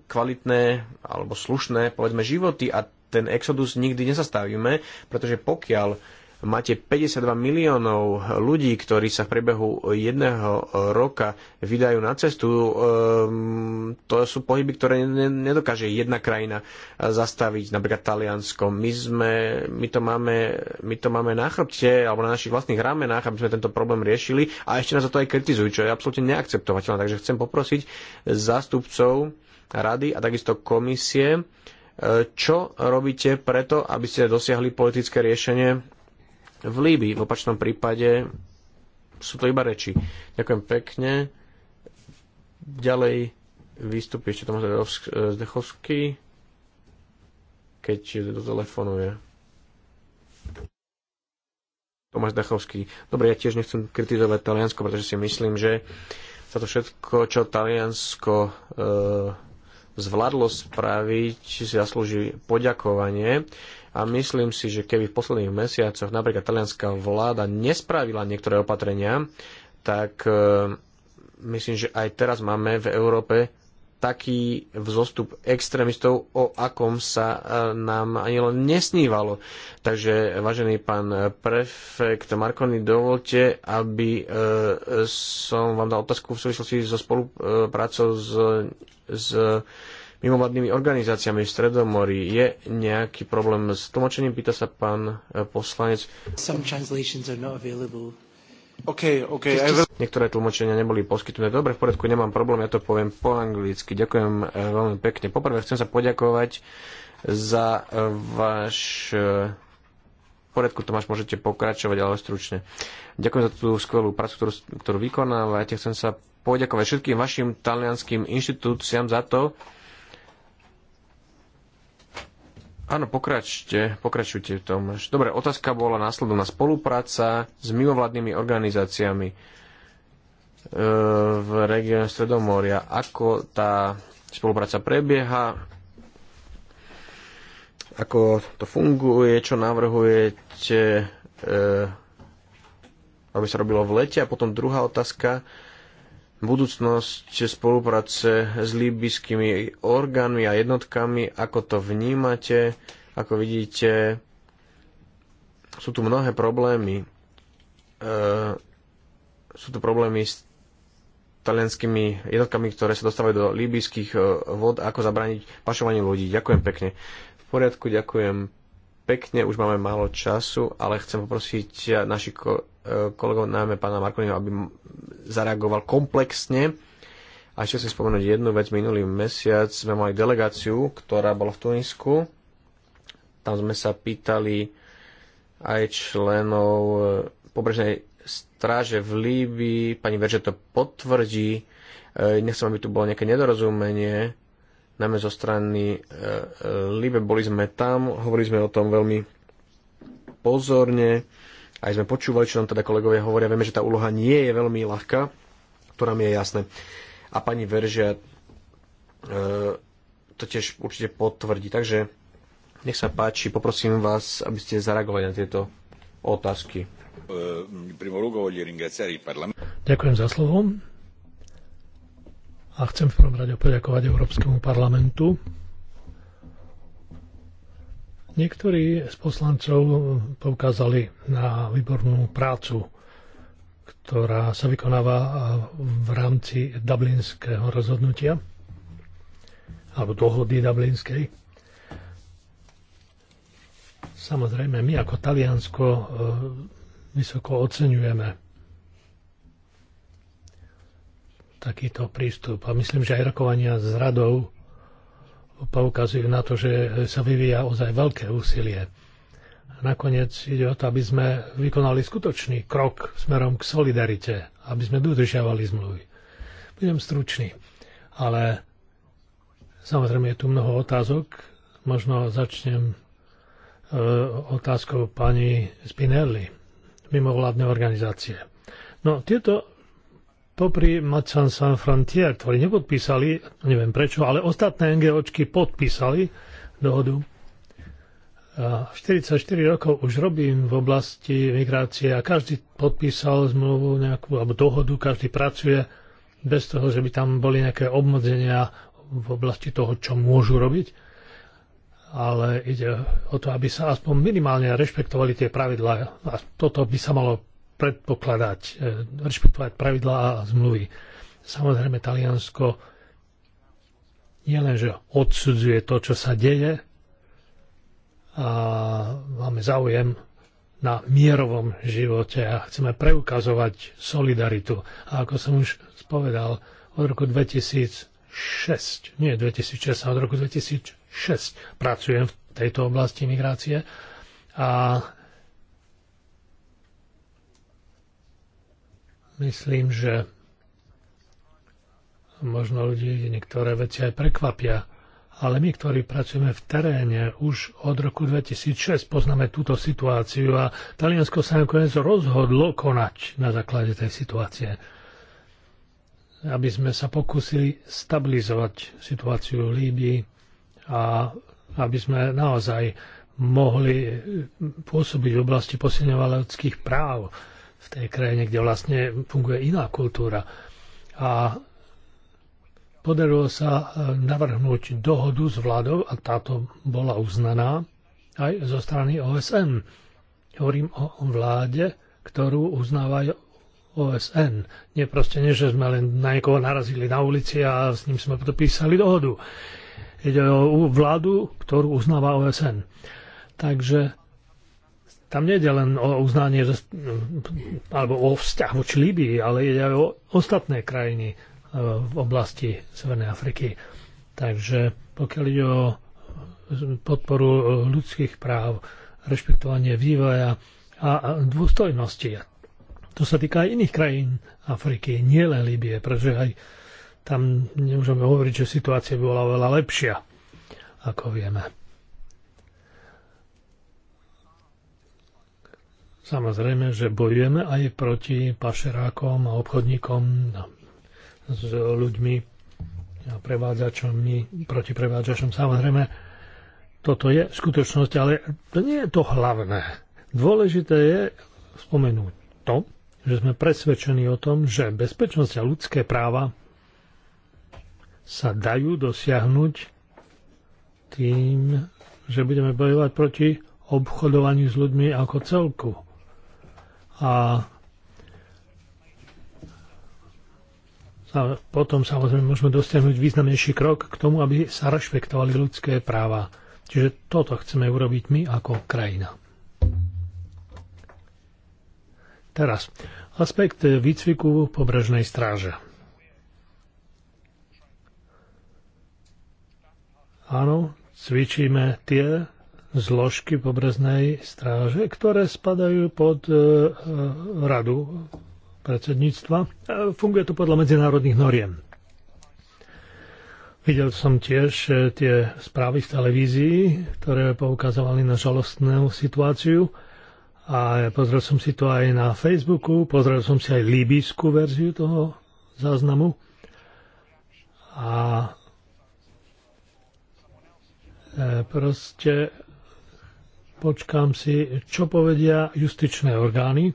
kvalitné alebo slušné, povedzme, životy a ten exodus nikdy nezastavíme, pretože pokiaľ máte 52 miliónov ľudí, ktorí sa v priebehu jedného roka vydajú na cestu, ehm, to sú pohyby, ktoré nedokáže jedna krajina e, zastaviť, napríklad Taliansko. My, sme, my, to máme, my to máme na chrbte alebo na našich vlastných ramenách, aby sme tento problém riešili a ešte nás za to aj kritizujú, čo je absolútne neakceptovateľné. Takže chcem poprosiť zástupcov rady a takisto komisie, e, čo robíte preto, aby ste dosiahli politické riešenie v Líbii. V opačnom prípade sú to iba reči. Ďakujem pekne. Ďalej vystupí ešte Tomáš eh, Zdechovský, keď to telefonuje. Tomáš Zdechovský. Dobre, ja tiež nechcem kritizovať Taliansko, pretože si myslím, že za to všetko, čo Taliansko eh, zvládlo spraviť, si zaslúži poďakovanie a myslím si, že keby v posledných mesiacoch napríklad talianská vláda nespravila niektoré opatrenia, tak eh, myslím, že aj teraz máme v Európe taký vzostup extrémistov, o akom sa e, nám ani len nesnívalo. Takže, vážený pán prefekt Markony, dovolte, aby e, som vám dal otázku v súvislosti so spoluprácou s, s mimovladnými organizáciami v Stredomorí. Je nejaký problém s tlmočením? Pýta sa pán e, poslanec. Some translations are not available. Okay, okay, will... Niektoré tlmočenia neboli poskytnuté. Dobre, v poriadku, nemám problém, ja to poviem po anglicky. Ďakujem eh, veľmi pekne. Poprvé chcem sa poďakovať za eh, váš eh, poriadku, Tomáš, môžete pokračovať, ale stručne. Ďakujem za tú skvelú prácu, ktorú, ktorú vykonávate. Chcem sa poďakovať všetkým vašim talianským inštitúciám za to, Áno, pokračte, pokračujte v tom. Dobre, otázka bola následovná spolupráca s mimovládnymi organizáciami e, v regióne Stredomoria. Ako tá spolupráca prebieha, ako to funguje, čo navrhujete, e, aby sa robilo v lete. A potom druhá otázka, budúcnosť spolupráce s líbyskými orgánmi a jednotkami, ako to vnímate, ako vidíte, sú tu mnohé problémy. E, sú tu problémy s talianskými jednotkami, ktoré sa dostávajú do líbyských e, vod, ako zabrániť pašovaniu ľudí. Ďakujem pekne. V poriadku, ďakujem pekne, už máme málo času, ale chcem poprosiť našich kolegov, najmä pána Markoniho, aby zareagoval komplexne. A ešte si spomenúť jednu vec. Minulý mesiac sme mali delegáciu, ktorá bola v Tunisku. Tam sme sa pýtali aj členov e, pobrežnej stráže v Líbii. Pani Verže to potvrdí. E, nechcem, aby tu bolo nejaké nedorozumenie najmä zo strany e, e Libe. Boli sme tam, hovorili sme o tom veľmi pozorne, aj sme počúvali, čo nám teda kolegovia hovoria. Vieme, že tá úloha nie je veľmi ľahká, to nám je jasné. A pani Veržia e, to tiež určite potvrdí. Takže nech sa páči, poprosím vás, aby ste zareagovali na tieto otázky. Ďakujem za slovo. A chcem v prvom rade poďakovať Európskemu parlamentu Niektorí z poslancov poukázali na výbornú prácu, ktorá sa vykonáva v rámci dublinského rozhodnutia alebo dohody dublinskej. Samozrejme, my ako Taliansko e, vysoko oceňujeme takýto prístup a myslím, že aj rokovania s radou poukazujú na to, že sa vyvíja ozaj veľké úsilie. Nakoniec ide o to, aby sme vykonali skutočný krok smerom k solidarite, aby sme dodržiavali zmluvy. Budem stručný, ale samozrejme je tu mnoho otázok. Možno začnem e, otázkou pani Spinelli, mimovládne organizácie. No tieto popri Macan San Frontier, ktorí nepodpísali, neviem prečo, ale ostatné NGOčky podpísali dohodu. A 44 rokov už robím v oblasti migrácie a každý podpísal zmluvu nejakú, alebo dohodu, každý pracuje bez toho, že by tam boli nejaké obmedzenia v oblasti toho, čo môžu robiť. Ale ide o to, aby sa aspoň minimálne rešpektovali tie pravidlá. A toto by sa malo predpokladať, e, rešpektovať pravidlá a zmluvy. Samozrejme, Taliansko nielenže len, že odsudzuje to, čo sa deje a máme záujem na mierovom živote a chceme preukazovať solidaritu. A ako som už spovedal, od roku 2006, nie 2006, ale od roku 2006 pracujem v tejto oblasti migrácie a Myslím, že možno ľudí niektoré veci aj prekvapia, ale my, ktorí pracujeme v teréne, už od roku 2006 poznáme túto situáciu a Taliansko sa nakoniec rozhodlo konať na základe tej situácie, aby sme sa pokúsili stabilizovať situáciu v Líbii a aby sme naozaj mohli pôsobiť v oblasti posilňovania ľudských práv v tej krajine, kde vlastne funguje iná kultúra. A podarilo sa e, navrhnúť dohodu s vládou a táto bola uznaná aj zo strany OSN. Hovorím o vláde, ktorú uznáva OSN. Nie proste nie, že sme len na niekoho narazili na ulici a s ním sme podpísali dohodu. Ide o vládu, ktorú uznáva OSN. Takže tam nejde len o uznanie alebo o vzťah voči Líbii, ale ide aj o ostatné krajiny e, v oblasti Severnej Afriky. Takže pokiaľ ide o podporu e, ľudských práv, rešpektovanie vývoja a dôstojnosti. To sa týka aj iných krajín Afriky, nielen Líbie, pretože aj tam nemôžeme hovoriť, že situácia by bola oveľa lepšia, ako vieme. Samozrejme, že bojujeme aj proti pašerákom a obchodníkom s ľuďmi a prevádzačmi, proti prevádzačom. Samozrejme, toto je skutočnosť, ale to nie je to hlavné. Dôležité je spomenúť to, že sme presvedčení o tom, že bezpečnosť a ľudské práva sa dajú dosiahnuť tým, že budeme bojovať proti obchodovaniu s ľuďmi ako celku a a potom samozrejme môžeme dosiahnuť významnejší krok k tomu, aby sa rešpektovali ľudské práva. Čiže toto chceme urobiť my ako krajina. Teraz, aspekt výcviku pobrežnej stráže. Áno, cvičíme tie zložky pobreznej stráže, ktoré spadajú pod e, e, radu predsedníctva. E, funguje to podľa medzinárodných noriem. Videl som tiež tie správy v televízii, ktoré poukazovali na žalostnú situáciu. A pozrel som si to aj na Facebooku, pozrel som si aj líbijskú verziu toho záznamu. A proste počkám si, čo povedia justičné orgány,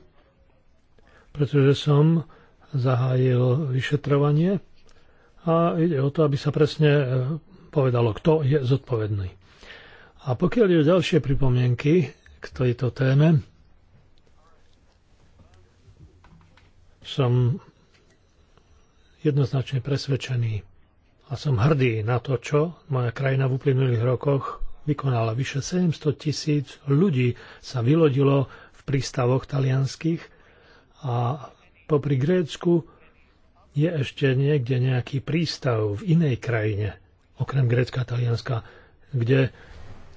pretože som zahájil vyšetrovanie a ide o to, aby sa presne e, povedalo, kto je zodpovedný. A pokiaľ je ďalšie pripomienky k tejto téme, som jednoznačne presvedčený a som hrdý na to, čo moja krajina v uplynulých rokoch vykonala. Vyše 700 tisíc ľudí sa vylodilo v prístavoch talianských a popri Grécku je ešte niekde nejaký prístav v inej krajine, okrem Grécka a Talianska, kde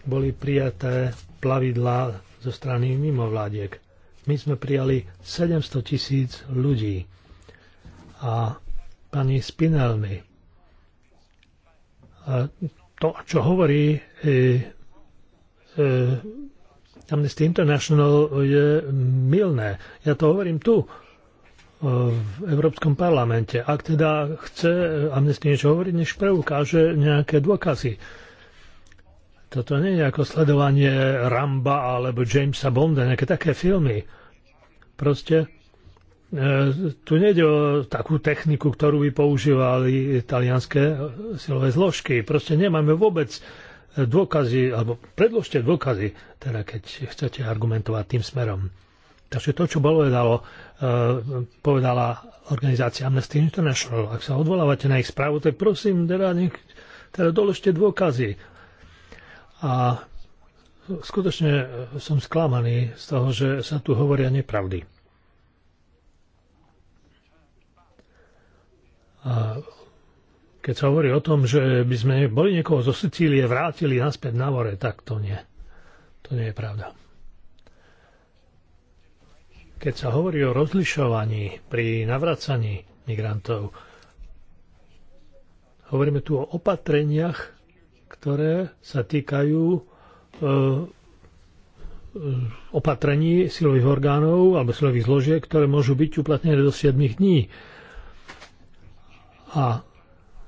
boli prijaté plavidlá zo strany mimovládiek. My sme prijali 700 tisíc ľudí a pani Spinelmi. to, čo hovorí E, Amnesty International je milné. Ja to hovorím tu, e, v Európskom parlamente. Ak teda chce Amnesty niečo hovoriť, než preukáže nejaké dôkazy. Toto nie je ako sledovanie Ramba alebo Jamesa Bonda, nejaké také filmy. Proste e, tu nejde o takú techniku, ktorú by používali italianské silové zložky. Proste nemáme vôbec dôkazy, alebo predložte dôkazy, teda keď chcete argumentovať tým smerom. Takže to, čo bolo vedalo, e, povedala organizácia Amnesty International, ak sa odvolávate na ich správu, tak prosím, teda, nech, teda doložte dôkazy. A skutočne e, som sklamaný z toho, že sa tu hovoria nepravdy. A keď sa hovorí o tom, že by sme boli niekoho zo Sicílie vrátili naspäť na more, tak to nie. To nie je pravda. Keď sa hovorí o rozlišovaní pri navracaní migrantov, hovoríme tu o opatreniach, ktoré sa týkajú e, e, opatrení silových orgánov alebo silových zložiek, ktoré môžu byť uplatnené do 7 dní. A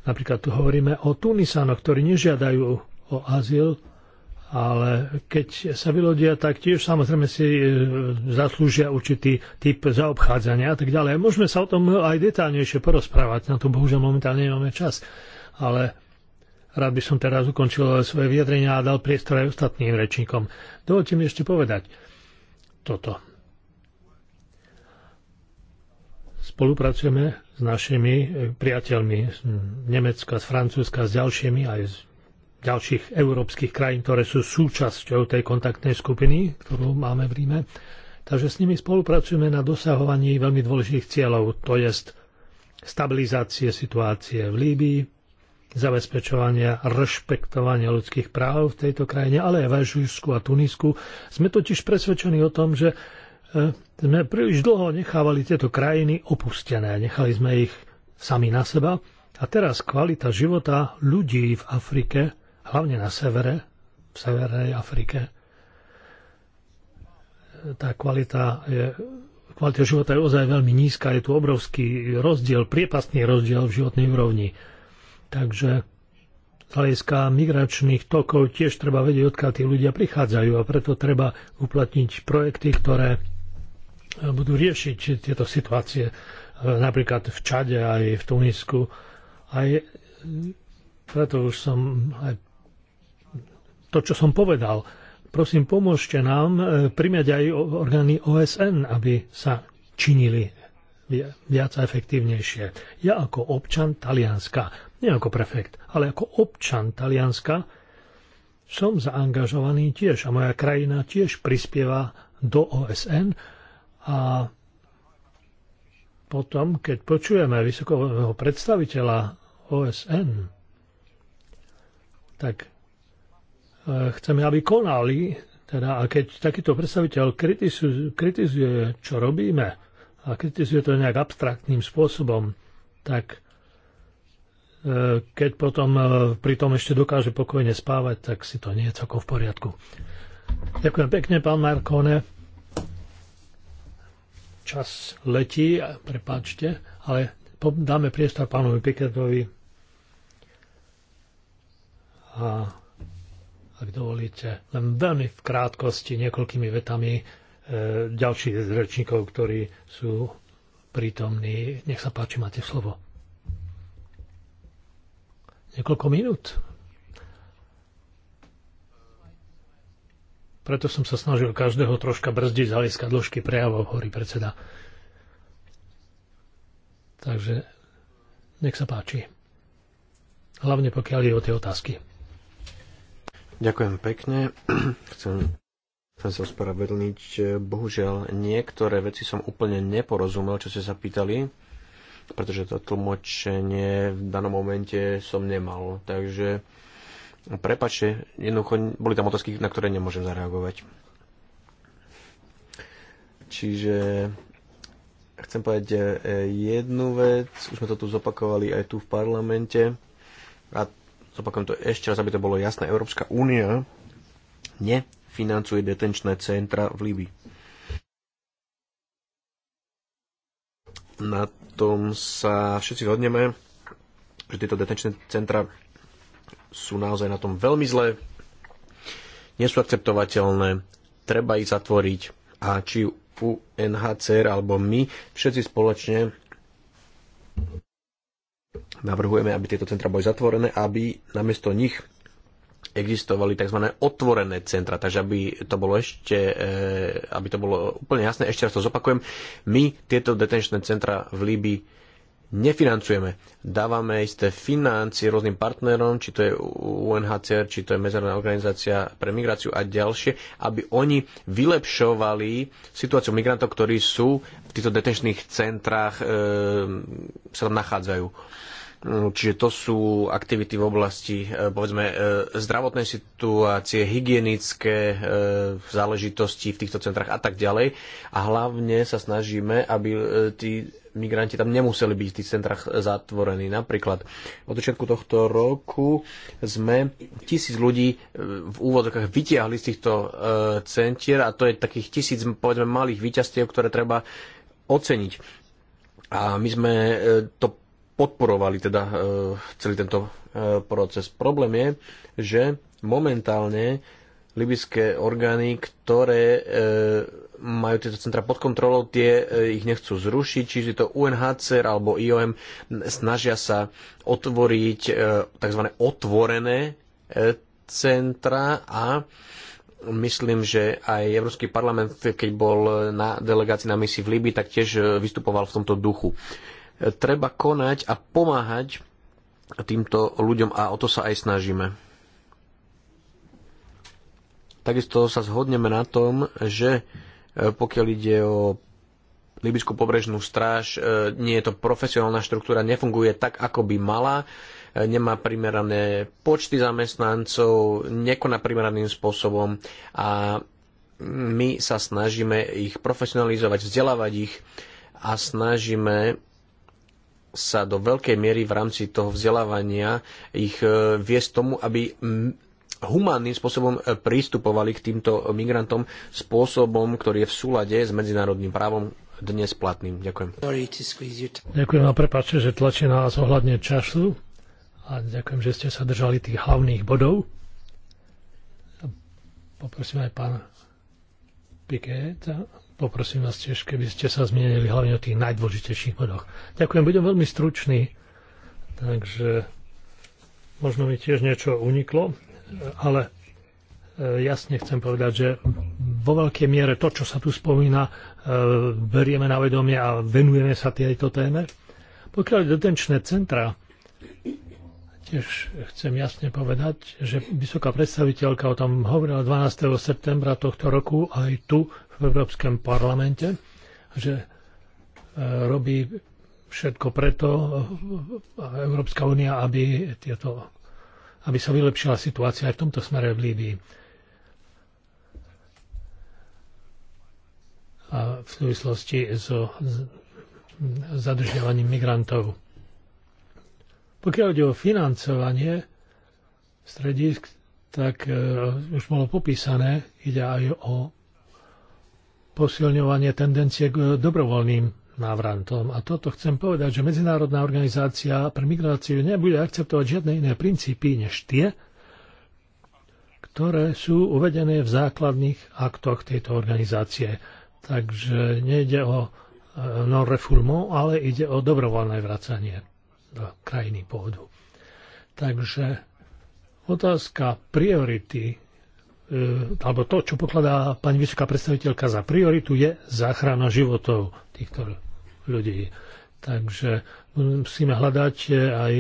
Napríklad tu hovoríme o Tunisanoch, ktorí nežiadajú o azyl, ale keď sa vylodia, tak tiež samozrejme si e, zaslúžia určitý typ zaobchádzania a tak ďalej. Môžeme sa o tom aj detálnejšie porozprávať, na to bohužiaľ momentálne nemáme čas, ale rád by som teraz ukončil svoje vyjadrenia a dal priestor aj ostatným rečníkom. Dovolte mi ešte povedať toto spolupracujeme s našimi e, priateľmi z Nemecka, z Francúzska, s ďalšími aj z ďalších európskych krajín, ktoré sú súčasťou tej kontaktnej skupiny, ktorú máme v Ríme. Takže s nimi spolupracujeme na dosahovaní veľmi dôležitých cieľov, to je stabilizácie situácie v Líbii, zabezpečovania rešpektovania ľudských práv v tejto krajine, ale aj v Alžírsku a Tunisku. Sme totiž presvedčení o tom, že e, sme príliš dlho nechávali tieto krajiny opustené, nechali sme ich sami na seba a teraz kvalita života ľudí v Afrike, hlavne na severe, v severnej Afrike, tá kvalita, je, kvalita života je ozaj veľmi nízka, je tu obrovský rozdiel, priepastný rozdiel v životnej úrovni. Takže z hľadiska migračných tokov tiež treba vedieť, odkiaľ tí ľudia prichádzajú a preto treba uplatniť projekty, ktoré budú riešiť tieto situácie e, napríklad v Čade aj v Tunisku. Aj preto už som aj to, čo som povedal, prosím, pomôžte nám e, primiať aj orgány OSN, aby sa činili viac a efektívnejšie. Ja ako občan Talianska, nie ako prefekt, ale ako občan Talianska som zaangažovaný tiež a moja krajina tiež prispieva do OSN a potom, keď počujeme vysokového predstaviteľa OSN, tak e, chceme, aby konali. Teda, a keď takýto predstaviteľ kritizuje, kritizuje, čo robíme, a kritizuje to nejak abstraktným spôsobom, tak e, keď potom e, pri tom ešte dokáže pokojne spávať, tak si to nie je celkom v poriadku. Ďakujem pekne, pán Markone čas letí, prepáčte, ale dáme priestor pánovi Piketovi a ak dovolíte, len veľmi v krátkosti, niekoľkými vetami e, ďalších z rečníkov, ktorí sú prítomní. Nech sa páči, máte slovo. Niekoľko minút Preto som sa snažil každého troška brzdiť z hľadiska dĺžky prejavov, hovorí predseda. Takže nech sa páči. Hlavne pokiaľ je o tie otázky. Ďakujem pekne. Chcem Chcem sa ospravedlniť. Bohužiaľ, niektoré veci som úplne neporozumel, čo ste sa pýtali, pretože to tlmočenie v danom momente som nemal. Takže Prepačte, jednoducho boli tam otázky, na ktoré nemôžem zareagovať. Čiže chcem povedať e, jednu vec, už sme to tu zopakovali aj tu v parlamente a zopakujem to ešte raz, aby to bolo jasné. Európska únia nefinancuje detenčné centra v Líbii. Na tom sa všetci zhodneme, že tieto detenčné centra sú naozaj na tom veľmi zle. nie sú akceptovateľné, treba ich zatvoriť a či UNHCR alebo my všetci spoločne navrhujeme, aby tieto centra boli zatvorené, aby namiesto nich existovali tzv. otvorené centra, takže aby to bolo ešte, e, aby to bolo úplne jasné, ešte raz to zopakujem, my tieto detenčné centra v Líbii nefinancujeme. Dávame isté financie rôznym partnerom, či to je UNHCR, či to je Medzinárodná organizácia pre migráciu a ďalšie, aby oni vylepšovali situáciu migrantov, ktorí sú v týchto detenčných centrách, e, sa tam nachádzajú Čiže to sú aktivity v oblasti e, povedzme e, zdravotnej situácie, hygienické e, záležitosti v týchto centrách a tak ďalej. A hlavne sa snažíme, aby tí migranti tam nemuseli byť v tých centrách zatvorení. Napríklad od začiatku tohto roku sme tisíc ľudí v úvodokách vytiahli z týchto centier a to je takých tisíc povedzme malých výťastiev, ktoré treba oceniť. A my sme to podporovali teda e, celý tento e, proces. Problém je, že momentálne libyské orgány, ktoré e, majú tieto centra pod kontrolou, tie ich nechcú zrušiť, čiže to UNHCR alebo IOM snažia sa otvoriť tzv. otvorené centra a myslím, že aj Európsky parlament, keď bol na delegácii na misii v Libii, tak tiež vystupoval v tomto duchu treba konať a pomáhať týmto ľuďom a o to sa aj snažíme. Takisto sa zhodneme na tom, že e, pokiaľ ide o Libiskú pobrežnú stráž, e, nie je to profesionálna štruktúra, nefunguje tak, ako by mala, e, nemá primerané počty zamestnancov, nekoná primeraným spôsobom a my sa snažíme ich profesionalizovať, vzdelávať ich a snažíme sa do veľkej miery v rámci toho vzdelávania ich e, viesť tomu, aby humánnym spôsobom e, prístupovali k týmto migrantom spôsobom, ktorý je v súlade s medzinárodným právom dnes platným. Ďakujem. Ďakujem a no, prepáčte, že tlačí na vás ohľadne času a ďakujem, že ste sa držali tých hlavných bodov. Poprosím aj pána Piketa poprosím vás tiež, keby ste sa zmienili hlavne o tých najdôležitejších bodoch. Ďakujem, budem veľmi stručný, takže možno mi tiež niečo uniklo, ale e, jasne chcem povedať, že vo veľkej miere to, čo sa tu spomína, e, berieme na vedomie a venujeme sa tejto téme. Pokiaľ detenčné centra, Tiež chcem jasne povedať, že vysoká predstaviteľka o tom hovorila 12. septembra tohto roku aj tu v Európskom parlamente, že e, robí všetko preto e, Európska únia, aby, tieto, aby sa vylepšila situácia aj v tomto smere v Líbii. A v súvislosti so zadržiavaním migrantov. Pokiaľ ide o financovanie stredisk, tak e, už bolo popísané, ide aj o posilňovanie tendencie k dobrovoľným návratom. A toto chcem povedať, že Medzinárodná organizácia pre migráciu nebude akceptovať žiadne iné princípy než tie, ktoré sú uvedené v základných aktoch tejto organizácie. Takže nejde o e, non-refoulement, ale ide o dobrovoľné vracanie do krajiny pôdu. Takže otázka priority, e, alebo to, čo pokladá pani vysoká predstaviteľka za prioritu, je záchrana životov týchto ľudí. Takže musíme hľadať e, aj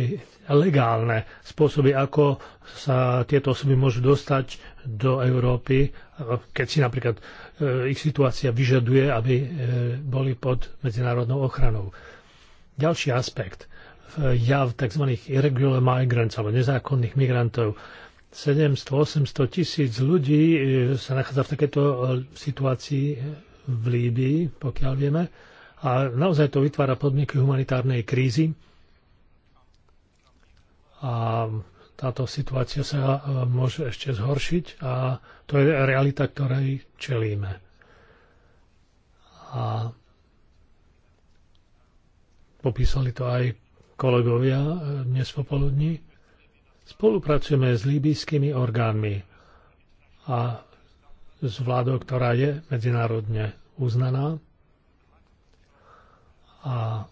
legálne spôsoby, ako sa tieto osoby môžu dostať do Európy, keď si napríklad e, ich situácia vyžaduje, aby boli pod medzinárodnou ochranou. Ďalší aspekt jav tzv. irregular migrants alebo nezákonných migrantov. 700-800 tisíc ľudí e, sa nachádza v takéto e, situácii v Líbii, pokiaľ vieme. A naozaj to vytvára podmienky humanitárnej krízy. A táto situácia sa e, môže ešte zhoršiť a to je realita, ktorej čelíme. A popísali to aj kolegovia eh, dnes popoludní. Spolupracujeme s líbyjskými orgánmi a s vládou, ktorá je medzinárodne uznaná. A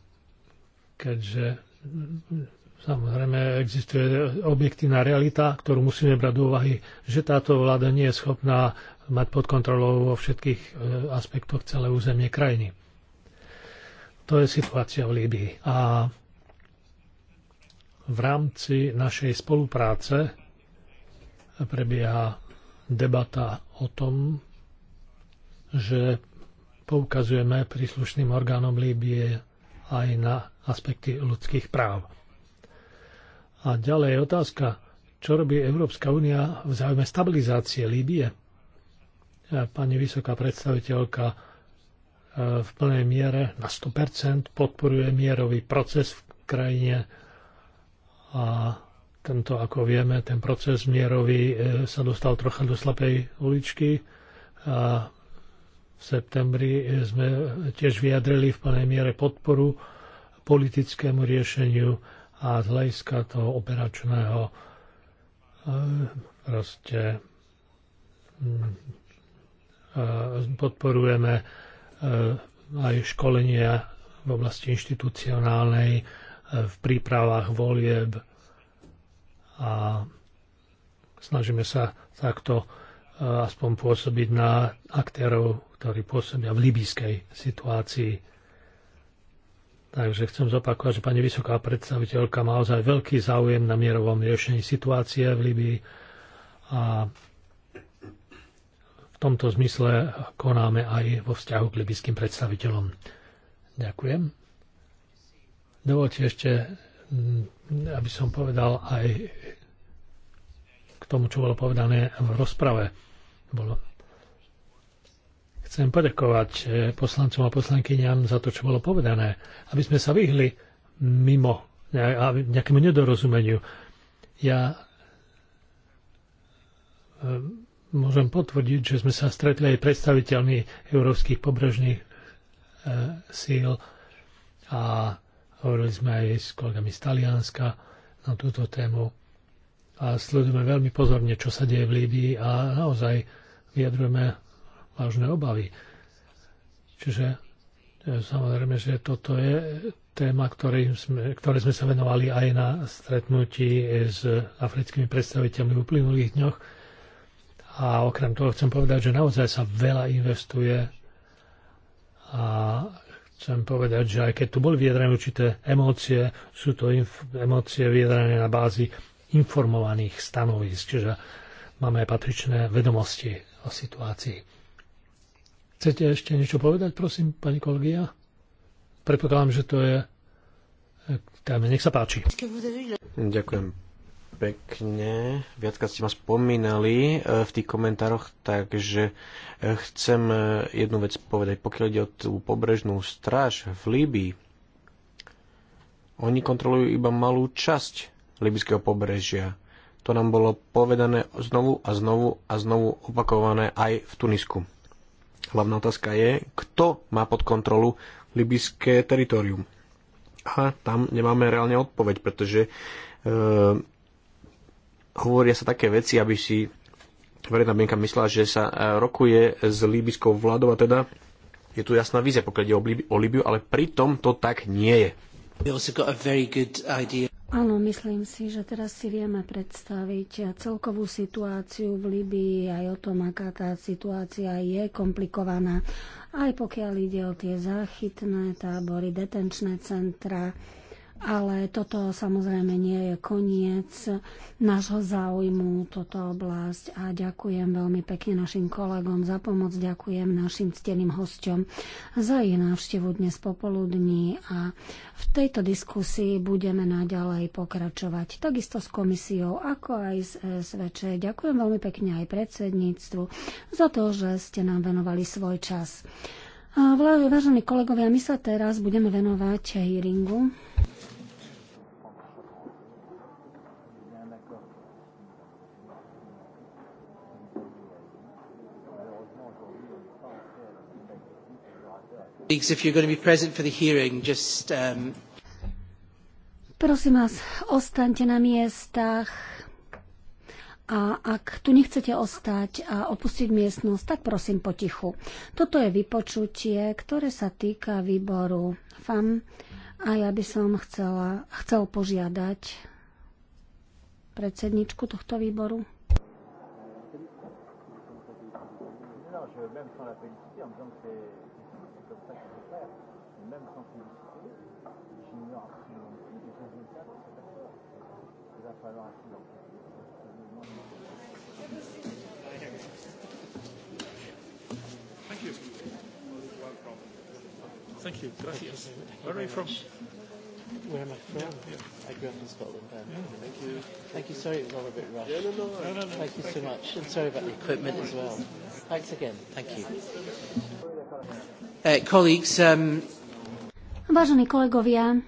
keďže mm, samozrejme existuje objektívna realita, ktorú musíme brať do úvahy, že táto vláda nie je schopná mať pod kontrolou vo všetkých eh, aspektoch celé územie krajiny. To je situácia v Líbii. A v rámci našej spolupráce prebieha debata o tom, že poukazujeme príslušným orgánom Líbie aj na aspekty ľudských práv. A ďalej je otázka, čo robí Európska únia v záujme stabilizácie Líbie? Pani vysoká predstaviteľka e, v plnej miere na 100% podporuje mierový proces v krajine a tento, ako vieme, ten proces mierový e, sa dostal trocha do slapej uličky a v septembri e, sme tiež vyjadrili v plnej miere podporu politickému riešeniu a z hľadiska toho operačného e, proste mm, podporujeme aj školenia v oblasti inštitucionálnej v prípravách volieb a snažíme sa takto e, aspoň pôsobiť na aktérov, ktorí pôsobia v libyskej situácii. Takže chcem zopakovať, že pani vysoká predstaviteľka má ozaj veľký záujem na mierovom riešení situácie v Libii a v tomto zmysle konáme aj vo vzťahu k libyským predstaviteľom. Ďakujem. Dovolte ešte, mm, aby som povedal aj k tomu, čo bolo povedané v rozprave. Bolo. Chcem poďakovať eh, poslancom a poslankyňam za to, čo bolo povedané, aby sme sa vyhli mimo nejakému nedorozumeniu. Ja eh, môžem potvrdiť, že sme sa stretli aj predstaviteľmi európskych pobrežných eh, síl a Hovorili sme aj s kolegami z Talianska na túto tému a sledujeme veľmi pozorne, čo sa deje v Líbii a naozaj vyjadrujeme vážne obavy. Čiže e, samozrejme, že toto je téma, ktoré sme, ktoré sme sa venovali aj na stretnutí s africkými predstaviteľmi v uplynulých dňoch. A okrem toho chcem povedať, že naozaj sa veľa investuje a chcem povedať, že aj keď tu boli vyjadrené určité emócie, sú to emócie vyjadrené na bázi informovaných stanovisk, čiže máme aj patričné vedomosti o situácii. Chcete ešte niečo povedať, prosím, pani kolegia? Predpokladám, že to je... E, Tajme, nech sa páči. Ďakujem pekne. Viackrát ste ma spomínali e, v tých komentároch, takže e, chcem e, jednu vec povedať. Pokiaľ ide o tú pobrežnú stráž v Líbii, oni kontrolujú iba malú časť libyského pobrežia. To nám bolo povedané znovu a znovu a znovu opakované aj v Tunisku. Hlavná otázka je, kto má pod kontrolu libyské teritorium. A tam nemáme reálne odpoveď, pretože hovoria sa také veci, aby si verejná mienka myslela, že sa e, rokuje s líbyskou vládou a teda je tu jasná vízia, pokiaľ ide o, Líbiu, ale pritom to tak nie je. Áno, myslím si, že teraz si vieme predstaviť celkovú situáciu v Libii, aj o tom, aká tá situácia je komplikovaná, aj pokiaľ ide o tie záchytné tábory, detenčné centra, ale toto samozrejme nie je koniec nášho záujmu, toto oblasť a ďakujem veľmi pekne našim kolegom za pomoc, ďakujem našim cteným hosťom za ich návštevu dnes popoludní a v tejto diskusii budeme naďalej pokračovať takisto s komisiou, ako aj s SVČ. Ďakujem veľmi pekne aj predsedníctvu za to, že ste nám venovali svoj čas. Vážení kolegovia, my sa teraz budeme venovať hearingu. Um, prosím vás, ostaňte na miestach a ak tu nechcete ostať a opustiť miestnosť, tak prosím potichu. Toto je vypočutie, ktoré sa týka výboru FAM a ja by som chcela, chcel požiadať predsedničku tohto výboru. Je même sans publicité, j'ignore absolument plus les résultats de cette affaire. Il va falloir un silence. Thank you. Thank you. Gracias. Where are you from? Where am I from? Yeah, I grew up in Scotland. yeah. Thank you. Thank you. Sorry, it was all a bit rushed. Yeah, no, no, no, no, no. Thank no, no, no. you so much. And sorry about the equipment as well. Thanks again. Thank you. Uh, colleagues, um, Vážení kolegovia,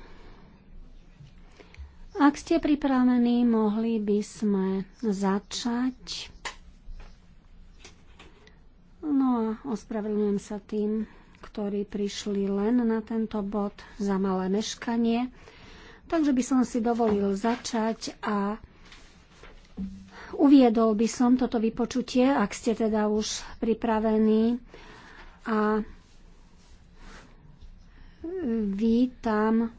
ak ste pripravení, mohli by sme začať. No a ospravedlňujem sa tým, ktorí prišli len na tento bod za malé meškanie. Takže by som si dovolil začať a uviedol by som toto vypočutie, ak ste teda už pripravení. A Vítam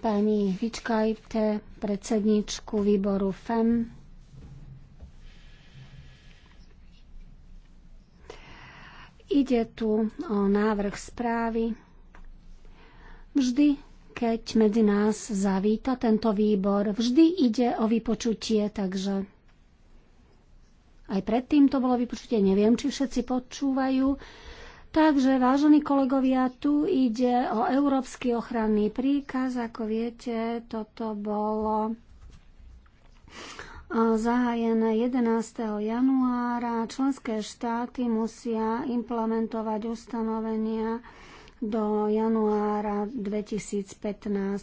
pani Vičkajte, predsedničku výboru FEM. Ide tu o návrh správy. Vždy, keď medzi nás zavíta tento výbor, vždy ide o vypočutie, takže aj predtým to bolo vypočutie, neviem, či všetci počúvajú. Takže, vážení kolegovia, tu ide o Európsky ochranný príkaz. Ako viete, toto bolo zahájené 11. januára. Členské štáty musia implementovať ustanovenia do januára 2015.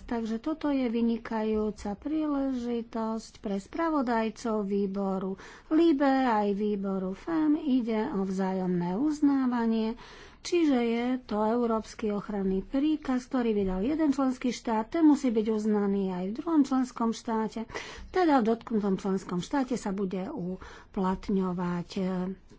Takže toto je vynikajúca príležitosť pre spravodajcov výboru LIBE aj výboru FEM. Ide o vzájomné uznávanie, čiže je to európsky ochranný príkaz, ktorý vydal jeden členský štát, ten musí byť uznaný aj v druhom členskom štáte, teda v dotknutom členskom štáte sa bude uplatňovať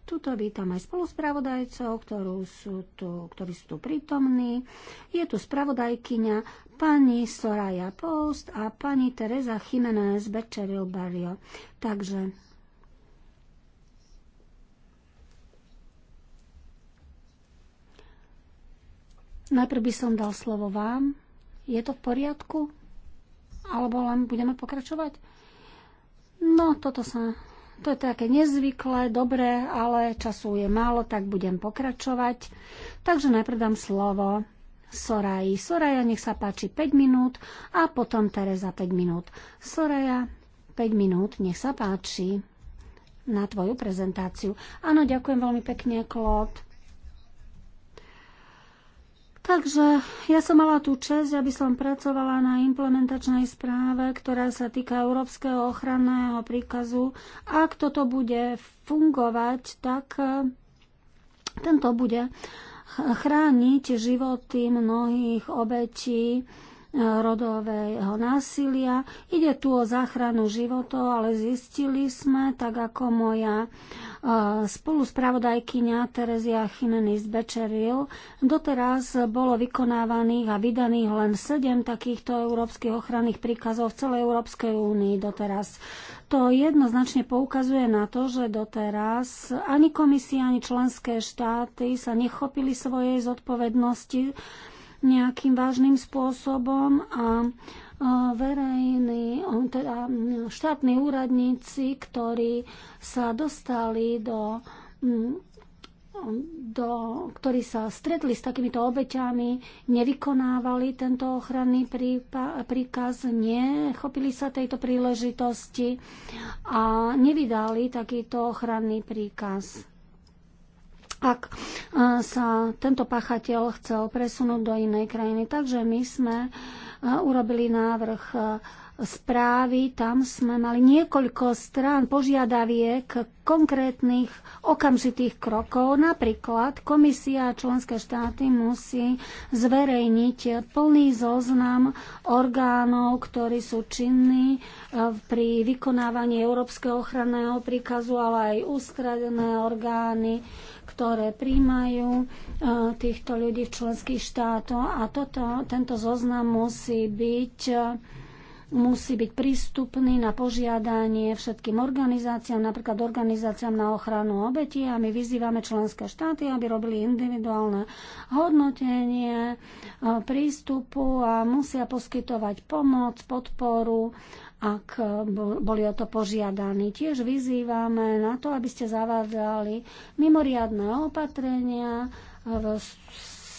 Tuto vítam aj spoluspravodajcov, ktorú sú tu, ktorí sú tu prítomní. Je tu spravodajkyňa pani Soraya Post a pani Teresa Jiménez Bečeril Barrio. Takže Najprv by som dal slovo vám. Je to v poriadku? Alebo len budeme pokračovať? No, toto sa to je také nezvyklé, dobré, ale času je málo, tak budem pokračovať. Takže najprv dám slovo Soraji. Soraja, nech sa páči 5 minút a potom Tereza 5 minút. Soraja, 5 minút, nech sa páči na tvoju prezentáciu. Áno, ďakujem veľmi pekne, Klod. Takže ja som mala tú čest, aby som pracovala na implementačnej správe, ktorá sa týka Európskeho ochranného príkazu. Ak toto bude fungovať, tak e, tento bude chrániť životy mnohých obetí rodového násilia. Ide tu o záchranu životov, ale zistili sme, tak ako moja e, spoluspravodajkyňa Terezia Chimenis Bečeril, doteraz bolo vykonávaných a vydaných len sedem takýchto európskych ochranných príkazov v celej Európskej únii doteraz. To jednoznačne poukazuje na to, že doteraz ani komisia, ani členské štáty sa nechopili svojej zodpovednosti nejakým vážnym spôsobom a verejní, teda štátni úradníci, ktorí sa dostali do, do, ktorí sa stretli s takýmito obeťami, nevykonávali tento ochranný prípa, príkaz, nechopili sa tejto príležitosti a nevydali takýto ochranný príkaz ak e, sa tento pachateľ chcel presunúť do inej krajiny. Takže my sme e, urobili návrh e, správy, tam sme mali niekoľko strán požiadaviek konkrétnych okamžitých krokov. Napríklad komisia a členské štáty musí zverejniť plný zoznam orgánov, ktorí sú činní pri vykonávaní Európskeho ochranného príkazu, ale aj ústredné orgány, ktoré príjmajú e, týchto ľudí v členských štátoch a toto, tento zoznam musí byť e, musí byť prístupný na požiadanie všetkým organizáciám, napríklad organizáciám na ochranu obetí a my vyzývame členské štáty, aby robili individuálne hodnotenie e, prístupu a musia poskytovať pomoc, podporu ak boli o to požiadaní. Tiež vyzývame na to, aby ste zavádzali mimoriadne opatrenia v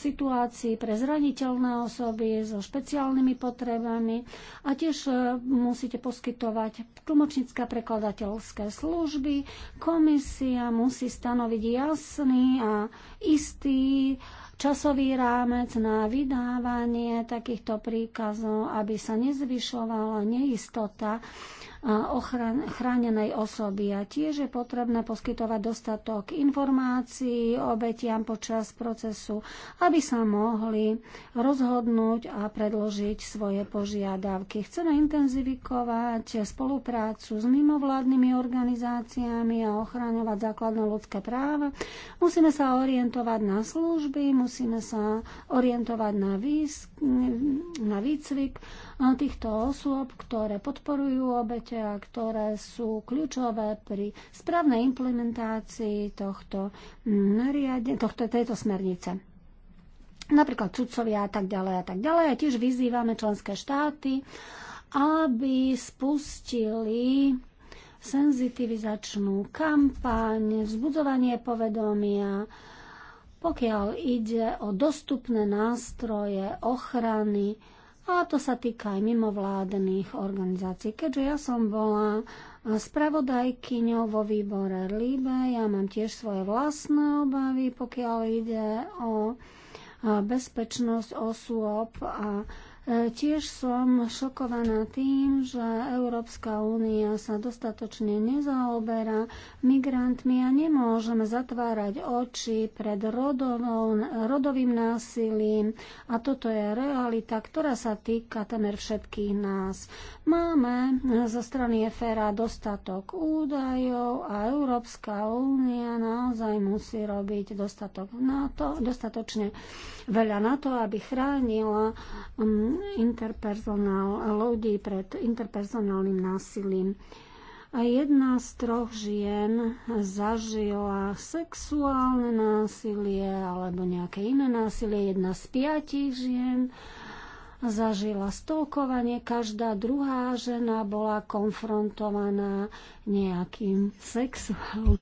situácii pre zraniteľné osoby so špeciálnymi potrebami a tiež e, musíte poskytovať tlmočnícke prekladateľské služby. Komisia musí stanoviť jasný a istý časový rámec na vydávanie takýchto príkazov, aby sa nezvyšovala neistota ochran- chránenej osoby. A tiež je potrebné poskytovať dostatok informácií obetiam počas procesu, aby sa mohli rozhodnúť a predložiť svoje požiadavky. Chceme intenzifikovať spoluprácu s mimovládnymi organizáciami a ochraňovať základné ľudské práva. Musíme sa orientovať na služby, musíme sa orientovať na, výs- na výcvik týchto osôb, ktoré podporujú obete a ktoré sú kľúčové pri správnej implementácii tohto, tohto tejto smernice napríklad cudcovia a tak ďalej a tak ďalej. A tiež vyzývame členské štáty, aby spustili senzitivizačnú kampaň, vzbudzovanie povedomia, pokiaľ ide o dostupné nástroje ochrany a to sa týka aj mimovládnych organizácií. Keďže ja som bola spravodajkyňou vo výbore LIBE, ja mám tiež svoje vlastné obavy, pokiaľ ide o bezpečnosť osôb a Tiež som šokovaná tým, že Európska únia sa dostatočne nezaoberá migrantmi a nemôžeme zatvárať oči pred rodovou, rodovým násilím. A toto je realita, ktorá sa týka temer všetkých nás. Máme zo strany EFERA dostatok údajov a Európska únia naozaj musí robiť dostatok na to, dostatočne veľa na to, aby chránila um, interpersonál, ľudí pred interpersonálnym násilím. Jedna z troch žien zažila sexuálne násilie alebo nejaké iné násilie. Jedna z piatich žien zažila stolkovanie. Každá druhá žena bola konfrontovaná nejakým sexuálnym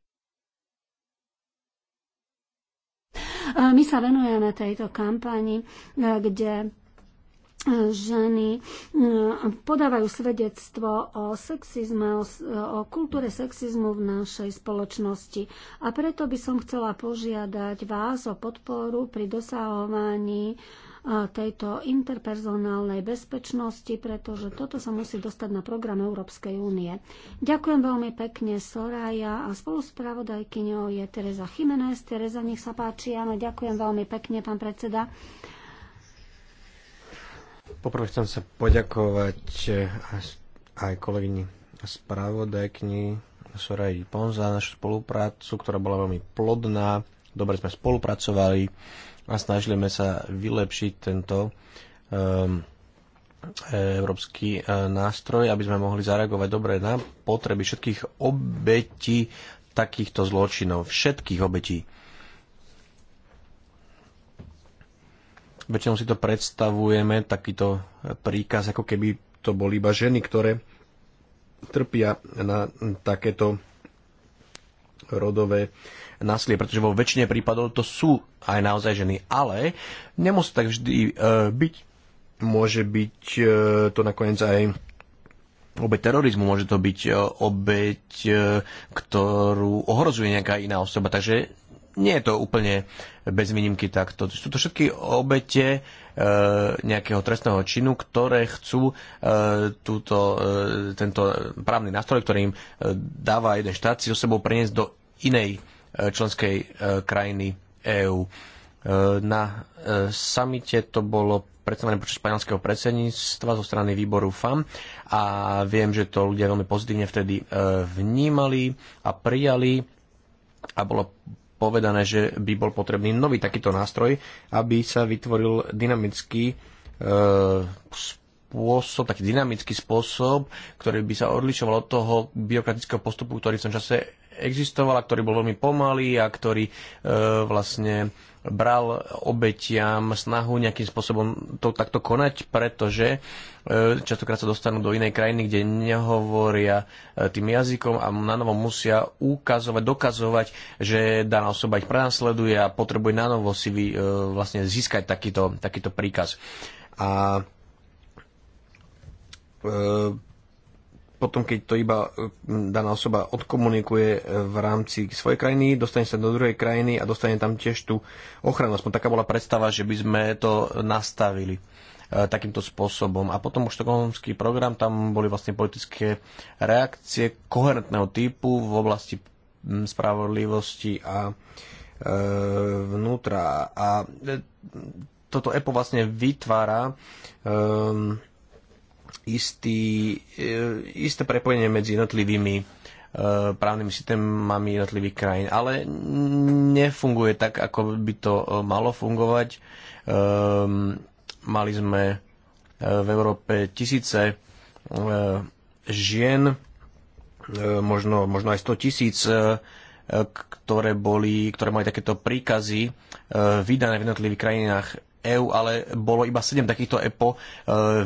My sa venujeme tejto kampani, kde ženy eh, podávajú svedectvo o sexizme, o, o kultúre sexizmu v našej spoločnosti. A preto by som chcela požiadať vás o podporu pri dosahovaní eh, tejto interpersonálnej bezpečnosti, pretože toto sa musí dostať na program Európskej únie. Ďakujem veľmi pekne Soraya a spoluspravodajkyňou je Teresa Chimenez. Teresa, nech sa páči. Áno, ďakujem veľmi pekne, pán predseda. Poprvé chcem sa poďakovať eh, aj kolegyni spravodajkni Soraj Pon za našu spoluprácu, ktorá bola veľmi plodná. Dobre sme spolupracovali a snažili sme sa vylepšiť tento um, európsky eh, nástroj, aby sme mohli zareagovať dobre na potreby všetkých obetí takýchto zločinov, všetkých obetí. väčšinou si to predstavujeme, takýto príkaz, ako keby to boli iba ženy, ktoré trpia na takéto rodové násilie, pretože vo väčšine prípadov to sú aj naozaj ženy, ale nemusí tak vždy e, byť. Môže byť e, to nakoniec aj obeť terorizmu, môže to byť e, obeď, ktorú ohrozuje nejaká iná osoba. Takže nie je to úplne bez výnimky takto. Sú to všetky obete e, nejakého trestného činu, ktoré chcú e, túto, e, tento právny nástroj, ktorý im e, dáva jeden štát, si so sebou preniesť do inej e, členskej e, krajiny EÚ. Na samite to bolo predstavené počas španielského predsedníctva zo strany výboru FAM a viem, že to ľudia veľmi pozitívne vtedy vnímali a prijali a bolo povedané, že by bol potrebný nový takýto nástroj, aby sa vytvoril dynamický e, spôsob, taký dynamický spôsob, ktorý by sa odlišoval od toho byrokratického postupu, ktorý v tom čase existoval a ktorý bol veľmi pomalý a ktorý e, vlastne bral obetiam snahu nejakým spôsobom to takto konať, pretože e, častokrát sa dostanú do inej krajiny, kde nehovoria e, tým jazykom a na novo musia ukazovať, dokazovať, že daná osoba ich prenasleduje a potrebuje na novo si vy, e, vlastne získať takýto, takýto príkaz. A potom, keď to iba e, daná osoba odkomunikuje e, v rámci svojej krajiny, dostane sa do druhej krajiny a dostane tam tiež tú ochranu. Aspoň taká bola predstava, že by sme to nastavili e, takýmto spôsobom. A potom už štokholmský program, tam boli vlastne politické reakcie koherentného typu v oblasti spravodlivosti a e, vnútra. A toto EPO vlastne vytvára e, istý, e, isté prepojenie medzi jednotlivými e, právnymi systémami jednotlivých krajín. Ale nefunguje tak, ako by to e, malo fungovať. Ehm, mali sme v Európe tisíce žien, možno, možno aj 100 tisíc, ktoré, boli, ktoré mali takéto príkazy vydané v jednotlivých krajinách EÚ, ale bolo iba 7 takýchto EPO e,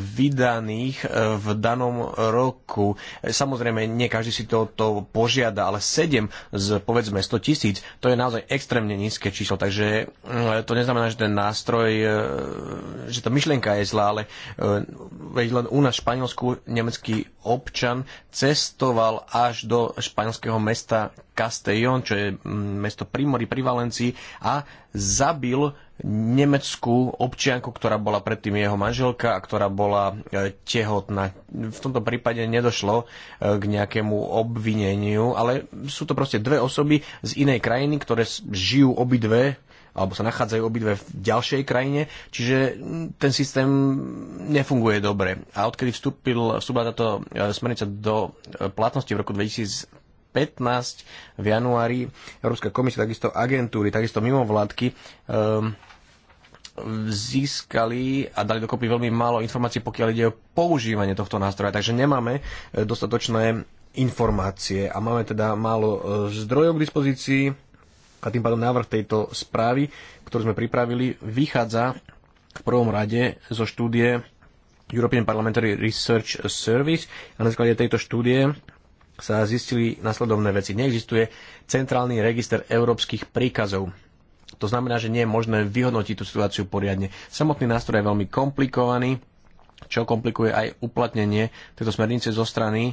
vydaných e, v danom roku. E, samozrejme, nie každý si to, to požiada, ale 7 z povedzme 100 tisíc, to je naozaj extrémne nízke číslo, takže mm, to neznamená, že ten nástroj, že tá myšlienka je zlá, ale veď len u nás v Španielsku nemecký občan cestoval až do španielského mesta Castellón, čo je mm, mesto Primory pri Valencii a zabil nemeckú občianku, ktorá bola predtým jeho manželka a ktorá bola e, tehotná. V tomto prípade nedošlo e, k nejakému obvineniu, ale sú to proste dve osoby z inej krajiny, ktoré žijú obidve alebo sa nachádzajú obidve v ďalšej krajine, čiže ten systém nefunguje dobre. A odkedy vstúpil, vstúpila táto e, smernica do platnosti v roku 2000 v januári Európska komisia, takisto agentúry, takisto mimovládky um, získali a dali dokopy veľmi málo informácií, pokiaľ ide o používanie tohto nástroja. Takže nemáme e, dostatočné informácie a máme teda málo e, zdrojov k dispozícii a tým pádom návrh tejto správy, ktorú sme pripravili, vychádza v prvom rade zo štúdie European Parliamentary Research Service a na základe tejto štúdie sa zistili nasledovné veci. Neexistuje centrálny register európskych príkazov. To znamená, že nie je možné vyhodnotiť tú situáciu poriadne. Samotný nástroj je veľmi komplikovaný, čo komplikuje aj uplatnenie tejto smernice zo strany e,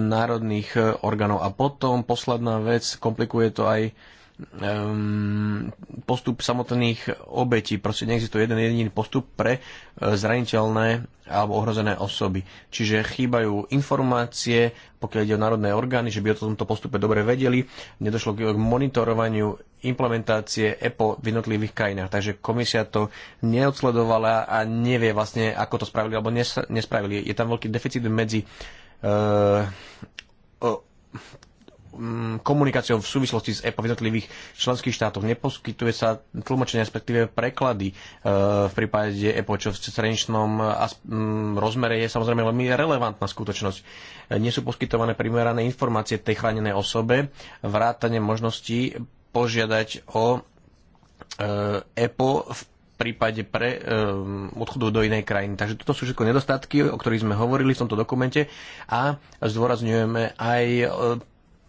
národných e, orgánov. A potom posledná vec, komplikuje to aj Ehm, postup samotných obetí. Proste neexistuje jeden jediný postup pre e, zraniteľné alebo ohrozené osoby. Čiže chýbajú informácie, pokiaľ ide o národné orgány, že by o tomto postupe dobre vedeli. Nedošlo k monitorovaniu implementácie EPO v jednotlivých krajinách. Takže komisia to neodsledovala a nevie vlastne, ako to spravili alebo nespravili. Je tam veľký deficit medzi e, Mm, komunikáciou v súvislosti s EPA v jednotlivých členských štátoch. Neposkytuje sa tlmočenie, respektíve preklady e, v prípade EPO, čo v cezhraničnom mm, rozmere je samozrejme veľmi relevantná skutočnosť. E, nie sú poskytované primerané informácie tej chránenej osobe, vrátane možnosti požiadať o EPO e v prípade pre um, odchodu do inej krajiny. Takže toto sú všetko nedostatky, o ktorých sme hovorili v tomto dokumente a zdôrazňujeme aj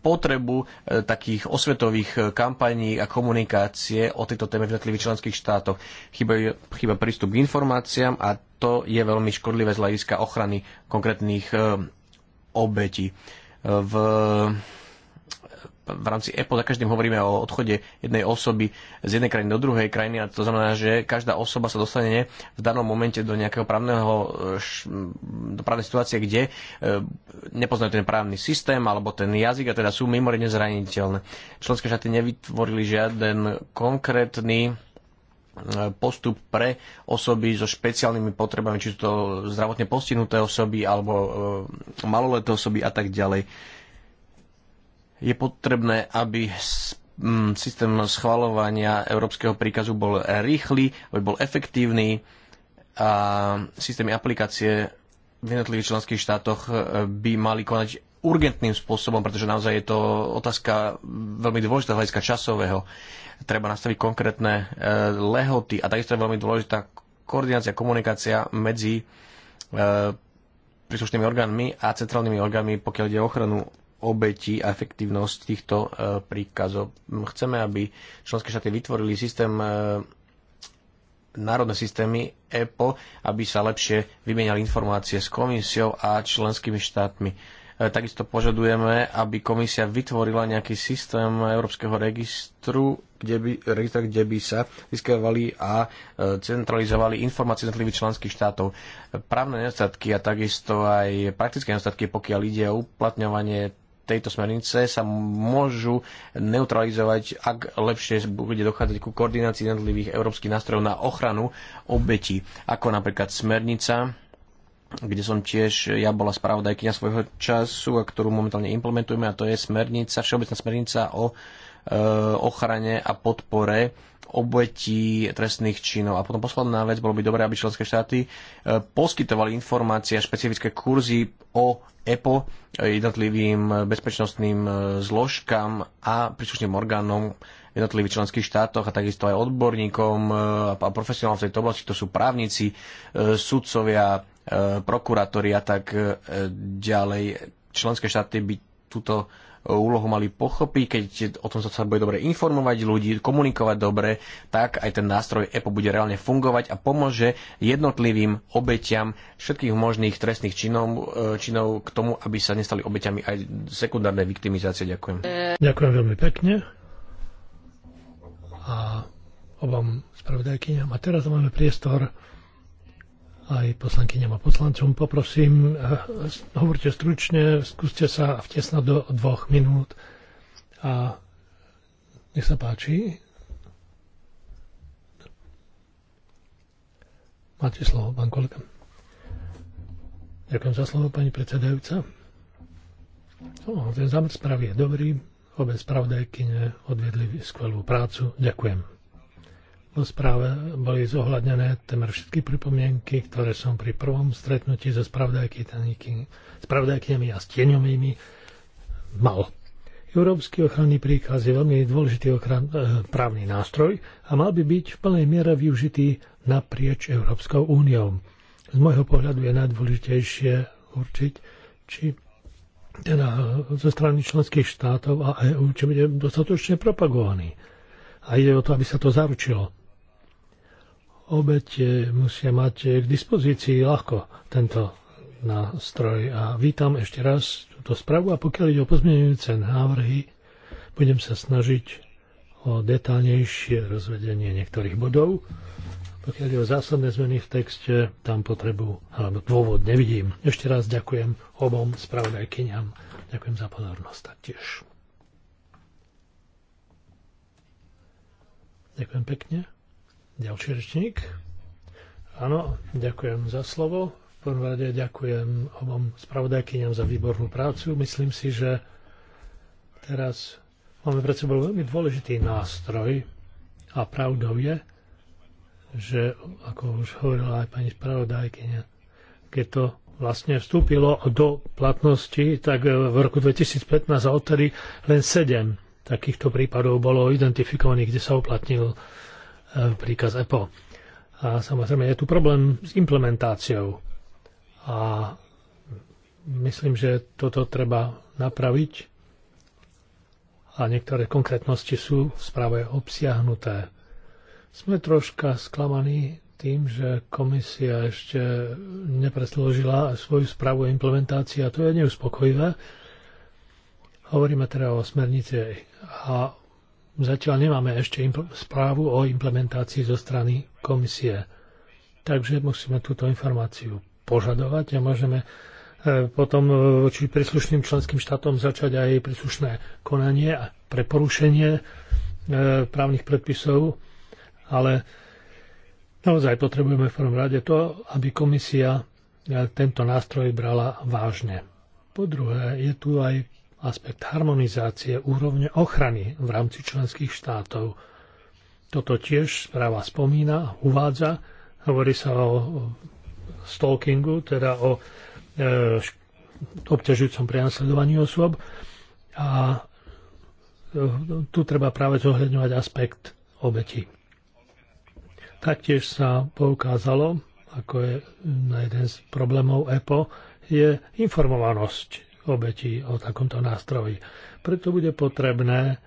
potrebu e, takých osvetových e, kampaní a komunikácie o tejto téme v jednotlivých členských štátoch. Chýba, chýba prístup k informáciám a to je veľmi škodlivé z hľadiska ochrany konkrétnych e, obetí. V v rámci EPO za každým hovoríme o odchode jednej osoby z jednej krajiny do druhej krajiny a to znamená, že každá osoba sa dostane v danom momente do nejakého právneho eh, do právnej situácie, kde eh, nepoznajú ten právny systém alebo ten jazyk a teda sú mimoriadne zraniteľné. Členské štáty nevytvorili žiaden konkrétny eh, postup pre osoby so špeciálnymi potrebami, či sú to zdravotne postihnuté osoby alebo maloleté osoby a tak ďalej je potrebné, aby systém schvalovania európskeho príkazu bol rýchly, aby bol efektívny a systémy aplikácie v jednotlivých členských štátoch e, by mali konať urgentným spôsobom, pretože naozaj je to otázka veľmi dôležitá hľadiska časového. Treba nastaviť konkrétne e, lehoty a takisto je veľmi dôležitá koordinácia, komunikácia medzi e, príslušnými orgánmi a centrálnymi orgánmi, pokiaľ ide o ochranu obetí a efektívnosť týchto e, príkazov. Chceme, aby členské štáty vytvorili systém e, národné systémy EPO, aby sa lepšie vymieniali informácie s komisiou a členskými štátmi. E, takisto požadujeme, aby komisia vytvorila nejaký systém Európskeho registru, kde by, registra, kde by sa získavali a centralizovali informácie jednotlivých členských štátov. Právne nedostatky a takisto aj praktické nedostatky, pokiaľ ide o uplatňovanie tejto smernice sa môžu neutralizovať, ak lepšie bude dochádzať ku koordinácii jednotlivých európskych nástrojov na ochranu obetí, ako napríklad smernica kde som tiež, ja bola spravodajkynia svojho času a ktorú momentálne implementujeme a to je smernica, všeobecná smernica o Eh, ochrane a podpore obetí trestných činov. A potom posledná vec, bolo by dobré, aby členské štáty eh, poskytovali informácie a špecifické kurzy o EPO eh, jednotlivým bezpečnostným zložkám a príslušným orgánom jednotlivých členských štátoch a takisto aj odborníkom a profesionálom v tejto oblasti, to sú právnici, sudcovia, prokurátori a tak ďalej. Členské štáty by túto úlohu mali pochopiť, keď o tom sa bude dobre informovať ľudí, komunikovať dobre, tak aj ten nástroj EPO bude reálne fungovať a pomôže jednotlivým obeťam všetkých možných trestných činov, e, činov k tomu, aby sa nestali obeťami aj sekundárnej viktimizácie. Ďakujem. Ďakujem veľmi pekne. A obom spravodajkyniam. A teraz máme priestor aj poslankyňam a poslancom. Poprosím, eh, hovorte stručne, skúste sa vtesnať do dvoch minút a nech sa páči. Máte slovo, pán kolega. Ďakujem za slovo, pani predsedajúca. O, ten zámer správy je dobrý, obe spravodajkyne odvedli skvelú prácu. Ďakujem vo správe boli zohľadnené temer všetky pripomienky, ktoré som pri prvom stretnutí so spravodajkými a stieňovými mal. Európsky ochranný príkaz je veľmi dôležitý ochran, e, právny nástroj a mal by byť v plnej miere využitý naprieč Európskou úniou. Z môjho pohľadu je najdôležitejšie určiť, či teda zo strany členských štátov a EÚ, či bude dostatočne propagovaný. A ide o to, aby sa to zaručilo obete musia mať k dispozícii ľahko tento nástroj. A vítam ešte raz túto správu a pokiaľ ide o pozmeňujúce návrhy, budem sa snažiť o detálnejšie rozvedenie niektorých bodov. Pokiaľ je o zásadné zmeny v texte, tam potrebu alebo dôvod nevidím. Ešte raz ďakujem obom spravodajkyňam. Ďakujem za pozornosť taktiež. Ďakujem pekne. Ďalší rečník. Áno, ďakujem za slovo. V prvom rade ďakujem obom spravodajkyňam za výbornú prácu. Myslím si, že teraz máme pred sebou veľmi dôležitý nástroj a pravdou je, že, ako už hovorila aj pani spravodajkyňa, keď to vlastne vstúpilo do platnosti, tak v roku 2015 a odtedy len 7 takýchto prípadov bolo identifikovaných, kde sa uplatnil príkaz EPO. A samozrejme je tu problém s implementáciou. A myslím, že toto treba napraviť a niektoré konkrétnosti sú v správe obsiahnuté. Sme troška sklamaní tým, že komisia ešte nepresložila svoju správu o implementácii a to je neuspokojivé. Hovoríme teda o smernici a Zatiaľ nemáme ešte správu o implementácii zo strany komisie. Takže musíme túto informáciu požadovať a môžeme e, potom e, voči príslušným členským štátom začať aj príslušné konanie a preporušenie e, právnych predpisov, ale naozaj potrebujeme v prvom rade to, aby komisia tento nástroj brala vážne. Po druhé, je tu aj aspekt harmonizácie úrovne ochrany v rámci členských štátov. Toto tiež správa spomína, uvádza, hovorí sa o stalkingu, teda o e, obťažujúcom prenasledovaní osôb a e, tu treba práve zohľadňovať aspekt obeti. Taktiež sa poukázalo, ako je na jeden z problémov EPO, je informovanosť obetí o takomto nástroji. Preto bude potrebné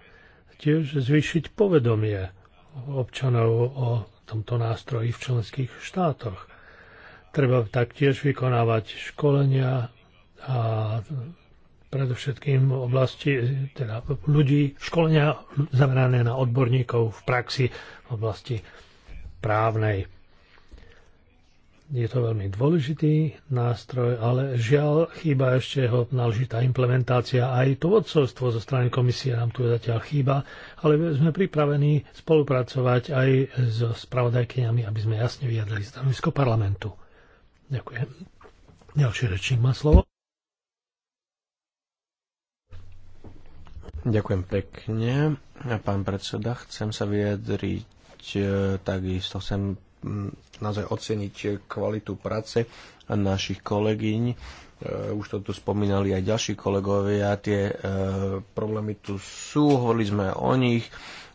tiež zvýšiť povedomie občanov o tomto nástroji v členských štátoch. Treba taktiež vykonávať školenia a predovšetkým v oblasti teda ľudí, školenia zamerané na odborníkov v praxi v oblasti právnej. Je to veľmi dôležitý nástroj, ale žiaľ chýba ešte jeho náležitá implementácia. Aj to odcovstvo zo strany komisie nám tu zatiaľ chýba, ale sme pripravení spolupracovať aj so spravodajkyňami, aby sme jasne vyjadrili stanovisko parlamentu. Ďakujem. Ďalší rečník má slovo. Ďakujem pekne. Pán predseda, chcem sa vyjadriť e, takisto chcem naozaj oceniť kvalitu práce našich kolegyň. E, už to tu spomínali aj ďalší kolegovia, tie e, problémy tu sú, hovorili sme o nich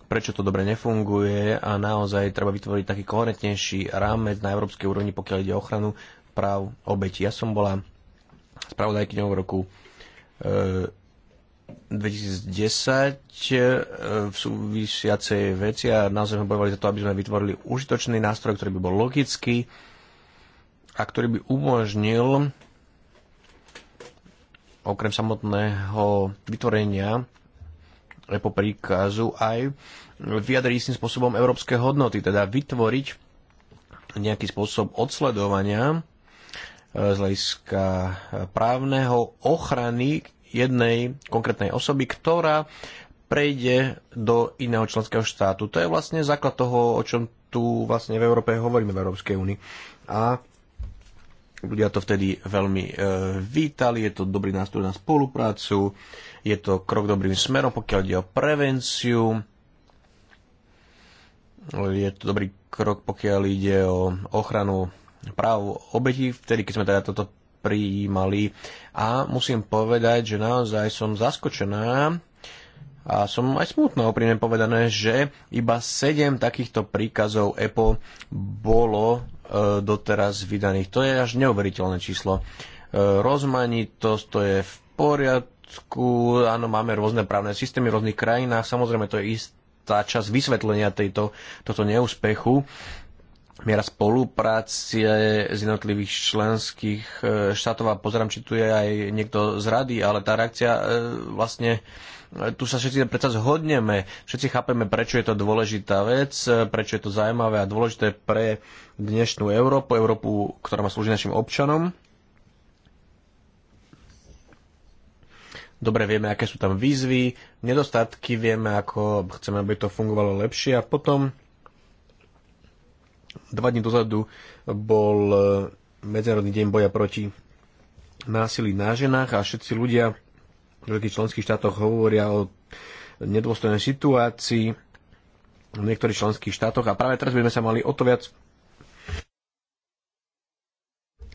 prečo to dobre nefunguje a naozaj treba vytvoriť taký koherentnejší rámec na európskej úrovni, pokiaľ ide o ochranu práv obeti. Ja som bola spravodajkyňou v roku e, 2010 e, v súvisiacej veci a naozaj sme bojovali za to, aby sme vytvorili užitočný nástroj, ktorý by bol logický a ktorý by umožnil okrem samotného vytvorenia e, po príkazu aj vyjadriť istým spôsobom európske hodnoty, teda vytvoriť nejaký spôsob odsledovania e, z hľadiska právneho ochrany jednej konkrétnej osoby, ktorá prejde do iného členského štátu. To je vlastne základ toho, o čom tu vlastne v Európe hovoríme v Európskej únii. A ľudia to vtedy veľmi e, vítali, je to dobrý nástroj na spoluprácu, je to krok dobrým smerom, pokiaľ ide o prevenciu, je to dobrý krok, pokiaľ ide o ochranu práv obetí, vtedy, keď sme teda toto prijímali. A musím povedať, že naozaj som zaskočená a som aj smutná oprímne povedané, že iba 7 takýchto príkazov EPO bolo e, doteraz vydaných. To je až neuveriteľné číslo. E, rozmanitosť, to je v poriadku, áno, máme rôzne právne systémy v rôznych krajinách, samozrejme to je istá časť vysvetlenia tejto, tohto neúspechu miera spolupráce z jednotlivých členských e, štátov a pozerám, či tu je aj niekto z rady, ale tá reakcia e, vlastne e, tu sa všetci predsa zhodneme, všetci chápeme, prečo je to dôležitá vec, prečo je to zaujímavé a dôležité pre dnešnú Európu, Európu, ktorá má slúžiť našim občanom. Dobre vieme, aké sú tam výzvy, nedostatky, vieme, ako chceme, aby to fungovalo lepšie a potom Dva dní dozadu bol e, Medzinárodný deň boja proti násilí na ženách a všetci ľudia v veľkých členských štátoch hovoria o nedôstojnej situácii v niektorých členských štátoch a práve teraz by sme sa mali o to viac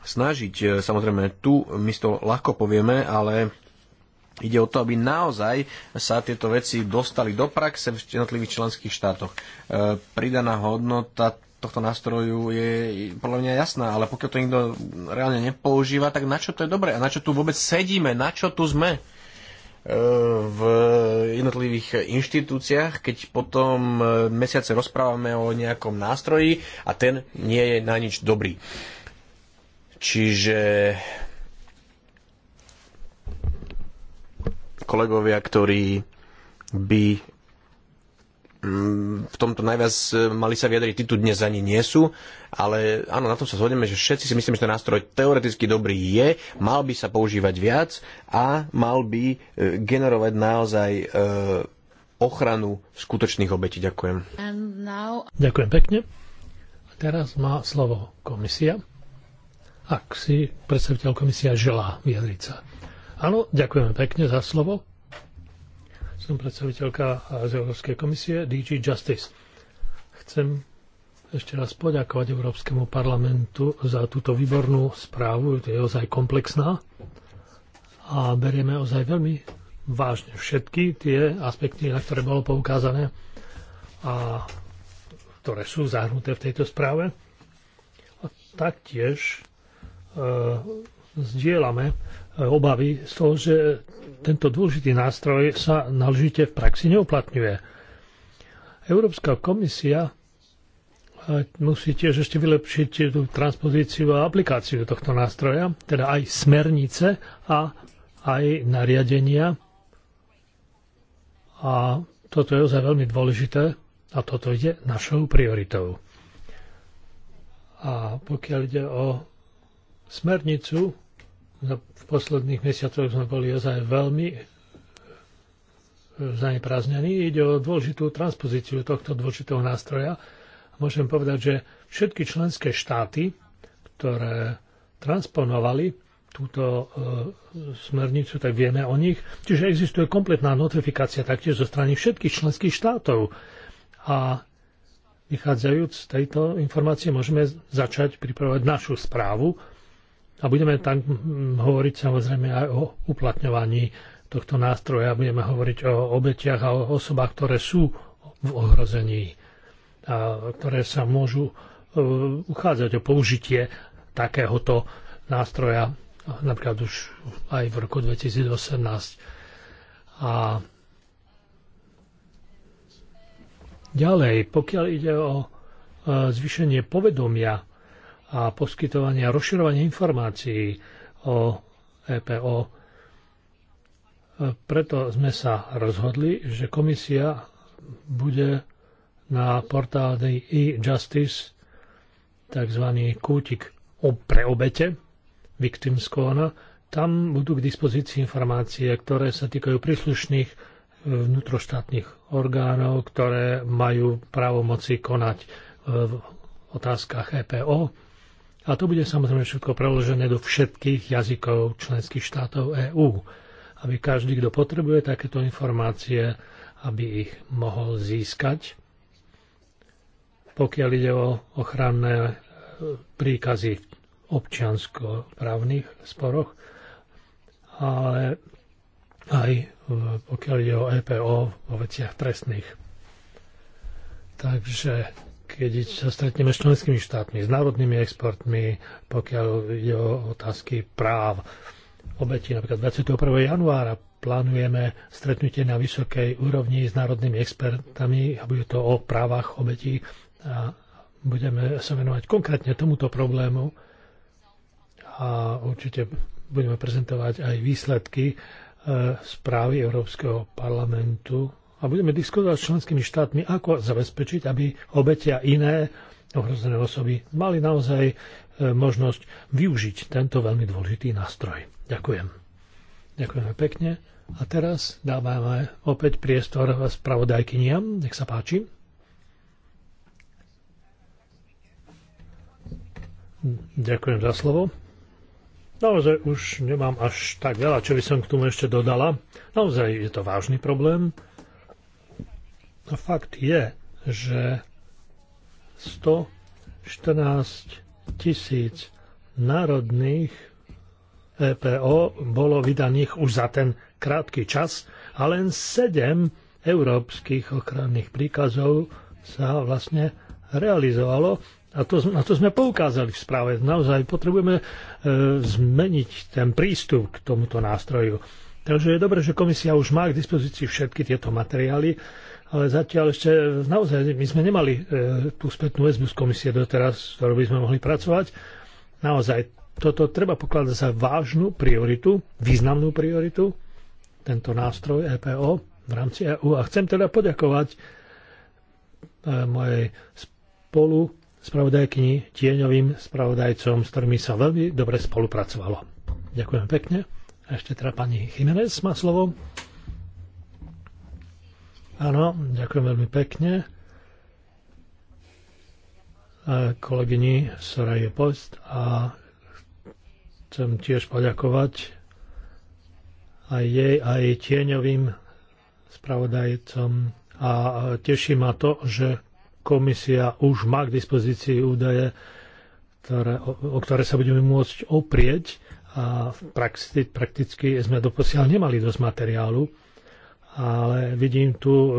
snažiť. E, samozrejme, tu my to ľahko povieme, ale ide o to, aby naozaj sa tieto veci dostali do praxe v jednotlivých členských štátoch. E, pridaná hodnota tohto nástroju je podľa mňa jasná, ale pokiaľ to nikto reálne nepoužíva, tak na čo to je dobré? A na čo tu vôbec sedíme? Na čo tu sme? E, v jednotlivých inštitúciách, keď potom e, mesiace rozprávame o nejakom nástroji a ten nie je na nič dobrý. Čiže kolegovia, ktorí by v tomto najviac e, mali sa vyjadriť, tí tu dnes ani nie sú, ale áno, na tom sa zhodneme, že všetci si myslíme, že ten nástroj teoreticky dobrý je, mal by sa používať viac a mal by e, generovať naozaj e, ochranu skutočných obetí. Ďakujem. Now... Ďakujem pekne. A teraz má slovo komisia, ak si predstaviteľ komisia želá vyjadriť sa. Áno, ďakujeme pekne za slovo som predstaviteľka z Európskej komisie DG Justice. Chcem ešte raz poďakovať Európskemu parlamentu za túto výbornú správu, to je ozaj komplexná a berieme ozaj veľmi vážne všetky tie aspekty, na ktoré bolo poukázané a ktoré sú zahrnuté v tejto správe. A taktiež e, zdieľame e, obavy z toho, že tento dôležitý nástroj sa náležite v praxi neuplatňuje. Európska komisia e, musí tiež ešte vylepšiť tú transpozíciu a aplikáciu tohto nástroja, teda aj smernice a aj nariadenia. A toto je ozaj veľmi dôležité a toto ide našou prioritou. A pokiaľ ide o Smernicu v posledných mesiacoch sme boli ozaj veľmi eh, zaneprázdnení, Ide o dôležitú transpozíciu tohto dôležitého nástroja. Môžem povedať, že všetky členské štáty, ktoré transponovali túto e, smernicu, tak vieme o nich. Čiže existuje kompletná notifikácia taktiež zo strany všetkých členských štátov. A vychádzajúc z tejto informácie môžeme začať pripravovať našu správu a budeme tam hovoriť samozrejme aj o uplatňovaní tohto nástroja. Budeme hovoriť o obetiach a o osobách, ktoré sú v ohrození a ktoré sa môžu e, uchádzať o použitie takéhoto nástroja napríklad už aj v roku 2018. A ďalej, pokiaľ ide o e, zvýšenie povedomia a poskytovania a rozširovania informácií o EPO. Preto sme sa rozhodli, že komisia bude na portáli e-justice tzv. kútik pre obete Victims Corner. Tam budú k dispozícii informácie, ktoré sa týkajú príslušných vnútroštátnych orgánov, ktoré majú moci konať v otázkach EPO a to bude samozrejme všetko preložené do všetkých jazykov členských štátov EÚ, aby každý, kto potrebuje takéto informácie, aby ich mohol získať. Pokiaľ ide o ochranné e, príkazy v občiansko-právnych sporoch, ale aj pokiaľ ide o EPO vo veciach trestných. Takže keď sa stretneme s členskými štátmi, s národnými exportmi, pokiaľ ide o otázky práv obeti. Napríklad 21. januára plánujeme stretnutie na vysokej úrovni s národnými expertami a bude to o právach obetí a budeme sa venovať konkrétne tomuto problému a určite budeme prezentovať aj výsledky e, správy Európskeho parlamentu a budeme diskutovať s členskými štátmi, ako zabezpečiť, aby obete a iné ohrozené osoby mali naozaj e, možnosť využiť tento veľmi dôležitý nástroj. Ďakujem. Ďakujeme pekne. A teraz dávame opäť priestor spravodajkyniam. Nech sa páči. Ďakujem za slovo. Naozaj už nemám až tak veľa, čo by som k tomu ešte dodala. Naozaj je to vážny problém a fakt je, že 114 tisíc národných EPO bolo vydaných už za ten krátky čas a len 7 európskych ochranných príkazov sa vlastne realizovalo. A to, na to sme poukázali v správe. Naozaj potrebujeme e, zmeniť ten prístup k tomuto nástroju. Takže je dobré, že komisia už má k dispozícii všetky tieto materiály ale zatiaľ ešte naozaj my sme nemali e, tú spätnú väzbu z komisie doteraz, s ktorou by sme mohli pracovať. Naozaj toto treba pokladať za vážnu prioritu, významnú prioritu, tento nástroj EPO v rámci EU. A chcem teda poďakovať e, mojej spolu spravodajkyni, tieňovým spravodajcom, s ktorými sa veľmi dobre spolupracovalo. Ďakujem pekne. A ešte teda pani Chimenez má slovo. Áno, ďakujem veľmi pekne. A kolegyni Soraje Post a chcem tiež poďakovať aj jej, aj tieňovým spravodajcom a teší ma to, že komisia už má k dispozícii údaje, ktoré, o, o ktoré sa budeme môcť oprieť a v praxi, prakticky sme doposiaľ nemali dosť materiálu ale vidím tu e,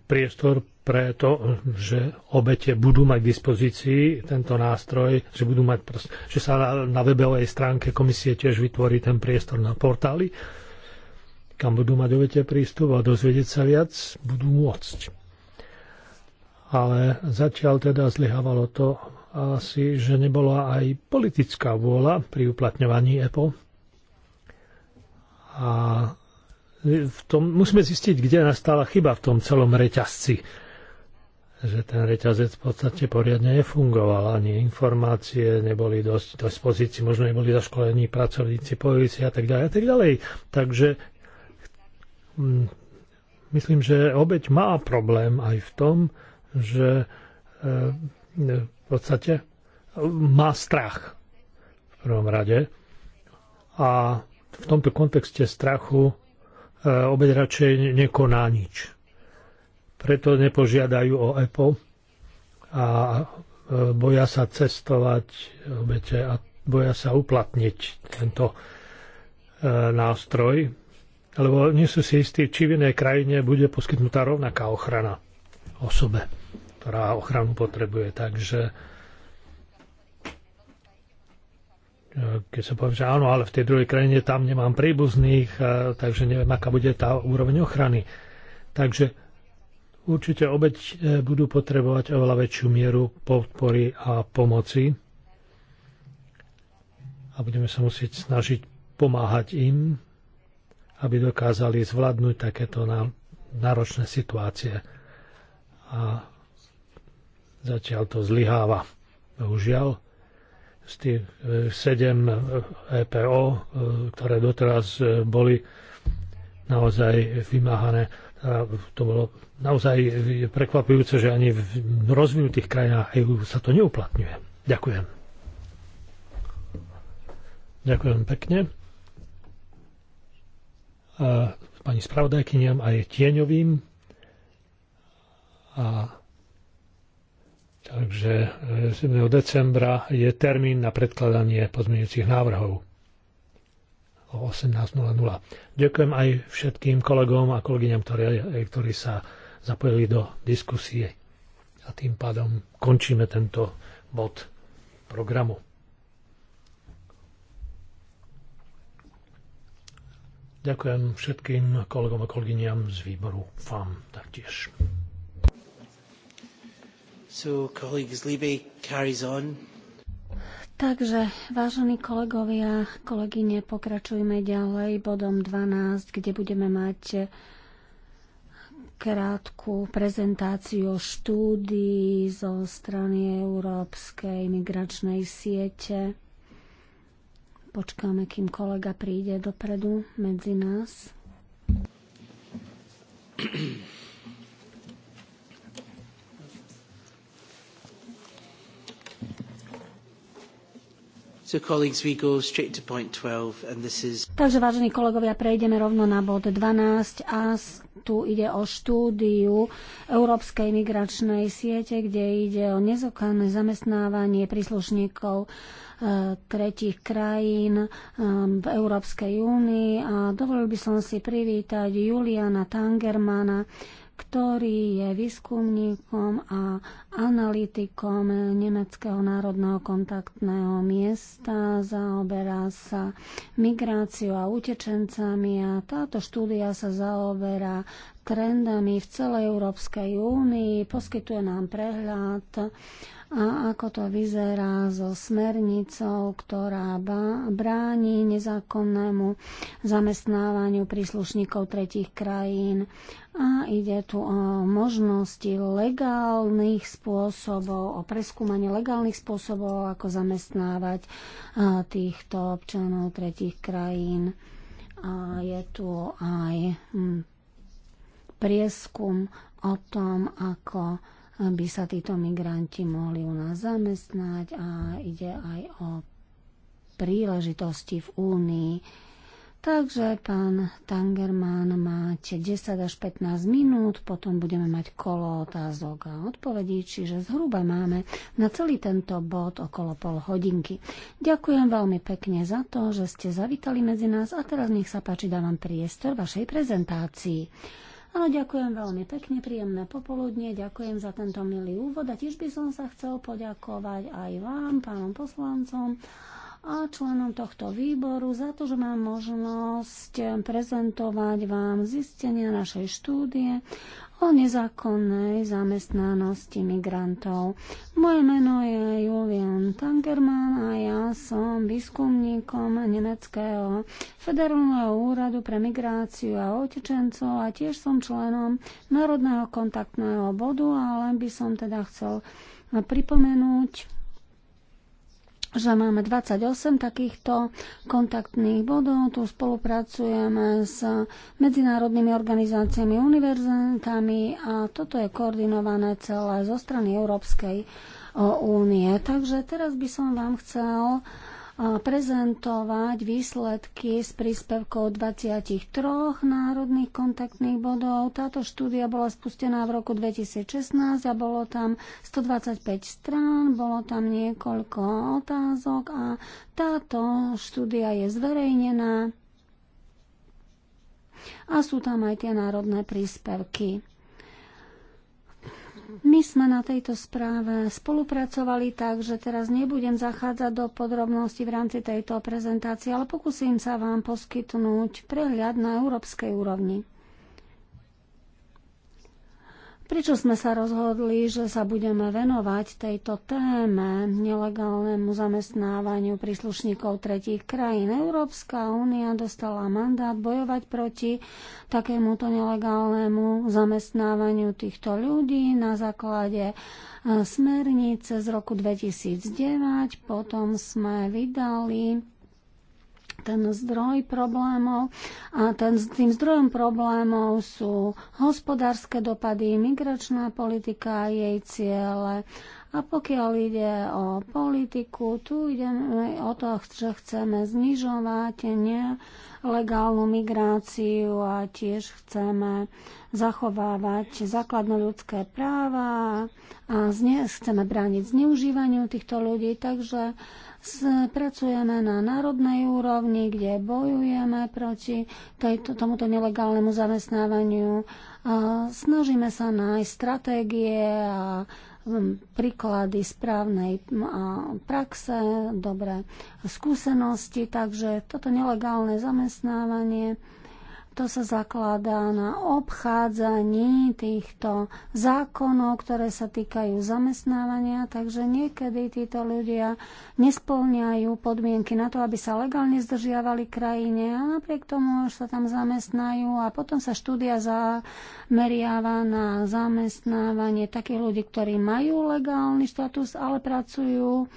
priestor pre to, že obete budú mať k dispozícii tento nástroj, že, budú mať prst, že sa na, na webovej stránke komisie tiež vytvorí ten priestor na portály, kam budú mať obete prístup a dozvedieť sa viac, budú môcť. Ale zatiaľ teda zlyhávalo to asi, že nebola aj politická vôľa pri uplatňovaní EPO. A v tom, musíme zistiť, kde nastala chyba v tom celom reťazci. Že ten reťazec v podstate poriadne nefungoval, ani informácie neboli dosť do dispozícii, možno neboli zaškolení pracovníci policie a tak ďalej a tak ďalej. Takže hm, myslím, že obeď má problém aj v tom, že eh, v podstate má strach v prvom rade. A v tomto kontexte strachu E, obed radšej nekoná nič. Preto nepožiadajú o EPO a e, boja sa cestovať obete a boja sa uplatniť tento e, nástroj, lebo nie sú si istí, či v inej krajine bude poskytnutá rovnaká ochrana osobe, ktorá ochranu potrebuje. Takže keď som povedal, že áno, ale v tej druhej krajine tam nemám príbuzných, takže neviem, aká bude tá úroveň ochrany. Takže určite obeď e, budú potrebovať oveľa väčšiu mieru podpory a pomoci a budeme sa musieť snažiť pomáhať im, aby dokázali zvládnuť takéto náročné situácie. A zatiaľ to zlyháva. Bohužiaľ, z tých 7 e, EPO, e e, ktoré doteraz boli naozaj vymáhané. to bolo naozaj prekvapujúce, že ani v rozvinutých krajinách EU sa to neuplatňuje. Ďakujem. Ďakujem pekne. A pani spravodajkyniam aj tieňovým. A Takže 7. E, decembra je termín na predkladanie pozmeňujúcich návrhov o 18.00. Ďakujem aj všetkým kolegom a kolegyňam, ktorí, e, ktorí sa zapojili do diskusie. A tým pádom končíme tento bod programu. Ďakujem všetkým kolegom a kolegyňam z výboru FAM taktiež. So, colleagues, carries on. Takže, vážení kolegovia, kolegyne, pokračujme ďalej bodom 12, kde budeme mať krátku prezentáciu štúdií zo strany Európskej migračnej siete. Počkáme, kým kolega príde dopredu medzi nás. Takže vážení kolegovia, prejdeme rovno na bod 12 a tu ide o štúdiu Európskej migračnej siete, kde ide o nezokánne zamestnávanie príslušníkov e, tretich krajín e, v Európskej únii a dovolil by som si privítať Juliana Tangermana, ktorý je výskumníkom a analytikom Nemeckého národného kontaktného miesta. Zaoberá sa migráciou a utečencami a táto štúdia sa zaoberá trendami v celej Európskej únii, poskytuje nám prehľad a ako to vyzerá so smernicou, ktorá bráni nezákonnému zamestnávaniu príslušníkov tretich krajín. A ide tu o možnosti legálnych spôsobov, o preskúmanie legálnych spôsobov, ako zamestnávať týchto občanov tretich krajín. A je tu aj hm, prieskum o tom, ako aby sa títo migranti mohli u nás zamestnať a ide aj o príležitosti v Únii. Takže, pán Tangerman, máte 10 až 15 minút, potom budeme mať kolo otázok a odpovedí, čiže zhruba máme na celý tento bod okolo pol hodinky. Ďakujem veľmi pekne za to, že ste zavítali medzi nás a teraz nech sa páči, dávam priestor vašej prezentácii. Áno, ďakujem veľmi pekne, príjemné popoludne, ďakujem za tento milý úvod a tiež by som sa chcel poďakovať aj vám, pánom poslancom, a členom tohto výboru za to, že mám možnosť prezentovať vám zistenia našej štúdie o nezákonnej zamestnanosti migrantov. Moje meno je Julian Tangerman a ja som výskumníkom Nemeckého federálneho úradu pre migráciu a otečencov a tiež som členom Národného kontaktného bodu, ale by som teda chcel pripomenúť že máme 28 takýchto kontaktných bodov. Tu spolupracujeme s medzinárodnými organizáciami, univerzitami a toto je koordinované celé zo strany Európskej únie. Takže teraz by som vám chcel uh, prezentovať výsledky z príspevkov 23 národných kontaktných bodov. Táto štúdia bola spustená v roku 2016 a bolo tam 125 strán, bolo tam niekoľko otázok a táto štúdia je zverejnená a sú tam aj tie národné príspevky. My sme na tejto správe spolupracovali tak, že teraz nebudem zachádzať do podrobností v rámci tejto prezentácie, ale pokúsim sa vám poskytnúť prehľad na európskej úrovni. Prečo sme sa rozhodli, že sa budeme venovať tejto téme nelegálnemu zamestnávaniu príslušníkov tretích krajín? Európska únia dostala mandát bojovať proti takémuto nelegálnemu zamestnávaniu týchto ľudí na základe e, smernice z roku 2009. Potom sme vydali ten zdroj problémov a ten, tým zdrojom problémov sú hospodárske dopady, migračná politika a jej ciele. A pokiaľ ide o politiku, tu ideme o to, že chceme znižovať nelegálnu migráciu a tiež chceme zachovávať základné ľudské práva a chceme brániť zneužívaniu týchto ľudí. Takže E, pracujeme na národnej úrovni, kde bojujeme proti tejto, tomuto nelegálnemu zamestnávaniu. A e, snažíme sa nájsť stratégie a príklady správnej praxe, dobré skúsenosti, takže toto nelegálne zamestnávanie to sa zakladá na obchádzaní týchto zákonov, ktoré sa týkajú zamestnávania, takže niekedy títo ľudia nesplňajú podmienky na to, aby sa legálne zdržiavali krajine a napriek tomu už sa tam zamestnajú a potom sa štúdia zameriava na zamestnávanie takých ľudí, ktorí majú legálny štatus, ale pracujú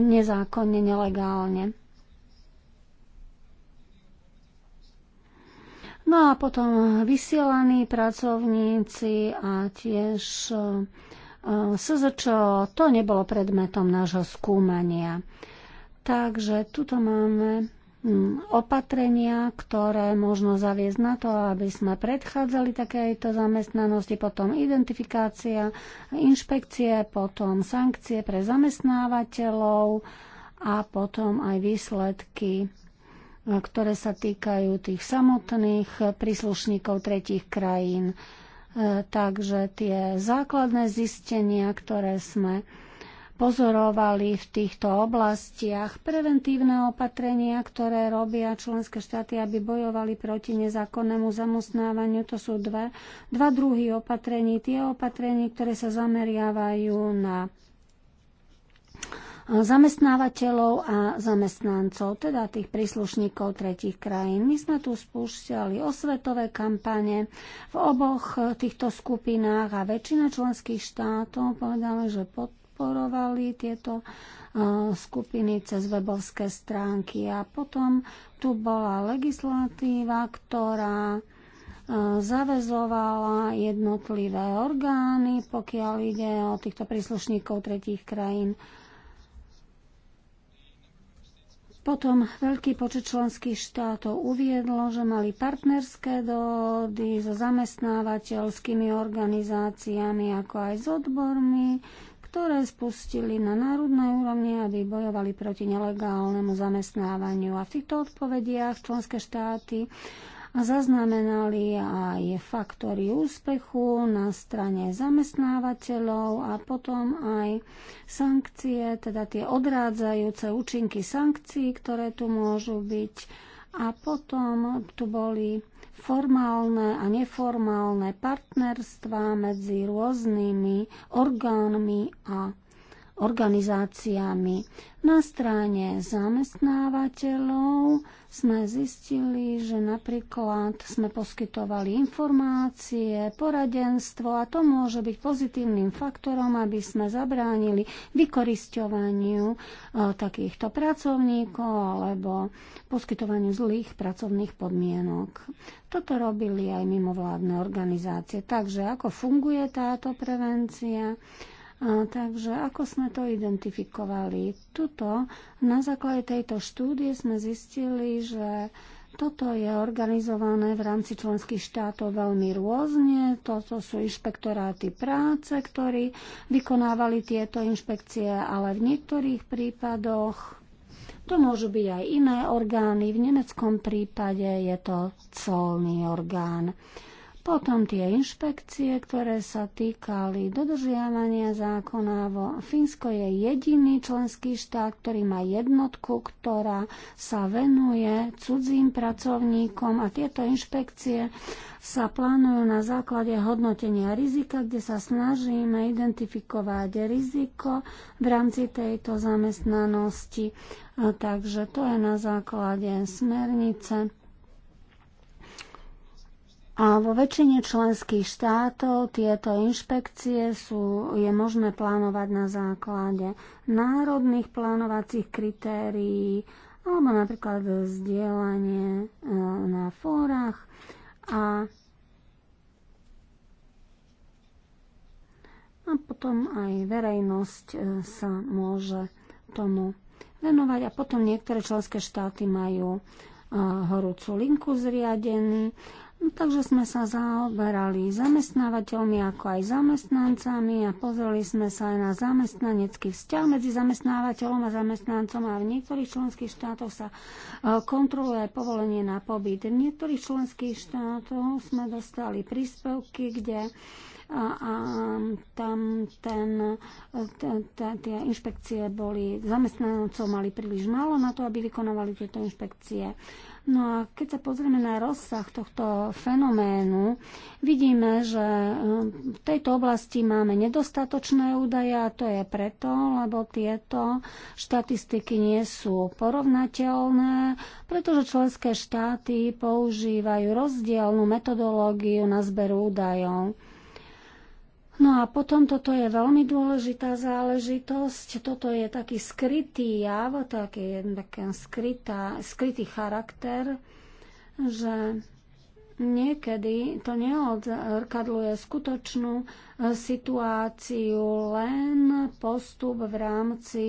nezákonne, nelegálne. No a potom vysielaní pracovníci a tiež e, e, SZČ, to nebolo predmetom nášho skúmania. Takže tuto máme hm, opatrenia, ktoré možno zaviesť na to, aby sme predchádzali takejto zamestnanosti, potom identifikácia, inšpekcie, potom sankcie pre zamestnávateľov a potom aj výsledky E, ktoré sa týkajú tých samotných príslušníkov tretich krajín. E, takže tie základné zistenia, ktoré sme pozorovali v týchto oblastiach, preventívne opatrenia, ktoré robia členské štáty, aby bojovali proti nezákonnému zamestnávaniu. To sú dve, dva druhy opatrení. Tie opatrení, ktoré sa zameriavajú na zamestnávateľov a zamestnancov, teda tých príslušníkov tretich krajín. My sme tu spúšťali osvetové kampane v oboch týchto skupinách a väčšina členských štátov povedala, že podporovali tieto e, skupiny cez webovské stránky. A potom tu bola legislatíva, ktorá e, zavezovala jednotlivé orgány, pokiaľ ide o týchto príslušníkov tretích krajín. Potom veľký počet členských štátov uviedlo, že mali partnerské dohody so zamestnávateľskými organizáciami, ako aj s odbormi, ktoré spustili na národnej úrovni, aby bojovali proti nelegálnemu zamestnávaniu. A v týchto odpovediach členské štáty zaznamenali aj faktory úspechu na strane zamestnávateľov a potom aj sankcie, teda tie odrádzajúce účinky sankcií, ktoré tu môžu byť. A potom tu boli formálne a neformálne partnerstva medzi rôznymi orgánmi a organizáciami. Na strane zamestnávateľov sme zistili, že napríklad sme poskytovali informácie, poradenstvo a to môže byť pozitívnym faktorom, aby sme zabránili vykorisťovaniu e, takýchto pracovníkov alebo poskytovaniu zlých pracovných podmienok. Toto robili aj mimovládne organizácie. Takže ako funguje táto prevencia? takže ako sme to identifikovali? Tuto, na základe tejto štúdie sme zistili, že toto je organizované v rámci členských štátov veľmi rôzne. Toto sú inšpektoráty práce, ktorí vykonávali tieto inšpekcie, ale v niektorých prípadoch to môžu byť aj iné orgány. V nemeckom prípade je to colný orgán. Potom tie inšpekcie, ktoré sa týkali dodržiavania zákona. Fínsko je jediný členský štát, ktorý má jednotku, ktorá sa venuje cudzím pracovníkom a tieto inšpekcie sa plánujú na základe hodnotenia rizika, kde sa snažíme identifikovať riziko v rámci tejto zamestnanosti. Takže to je na základe smernice a vo väčšine členských štátov tieto inšpekcie sú, je možné plánovať na základe národných plánovacích kritérií alebo napríklad vzdielanie e, na fórach a, a potom aj verejnosť e, sa môže tomu venovať a potom niektoré členské štáty majú e, horúcu linku zriadený No, takže sme sa zaoberali zamestnávateľmi ako aj zamestnancami a pozreli sme sa aj na zamestnanecký vzťah medzi zamestnávateľom a zamestnancom a v niektorých členských štátoch sa e, kontroluje aj povolenie na pobyt. V niektorých členských štátoch sme dostali príspevky, kde e, a, a tam ten, e, tie inšpekcie boli, zamestnancov mali príliš málo na to, aby vykonávali tieto inšpekcie. No a keď sa pozrieme na rozsah tohto fenoménu, vidíme, že um, v tejto oblasti máme nedostatočné údaje a to je preto, lebo tieto štatistiky nie sú porovnateľné, pretože členské štáty používajú rozdielnu metodológiu na zberu údajov. No a potom toto je veľmi dôležitá záležitosť. Toto je taký skrytý jav, taký, taký skrytá, skrytý charakter, že niekedy to neodzrkadluje skutočnú e, situáciu, len postup v rámci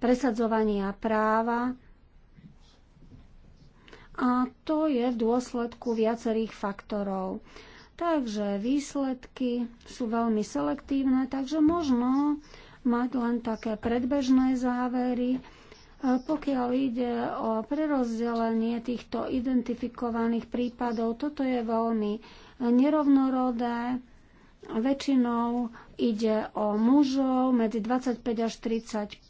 presadzovania práva. A to je v dôsledku viacerých faktorov. Takže výsledky sú veľmi selektívne, takže možno mať len také predbežné závery. Pokiaľ ide o prerozdelenie týchto identifikovaných prípadov, toto je veľmi nerovnorodé. Väčšinou ide o mužov medzi 25 až 35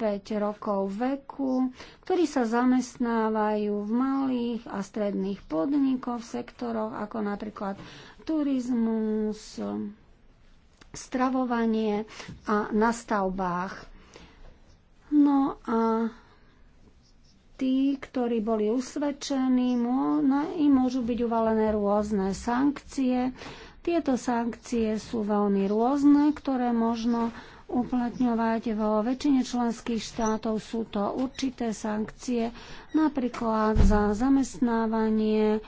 rokov veku, ktorí sa zamestnávajú v malých a stredných podnikoch, v sektoroch ako napríklad turizmus, stravovanie a na stavbách. No a tí, ktorí boli usvedčení, im môžu byť uvalené rôzne sankcie. Tieto sankcie sú veľmi rôzne, ktoré možno uplatňovať. Vo väčšine členských štátov sú to určité sankcie, napríklad za zamestnávanie,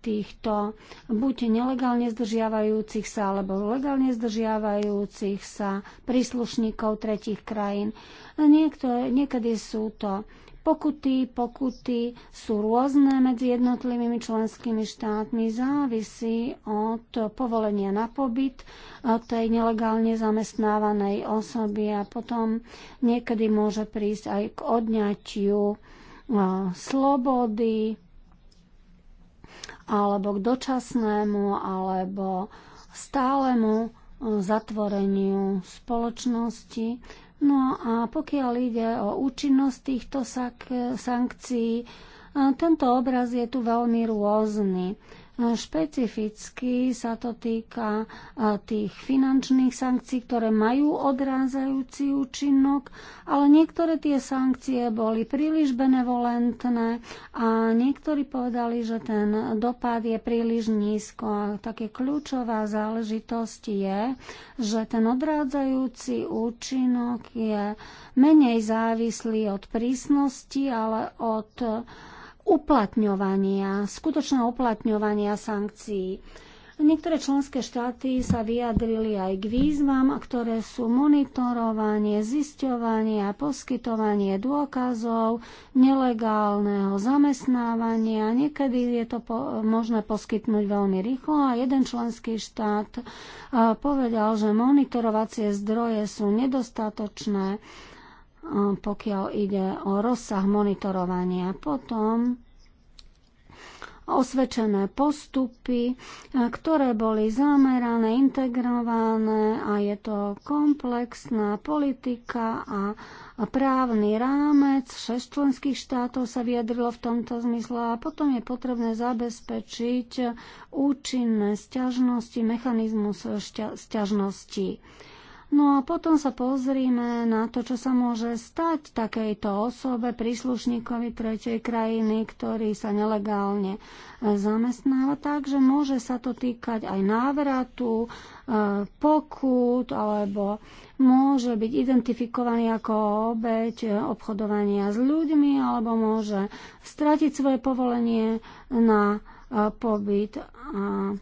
týchto buď nelegálne zdržiavajúcich sa alebo legálne zdržiavajúcich sa príslušníkov tretich krajín. Niekto, niekedy sú to pokuty, pokuty sú rôzne medzi jednotlivými členskými štátmi, závisí od povolenia na pobyt tej nelegálne zamestnávanej osoby a potom niekedy môže prísť aj k odňatiu slobody, alebo k dočasnému, alebo stálemu e, zatvoreniu spoločnosti. No a pokiaľ ide o účinnosť týchto sankcií, e, tento obraz je tu veľmi rôzny. Špecificky sa to týka e, tých finančných sankcií, ktoré majú odrázajúci účinok, ale niektoré tie sankcie boli príliš benevolentné a niektorí povedali, že ten dopad je príliš nízko. A také kľúčová záležitosť je, že ten odrádzajúci účinok je menej závislý od prísnosti, ale od uplatňovania, skutočného uplatňovania sankcií. Niektoré členské štáty sa vyjadrili aj k výzvam, ktoré sú monitorovanie, zisťovanie a poskytovanie dôkazov nelegálneho zamestnávania. Niekedy je to po- možné poskytnúť veľmi rýchlo a jeden členský štát eh, povedal, že monitorovacie zdroje sú nedostatočné Hm, pokiaľ ide o rozsah monitorovania. Potom osvedčené postupy, eh, ktoré boli zamerané, integrované a je to komplexná politika a právny rámec. šest členských štátov sa vyjadrilo v tomto zmysle a potom je potrebné zabezpečiť účinné sťažnosti, mechanizmus eh, sťažnosti. No a potom sa pozrime na to, čo sa môže stať takejto osobe, príslušníkovi tretej krajiny, ktorý sa nelegálne e, zamestnáva. Takže môže sa to týkať aj návratu, e, pokút, alebo môže byť identifikovaný ako obeď e, obchodovania s ľuďmi, alebo môže stratiť svoje povolenie na pobyt. A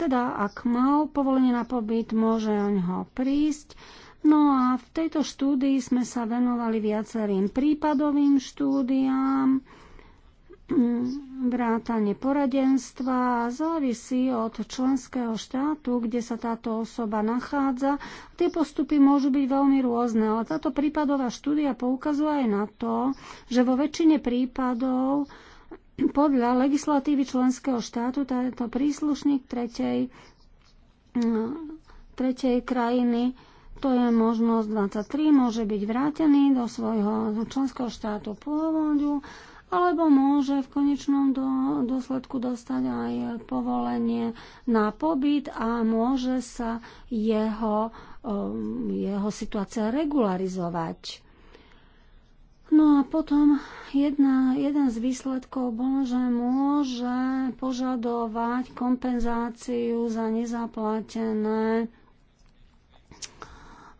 teda, ak mal povolenie na pobyt, môže o ňoho prísť. No a v tejto štúdii sme sa venovali viacerým prípadovým štúdiám, vrátanie poradenstva závisí od členského štátu, kde sa táto osoba nachádza. Tie postupy môžu byť veľmi rôzne, ale táto prípadová štúdia poukazuje aj na to, že vo väčšine prípadov podľa legislatívy členského štátu tento príslušník tretej, no, tretej krajiny to je možnosť 23, môže byť vrátený do svojho členského štátu pôvodu, alebo môže v konečnom do, dôsledku dostať aj povolenie na pobyt a môže sa jeho, um, jeho situácia regularizovať. No a potom jedna, jeden z výsledkov bol, že môže požadovať kompenzáciu za nezaplatené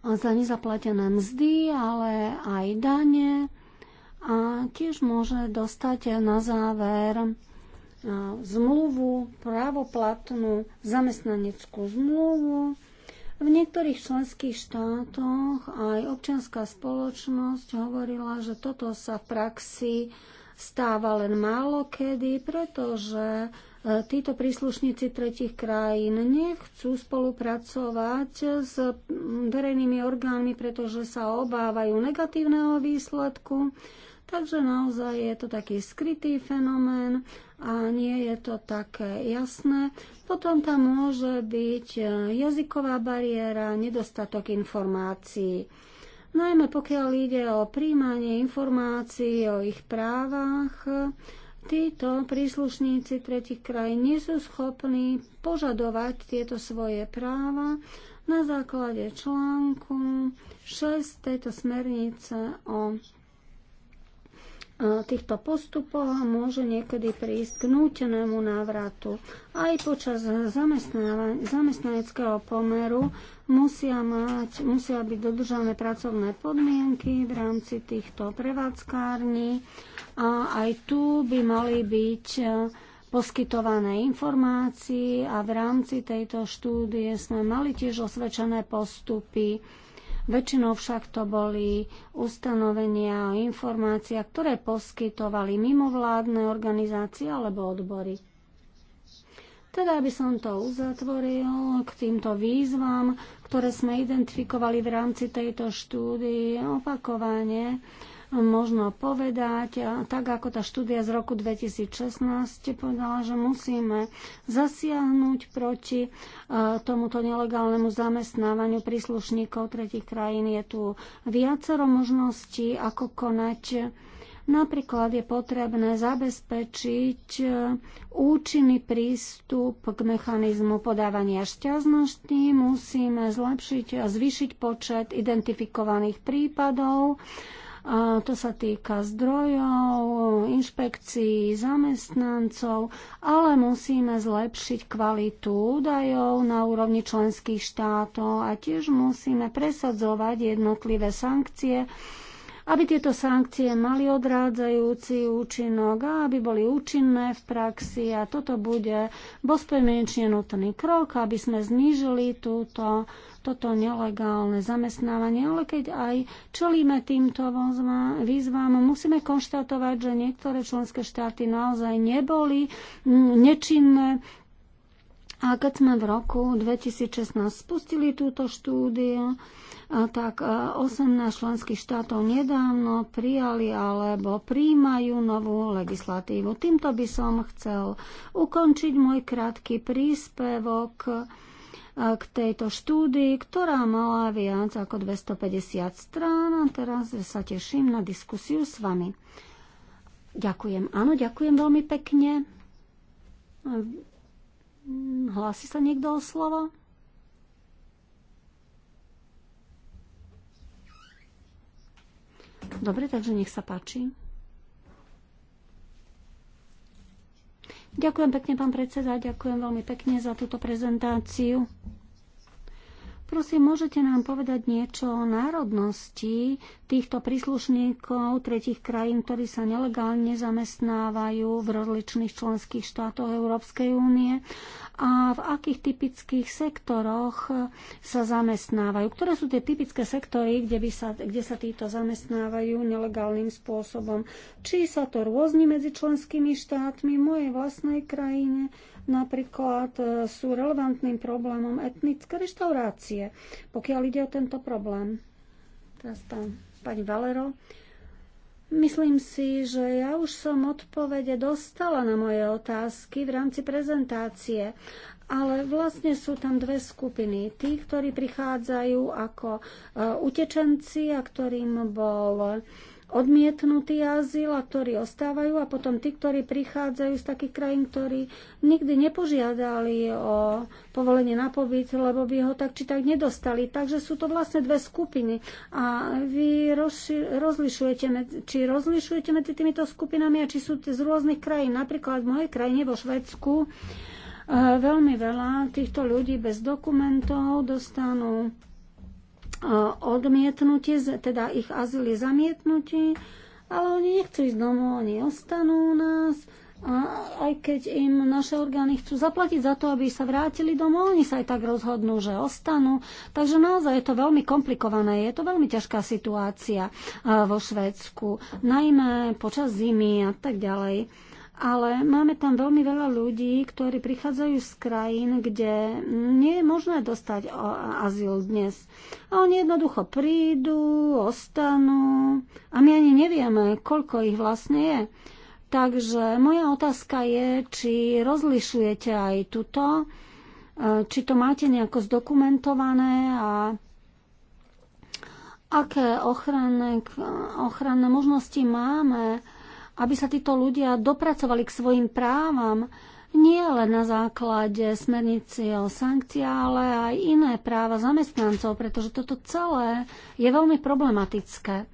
za nezaplatené mzdy, ale aj dane a tiež môže dostať na záver zmluvu, právoplatnú zamestnaneckú zmluvu, v niektorých členských štátoch aj občianská spoločnosť hovorila, že toto sa v praxi stáva len málo kedy, pretože e, títo príslušníci tretich krajín nechcú spolupracovať s verejnými orgánmi, pretože sa obávajú negatívneho výsledku. Takže naozaj je to taký skrytý fenomén a nie je to také jasné. Potom tam môže byť e, jazyková bariéra, nedostatok informácií. Najmä pokiaľ ide o príjmanie informácií o ich právach, títo príslušníci tretich krajín nie sú schopní požadovať tieto svoje práva na základe článku 6 tejto smernice o E, týchto postupov môže niekedy prísť k nútenému návratu. Aj počas zamestnaneckého pomeru musia, mať, musia byť dodržané pracovné podmienky v rámci týchto prevádzkární a aj tu by mali byť e, poskytované informácie a v rámci tejto štúdie sme mali tiež osvedčené postupy Väčšinou však to boli ustanovenia a informácia, ktoré poskytovali mimovládne organizácie alebo odbory. Teda, aby som to uzatvoril k týmto výzvam, ktoré sme identifikovali v rámci tejto štúdie, opakovane možno povedať, tak ako tá štúdia z roku 2016 povedala, že musíme zasiahnuť proti e, tomuto nelegálnemu zamestnávaniu príslušníkov tretich krajín. Je tu viacero možností, ako konať Napríklad je potrebné zabezpečiť e, účinný prístup k mechanizmu podávania šťaznosti, musíme zlepšiť a zvýšiť počet identifikovaných prípadov a to sa týka zdrojov, inšpekcií, zamestnancov, ale musíme zlepšiť kvalitu údajov na úrovni členských štátov a tiež musíme presadzovať jednotlivé sankcie, aby tieto sankcie mali odrádzajúci účinok a aby boli účinné v praxi a toto bude bezpodmienečne nutný krok, aby sme znížili túto toto nelegálne zamestnávanie, ale keď aj čelíme týmto výzvam, musíme konštatovať, že niektoré členské štáty naozaj neboli nečinné a keď sme v roku 2016 spustili túto štúdiu, tak 18 e, členských štátov nedávno prijali alebo príjmajú novú legislatívu. Týmto by som chcel ukončiť môj krátky príspevok k tejto štúdii, ktorá mala viac ako 250 strán a teraz sa teším na diskusiu s vami. Ďakujem. Áno, ďakujem veľmi pekne. Hlási sa niekto o slovo? Dobre, takže nech sa páči. Ďakujem pekne, pán predseda, ďakujem veľmi pekne za túto prezentáciu. Prosím, môžete nám povedať niečo o národnosti týchto príslušníkov tretich krajín, ktorí sa nelegálne zamestnávajú v rozličných členských štátoch Európskej únie a v akých typických sektoroch sa zamestnávajú? Ktoré sú tie typické sektory, kde, by sa, kde sa títo zamestnávajú nelegálnym spôsobom? Či sa to rôzni medzi členskými štátmi, v mojej vlastnej krajine, Napríklad e, sú relevantným problémom etnické reštaurácie, pokiaľ ide o tento problém. Teraz tam pani Valero. Myslím si, že ja už som odpovede dostala na moje otázky v rámci prezentácie, ale vlastne sú tam dve skupiny. Tí, ktorí prichádzajú ako e, utečenci a ktorým bol odmietnutý azyl a ktorí ostávajú a potom tí, ktorí prichádzajú z takých krajín, ktorí nikdy nepožiadali o povolenie na pobyt, lebo by ho tak či tak nedostali. Takže sú to vlastne dve skupiny a vy rozlišujete, či rozlišujete medzi týmito skupinami a či sú z rôznych krajín. Napríklad v mojej krajine vo Švedsku eh, veľmi veľa týchto ľudí bez dokumentov dostanú odmietnutie, teda ich azyl je zamietnutie, ale oni nechcú ísť domov, oni ostanú u nás. A aj keď im naše orgány chcú zaplatiť za to, aby sa vrátili domov, oni sa aj tak rozhodnú, že ostanú. Takže naozaj je to veľmi komplikované, je to veľmi ťažká situácia vo Švédsku, najmä počas zimy a tak ďalej ale máme tam veľmi veľa ľudí, ktorí prichádzajú z krajín, kde nie je možné dostať azyl dnes. A oni jednoducho prídu, ostanú a my ani nevieme, koľko ich vlastne je. Takže moja otázka je, či rozlišujete aj tuto, e, či to máte nejako zdokumentované a aké ochranné, ochranné možnosti máme, aby sa títo ľudia dopracovali k svojim právam, nie len na základe smernice o sankciách, ale aj iné práva zamestnancov, pretože toto celé je veľmi problematické.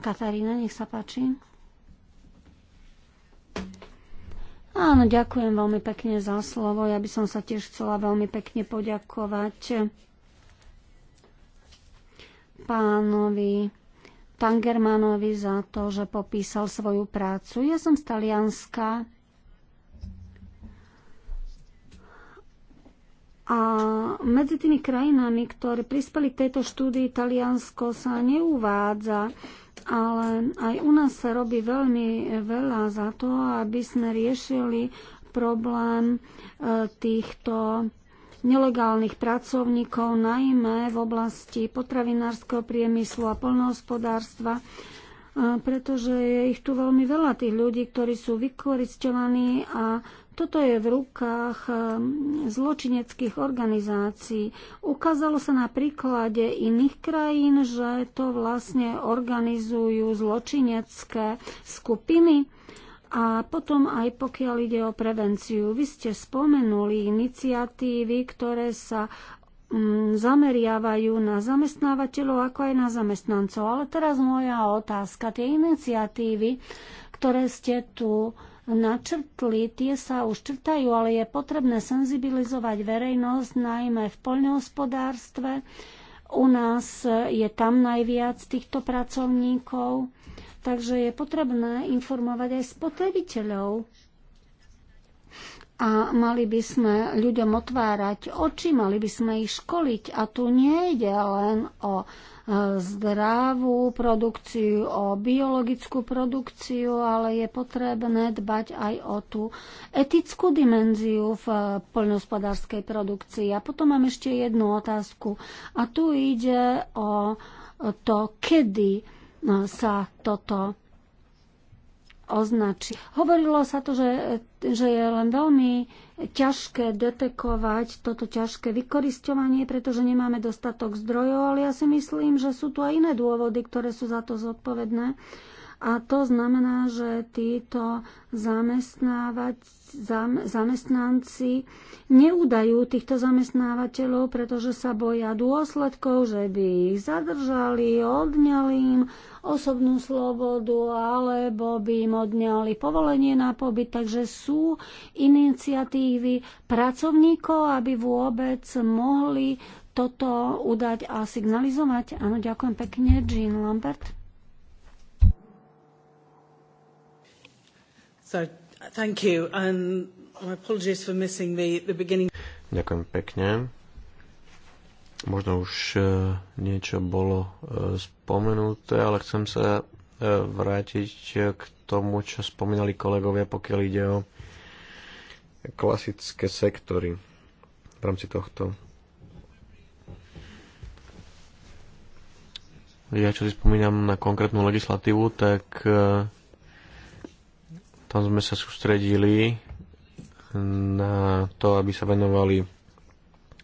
Katarína, nech sa páči. Áno, ďakujem veľmi pekne za slovo. Ja by som sa tiež chcela veľmi pekne poďakovať pánovi Tangermanovi za to, že popísal svoju prácu. Ja som z Talianska a medzi tými krajinami, ktoré prispeli k tejto štúdii, Taliansko sa neuvádza ale aj u nás sa robí veľmi veľa za to, aby sme riešili problém e, týchto nelegálnych pracovníkov, najmä v oblasti potravinárskeho priemyslu a polnohospodárstva, e, pretože je ich tu veľmi veľa tých ľudí, ktorí sú vykoristovaní a toto je v rukách e, zločineckých organizácií. Ukázalo sa na príklade iných krajín, že to vlastne organizujú zločinecké skupiny a potom aj pokiaľ ide o prevenciu, vy ste spomenuli iniciatívy, ktoré sa mm, zameriavajú na zamestnávateľov ako aj na zamestnancov. Ale teraz moja otázka. Tie iniciatívy, ktoré ste tu načrtli, tie sa už črtajú, ale je potrebné senzibilizovať verejnosť, najmä v poľnohospodárstve. U nás je tam najviac týchto pracovníkov Takže je potrebné informovať aj spotrebiteľov. A mali by sme ľuďom otvárať oči, mali by sme ich školiť. A tu nie ide len o e, zdravú produkciu, o biologickú produkciu, ale je potrebné dbať aj o tú etickú dimenziu v e, poľnohospodárskej produkcii. A potom mám ešte jednu otázku. A tu ide o to, kedy sa toto označí. Hovorilo sa to, že, že je len veľmi ťažké detekovať toto ťažké vykoristovanie, pretože nemáme dostatok zdrojov, ale ja si myslím, že sú tu aj iné dôvody, ktoré sú za to zodpovedné. A to znamená, že títo zam, zamestnanci neudajú týchto zamestnávateľov, pretože sa boja dôsledkov, že by ich zadržali, odňali im osobnú slobodu alebo by im odňali povolenie na pobyt. Takže sú iniciatívy pracovníkov, aby vôbec mohli toto udať a signalizovať. Áno, ďakujem pekne, Jean Lambert. thank you. And my apologies for missing the, the beginning. Ďakujem pekne. Možno už e, niečo bolo e, spomenuté, ale chcem sa e, vrátiť k tomu, čo spomínali kolegovia, pokiaľ ide o klasické sektory v rámci tohto. Ja čo si spomínam na konkrétnu legislatívu, tak tam sme sa sústredili na to, aby sa venovali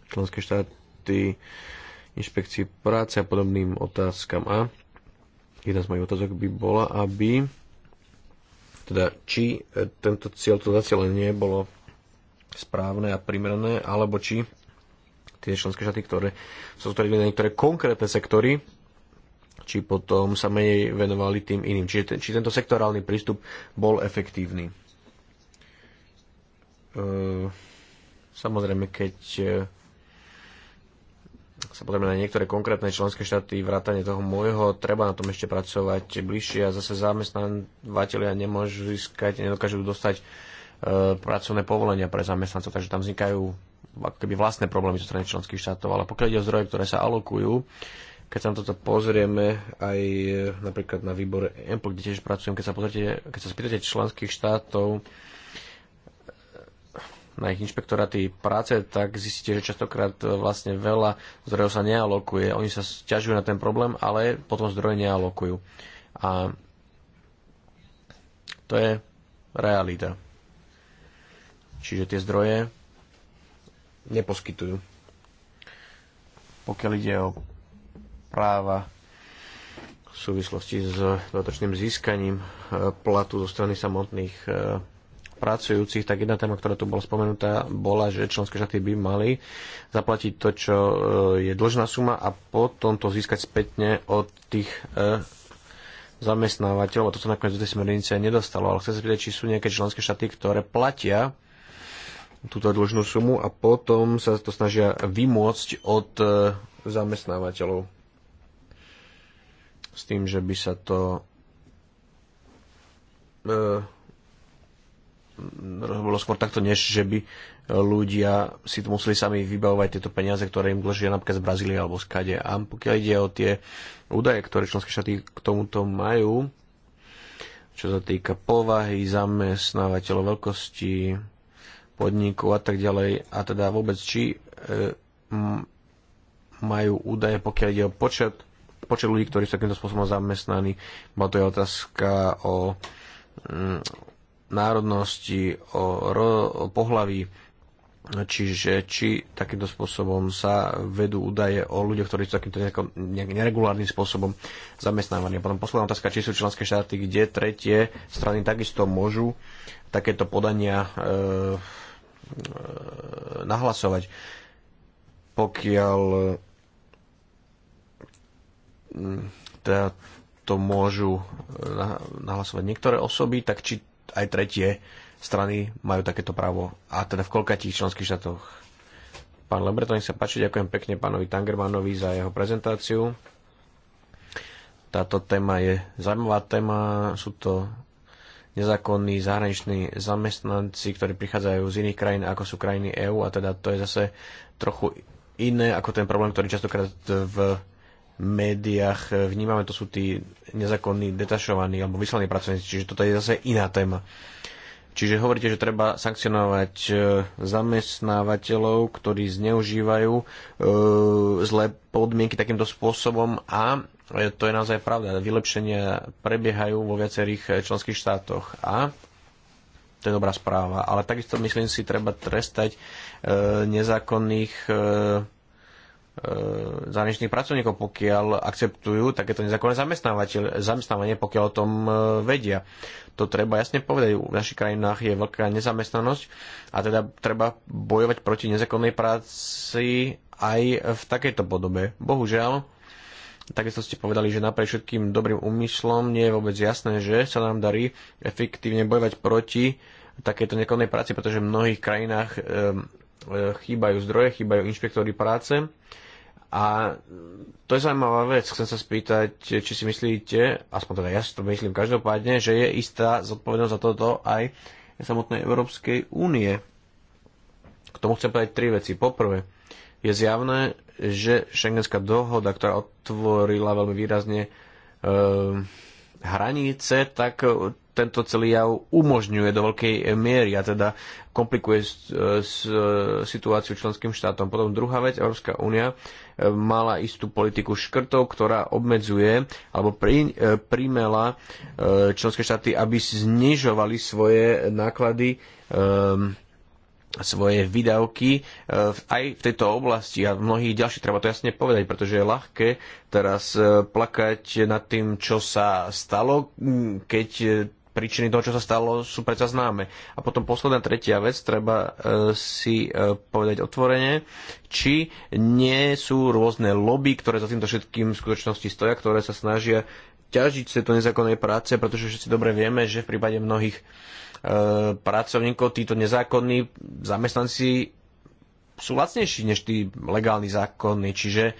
členské štáty inšpekcii práce a podobným otázkam. A jedna z mojich otázok by bola, aby teda či tento cieľ, to zacielenie bolo správne a primerané, alebo či tie členské štáty, ktoré sú sústredili na niektoré konkrétne sektory, či potom sa menej venovali tým iným. Čiže ten, či tento sektorálny prístup bol efektívny. E, samozrejme, keď e, sa pozrieme na niektoré konkrétne členské štáty, vrátane toho môjho, treba na tom ešte pracovať bližšie a zase zamestnávateľia nemôžu získať, nedokážu dostať e, pracovné povolenia pre zamestnancov, takže tam vznikajú ako keby vlastné problémy zo strany členských štátov, ale pokiaľ ide o zdroje, ktoré sa alokujú, keď sa na toto pozrieme aj e, napríklad na výbore EMPL, kde tiež pracujem, keď sa, pozrite, keď sa spýtate členských štátov e, na ich inšpektoráty práce, tak zistíte, že častokrát e, vlastne veľa zdrojov sa nealokuje. Oni sa sťažujú na ten problém, ale potom zdroje nealokujú. A to je realita. Čiže tie zdroje neposkytujú. Pokiaľ ide o práva v súvislosti s dodatočným získaním e, platu zo strany samotných e, pracujúcich, tak jedna téma, ktorá tu bola spomenutá, bola, že členské štáty by mali zaplatiť to, čo e, je dlžná suma a potom to získať spätne od tých zamestnávateľov, a to sa nakoniec do tej smernice nedostalo, ale chcem sa spýtať, či sú nejaké členské štáty, ktoré platia túto dlžnú sumu a potom sa to snažia vymôcť od zamestnávateľov s tým, že by sa to uh, e, bolo skôr takto, než že by ľudia si to museli sami vybavovať tieto peniaze, ktoré im dlžia napríklad z Brazílie alebo z Kade. A pokiaľ ide o tie údaje, ktoré členské štáty k tomuto majú, čo sa týka povahy, zamestnávateľov, veľkosti podniku a tak ďalej, a teda vôbec či e, m, majú údaje, pokiaľ ide o počet počet ľudí, ktorí sú takýmto spôsobom zamestnaní. Bola to je otázka o mm, národnosti, o, ro, o pohlaví, čiže či takýmto spôsobom sa vedú údaje o ľuďoch, ktorí sú takýmto nejakým nejak neregulárnym spôsobom zamestnávaní. A potom posledná otázka, či sú členské štáty, kde tretie strany takisto môžu takéto podania e, e, nahlasovať, pokiaľ Mm, teda to môžu e, nahlasovať niektoré osoby, tak či aj tretie strany majú takéto právo. A teda v koľkatých členských štátoch? Pán Lebreto, nech sa páči, ďakujem pekne pánovi Tangermanovi za jeho prezentáciu. Táto téma je zaujímavá téma, sú to nezákonní zahraniční zamestnanci, ktorí prichádzajú z iných krajín, ako sú krajiny EÚ a teda to je zase trochu iné ako ten problém, ktorý častokrát v médiách e, vnímame, to sú tí nezákonní, detašovaní alebo vyslaní pracovníci, čiže toto je zase iná téma. Čiže hovoríte, že treba sankcionovať e, zamestnávateľov, ktorí zneužívajú e, zlé podmienky takýmto spôsobom a e, to je naozaj pravda. Vylepšenia prebiehajú vo viacerých členských štátoch a to je dobrá správa. Ale takisto, myslím si, treba trestať e, nezákonných e, E, zahraničných pracovníkov, pokiaľ akceptujú takéto nezákonné zamestnávanie, pokiaľ o tom e, vedia. To treba jasne povedať. V našich krajinách je veľká nezamestnanosť a teda treba bojovať proti nezákonnej práci aj v takejto podobe. Bohužiaľ, Takisto ste povedali, že napriek všetkým dobrým úmyslom nie je vôbec jasné, že sa nám darí efektívne bojovať proti takéto nekonnej práci, pretože v mnohých krajinách e, chýbajú zdroje, chýbajú inšpektory práce a mm, to je zaujímavá vec. Chcem sa spýtať, či si myslíte, aspoň teda ja si to myslím každopádne, že je istá zodpovednosť za toto aj samotnej Európskej únie. K tomu chcem povedať tri veci. Poprvé, je zjavné, že šengenská dohoda, ktorá otvorila veľmi výrazne ehm, hranice, tak e, tento celý jav umožňuje do veľkej miery a teda komplikuje e, e, situáciu členským štátom. Potom druhá vec, Európska únia mala istú politiku škrtov, ktorá obmedzuje alebo pri, primela členské štáty, aby znižovali svoje náklady um, svoje výdavky e, aj v tejto oblasti a v mnohých ďalších, treba to jasne povedať, pretože je ľahké teraz e, plakať nad tým, čo sa stalo, keď e, príčiny toho, čo sa stalo, sú predsa známe. A potom posledná tretia vec, treba si povedať otvorene, či nie sú rôzne lobby, ktoré za týmto všetkým v skutočnosti stoja, ktoré sa snažia ťažiť z tejto nezákonnej práce, pretože všetci dobre vieme, že v prípade mnohých E, pracovníkov, títo nezákonní zamestnanci sú lacnejší než tí legálni zákonní, čiže e,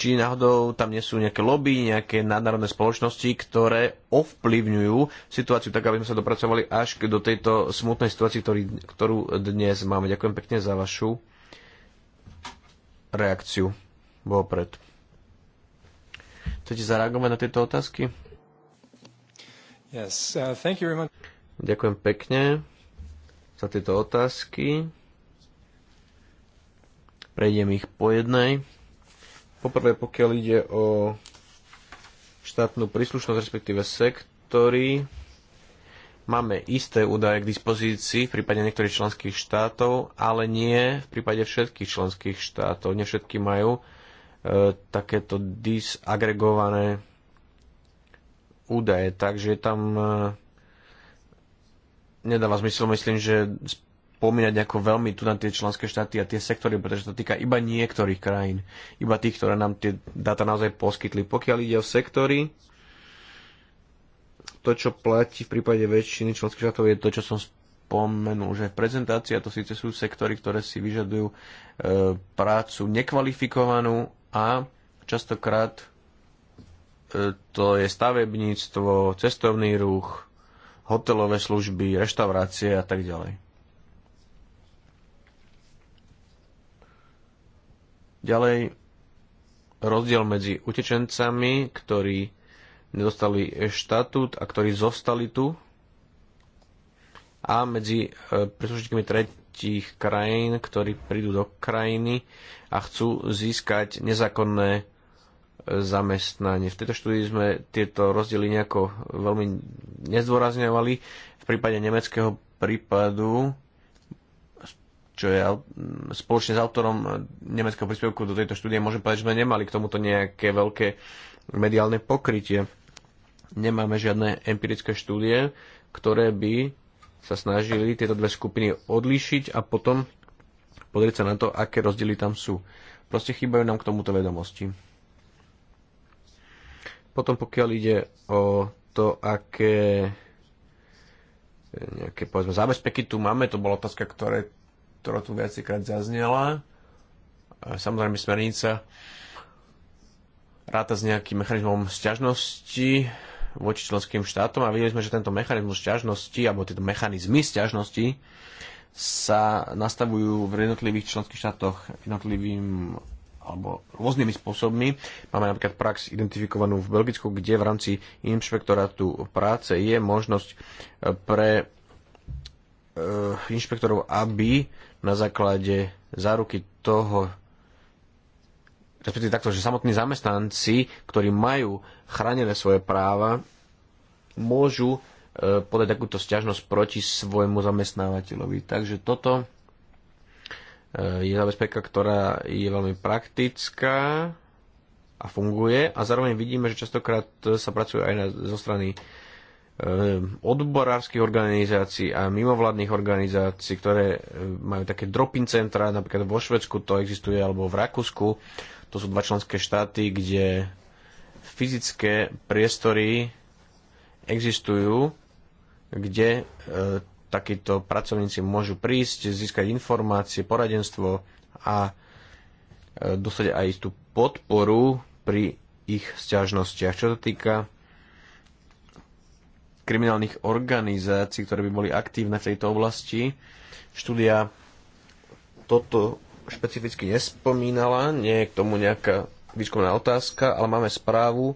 či náhodou tam nie sú nejaké lobby, nejaké nadnárodné spoločnosti, ktoré ovplyvňujú situáciu tak, aby sme sa dopracovali až do tejto smutnej situácii, ktorý, ktorú dnes máme. Ďakujem pekne za vašu reakciu vopred. Chcete zareagovať na tieto otázky? Yes, uh, thank you very much. Ďakujem pekne za tieto otázky. Prejdem ich po jednej. Poprvé, pokiaľ ide o štátnu príslušnosť, respektíve sektory, máme isté údaje k dispozícii v prípade niektorých členských štátov, ale nie v prípade všetkých členských štátov. Nie všetky majú e, takéto disagregované údaje, takže je tam e, nedáva zmysel, myslím, že spomínať nejako veľmi tu na tie členské štáty a tie sektory, pretože to týka iba niektorých krajín, iba tých, ktoré nám tie dáta naozaj poskytli. Pokiaľ ide o sektory, to, čo platí v prípade väčšiny členských štátov, je to, čo som spomenul, že prezentácia to síce sú sektory, ktoré si vyžadujú e, prácu nekvalifikovanú a častokrát e, to je stavebníctvo, cestovný ruch, hotelové služby, reštaurácie a tak ďalej. Ďalej rozdiel medzi utečencami, ktorí nedostali štatút a ktorí zostali tu a medzi e, príslušníkmi tretích krajín, ktorí prídu do krajiny a chcú získať nezákonné zamestnanie. V tejto štúdii sme tieto rozdiely nejako veľmi nezdôrazňovali. V prípade nemeckého prípadu, čo je spoločne s autorom nemeckého príspevku do tejto štúdie, môžem povedať, že sme nemali k tomuto nejaké veľké mediálne pokrytie. Nemáme žiadne empirické štúdie, ktoré by sa snažili tieto dve skupiny odlíšiť a potom pozrieť sa na to, aké rozdiely tam sú. Proste chýbajú nám k tomuto vedomosti. Potom pokiaľ ide o to, aké e, nejaké povedzme zábezpeky tu máme, to bola otázka, ktoré, ktorá tu viackrát zaznela. Samozrejme smernica ráta s nejakým mechanizmom sťažnosti voči členským štátom a videli sme, že tento mechanizmus sťažnosti alebo tieto mechanizmy sťažnosti sa nastavujú v jednotlivých členských štátoch jednotlivým alebo rôznymi spôsobmi. Máme napríklad prax identifikovanú v Belgicku, kde v rámci inšpektorátu práce je možnosť e, pre e, inšpektorov, aby na základe záruky toho, respektíve takto, že samotní zamestnanci, ktorí majú chránené svoje práva, môžu e, podať takúto stiažnosť proti svojmu zamestnávateľovi. Takže toto Eh, je zabezpeka, ktorá je veľmi praktická a funguje a zároveň vidíme, že častokrát sa pracuje aj na, zo strany eh, odborárskych organizácií a mimovládnych organizácií, ktoré eh, majú také drop-in centra, napríklad vo Švedsku to existuje, alebo v Rakúsku. To sú dva členské štáty, kde fyzické priestory existujú, kde takíto pracovníci môžu prísť, získať informácie, poradenstvo a e, dostať aj tú podporu pri ich sťažnostiach. Čo sa týka kriminálnych organizácií, ktoré by boli aktívne v tejto oblasti, štúdia toto špecificky nespomínala, nie je k tomu nejaká výskumná otázka, ale máme správu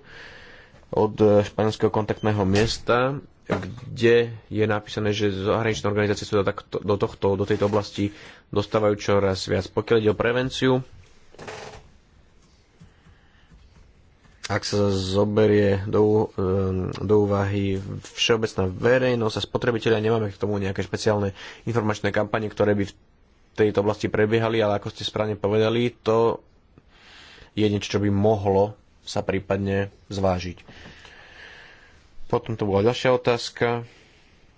od španielského kontaktného miesta, kde je napísané, že zahraničné organizácie sa do, tohto, do tejto oblasti dostávajú čoraz viac. Pokiaľ ide o prevenciu, ak sa zoberie do, do úvahy všeobecná verejnosť a spotrebitelia, nemáme k tomu nejaké špeciálne informačné kampane, ktoré by v tejto oblasti prebiehali, ale ako ste správne povedali, to je niečo, čo by mohlo sa prípadne zvážiť. Potom to bola ďalšia otázka.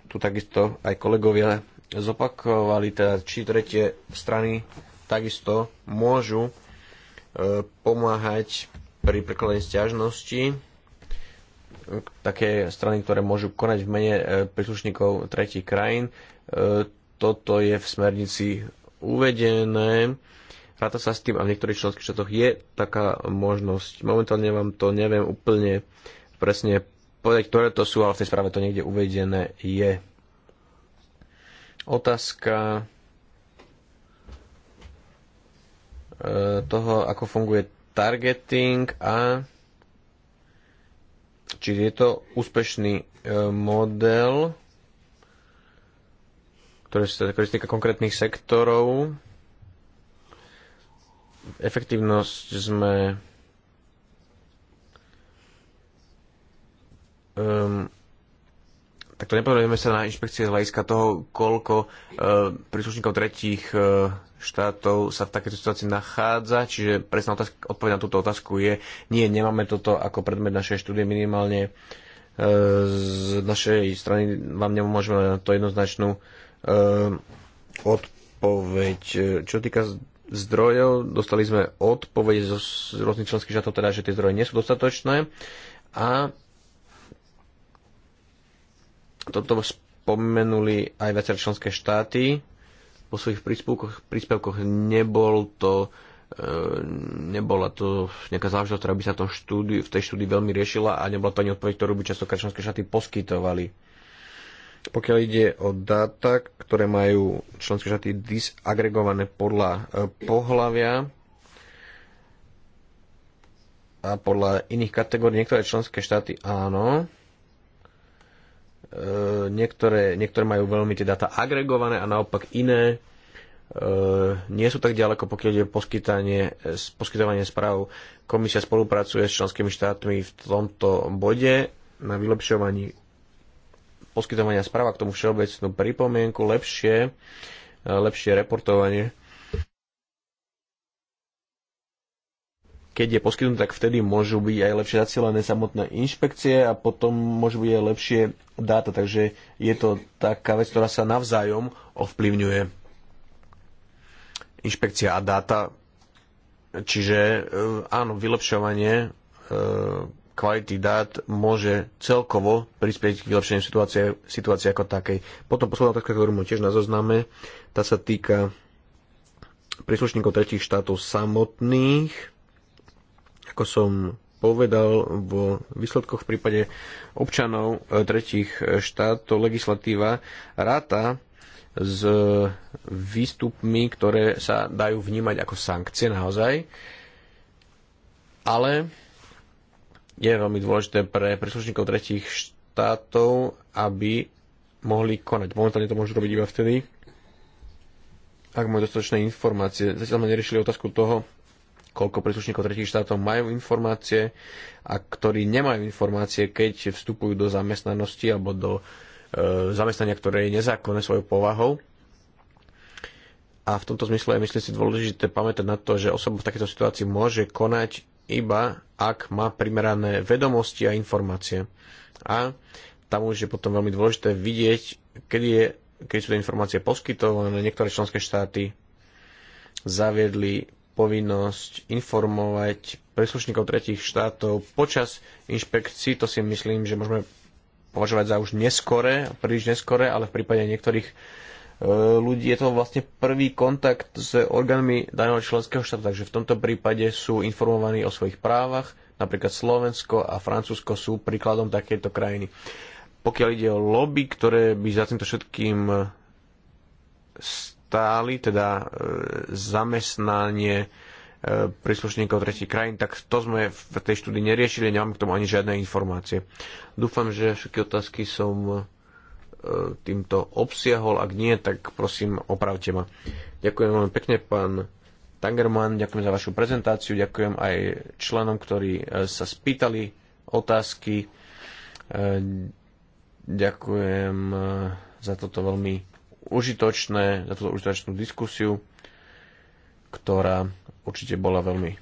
Tu takisto aj kolegovia zopakovali, teda či tretie strany takisto môžu e, pomáhať pri prekladení stiažnosti také strany, ktoré môžu konať v mene e, príslušníkov tretich krajín. E, toto je v smernici uvedené. Ráta sa s tým a v niektorých členských štátoch je taká možnosť. Momentálne vám to neviem úplne presne povedať, ktoré to sú, ale v tej správe to niekde uvedené je. Otázka e, toho, ako funguje targeting a či je to úspešný e, model, teda ktorý sa týka konkrétnych sektorov. Efektívnosť sme um, to nepozrieme sa na inšpekcie z hľadiska toho, koľko uh, príslušníkov tretích uh, štátov sa v takéto situácii nachádza, čiže presná otázka, odpoveď na túto otázku je, nie, nemáme toto ako predmet našej štúdie minimálne Uh, z našej strany vám nemôžeme na to jednoznačnú uh, odpoveď. Čo týka zdrojov, dostali sme odpoveď zo rôznych členských štátov, teda, že tie zdroje nie sú dostatočné a toto spomenuli aj viaceré členské štáty po svojich príspevkoch. príspevkoch nebol to, e, nebola to nejaká záležitosť, ktorá by sa tom štúdiu, v tej štúdii veľmi riešila a nebola to ani odpoveď, ktorú by často členské štáty poskytovali. Pokiaľ ide o dáta, ktoré majú členské štáty disagregované podľa e, pohlavia a podľa iných kategórií, niektoré členské štáty áno, E, niektoré, niektoré majú veľmi tie dáta agregované a naopak iné e, nie sú tak ďaleko, pokiaľ ide poskytanie, e, poskytovanie správ. Komisia spolupracuje s členskými štátmi v tomto bode na vylepšovaní poskytovania správ a k tomu všeobecnú pripomienku, lepšie, lepšie reportovanie keď je poskytnuté, tak vtedy môžu byť aj lepšie zacielené samotné inšpekcie a potom môžu byť aj lepšie dáta. Takže je to taká vec, ktorá sa navzájom ovplyvňuje. Inšpekcia a dáta. Čiže e, áno, vylepšovanie e, kvality dát môže celkovo prispieť k vylepšeniu situácie, situácie ako takej. Potom posledná otázka, ktorú mu tiež na zozname, tá sa týka príslušníkov tretich štátov samotných ako som povedal vo výsledkoch v prípade občanov e, tretich e, štátov legislatíva ráta s výstupmi, ktoré sa dajú vnímať ako sankcie naozaj, ale je veľmi dôležité pre príslušníkov tretich štátov, aby mohli konať. Momentálne to môžu robiť iba vtedy, ak majú dostatočné informácie. Zatiaľ sme neriešili otázku toho, koľko príslušníkov tretich štátov majú informácie a ktorí nemajú informácie, keď vstupujú do zamestnanosti alebo do e, zamestnania, ktoré je nezákonné svojou povahou. A v tomto zmysle je myslím si dôležité pamätať na to, že osoba v takejto situácii môže konať iba ak má primerané vedomosti a informácie. A tam už je potom veľmi dôležité vidieť, kedy, je, kedy sú tie informácie poskytované. Niektoré členské štáty zaviedli povinnosť informovať príslušníkov tretich štátov počas inšpekcií. To si myslím, že môžeme považovať za už neskore, príliš neskore, ale v prípade niektorých e, ľudí je to vlastne prvý kontakt s orgánmi daného členského štátu, takže v tomto prípade sú informovaní o svojich právach, napríklad Slovensko a Francúzsko sú príkladom takéto krajiny. Pokiaľ ide o lobby, ktoré by za týmto všetkým portály, teda e, zamestnanie e, príslušníkov tretich krajín, tak to sme v tej štúdii neriešili, nemám k tomu ani žiadne informácie. Dúfam, že všetky otázky som e, týmto obsiahol, ak nie, tak prosím, opravte ma. Ďakujem veľmi pekne, pán Tangerman, ďakujem za vašu prezentáciu, ďakujem aj členom, ktorí sa spýtali otázky. Ďakujem za toto veľmi užitočné, za túto užitočnú diskusiu, ktorá určite bola veľmi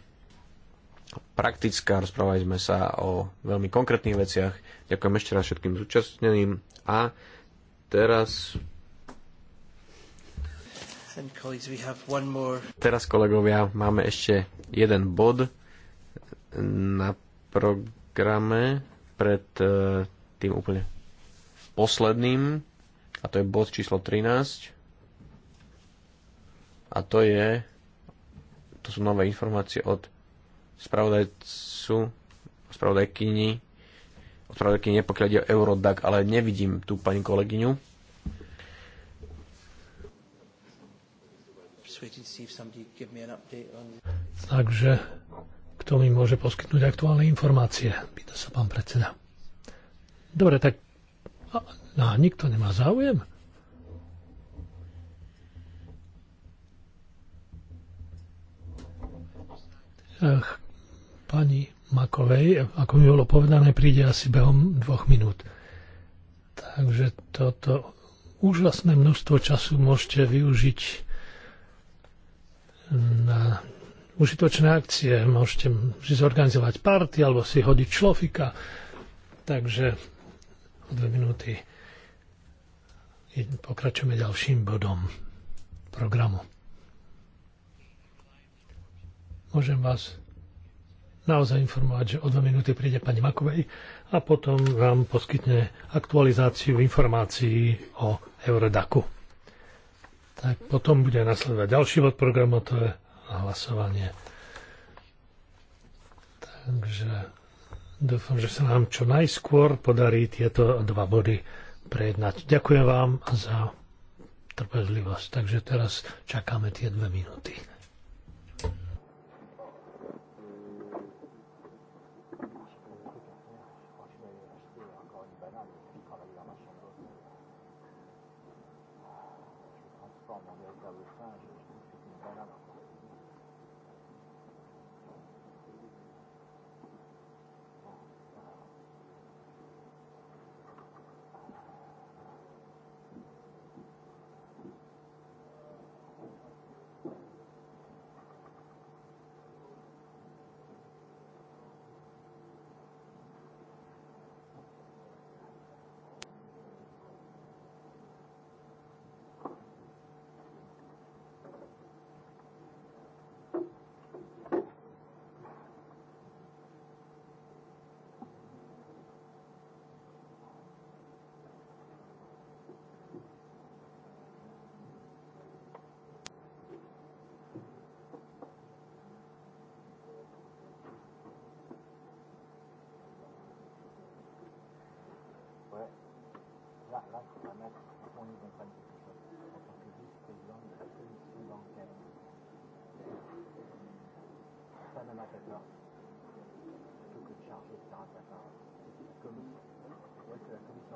praktická. Rozprávali sme sa o veľmi konkrétnych veciach. Ďakujem ešte raz všetkým zúčastneným a teraz... Teraz, kolegovia, máme ešte jeden bod na programe pred eh, tým úplne posledným a to je bod číslo 13 a to je to sú nové informácie od spravodajcu spravodajkyni od spravodajkyni nepokiaľ ide o Eurodac ale nevidím tú pani kolegyňu Takže kto mi môže poskytnúť aktuálne informácie? Pýta sa pán predseda. Dobre, tak No a nikto nemá záujem? Ach, pani Makovej, ako mi bolo povedané, príde asi behom dvoch minút. Takže toto úžasné množstvo času môžete využiť na užitočné akcie. Môžete si zorganizovať party alebo si hodiť šlofika. Takže o dve minúty. Pokračujeme ďalším bodom programu. Môžem vás naozaj informovať, že o dve minúty príde pani Makovej a potom vám poskytne aktualizáciu informácií o Eurodaku. Tak potom bude nasledovať ďalší bod programu, to je hlasovanie. Takže dúfam, že sa nám čo najskôr podarí tieto dva body prejednať. Ďakujem vám za trpezlivosť. Takže teraz čakáme tie dve minúty.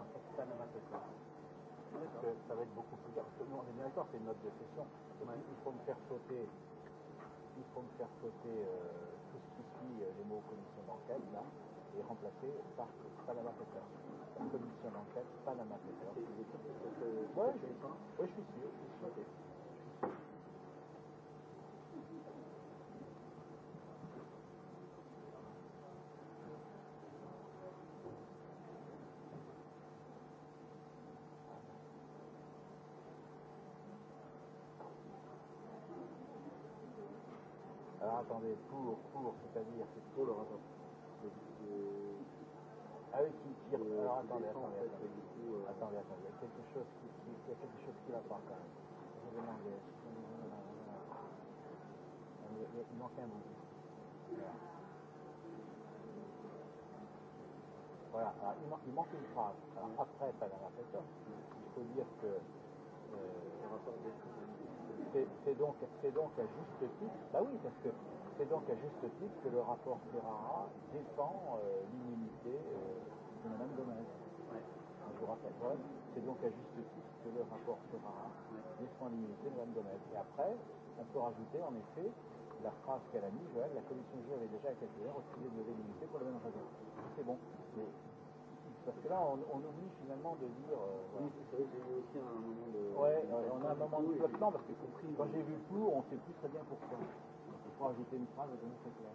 que ça va être beaucoup plus Parce que nous, on est bien d'accord, c'est une note de session. ouais. Il faut me faire sauter, il faut me faire sauter euh, tout euh, ce qui suit euh, les mots commission d'enquête, là, et remplacer par Panama Paper. Commission d'enquête, Panama Paper. Ouais, ouais, je suis sûr. Je suis sûr. attendez, pour, pour, c'est-à-dire, c'est pour le rapport. Ah oui, qui tire. Alors attendez, attendez, attendez. attendez, attendez. Il y a quelque chose qui, qui, il y a quelque chose qui va pas quand même. Je vais demander. Il, manque un bout. Voilà. voilà. Alors, il, man, il manque une phrase. Alors, après, ça va la Il faut dire que. Euh, c'est donc, donc à juste titre, bah oui, parce que c'est donc à juste titre que le rapport Ferrara défend euh, l'immunité euh, de Madame Gomez. Ouais. Je vous rappelle, ouais, c'est donc à juste titre que le rapport Ferrara ouais. défend l'immunité de Madame Gomez. Et après, on peut rajouter en effet la phrase qu'elle a mise, Joël, la commission juive avait déjà, à quelques heures, refusé de lever l'immunité pour la même raison. C'est bon. Mais parce que là, on, on oublie finalement de dire. Euh, voilà. Oui, c'est vrai que j'ai aussi un moment de. Ouais, de euh, on a un moment de flottement et... parce que compris, quand j'ai vu le flou, on ne sait plus très bien pourquoi. Il faut ajouter une phrase comme ça.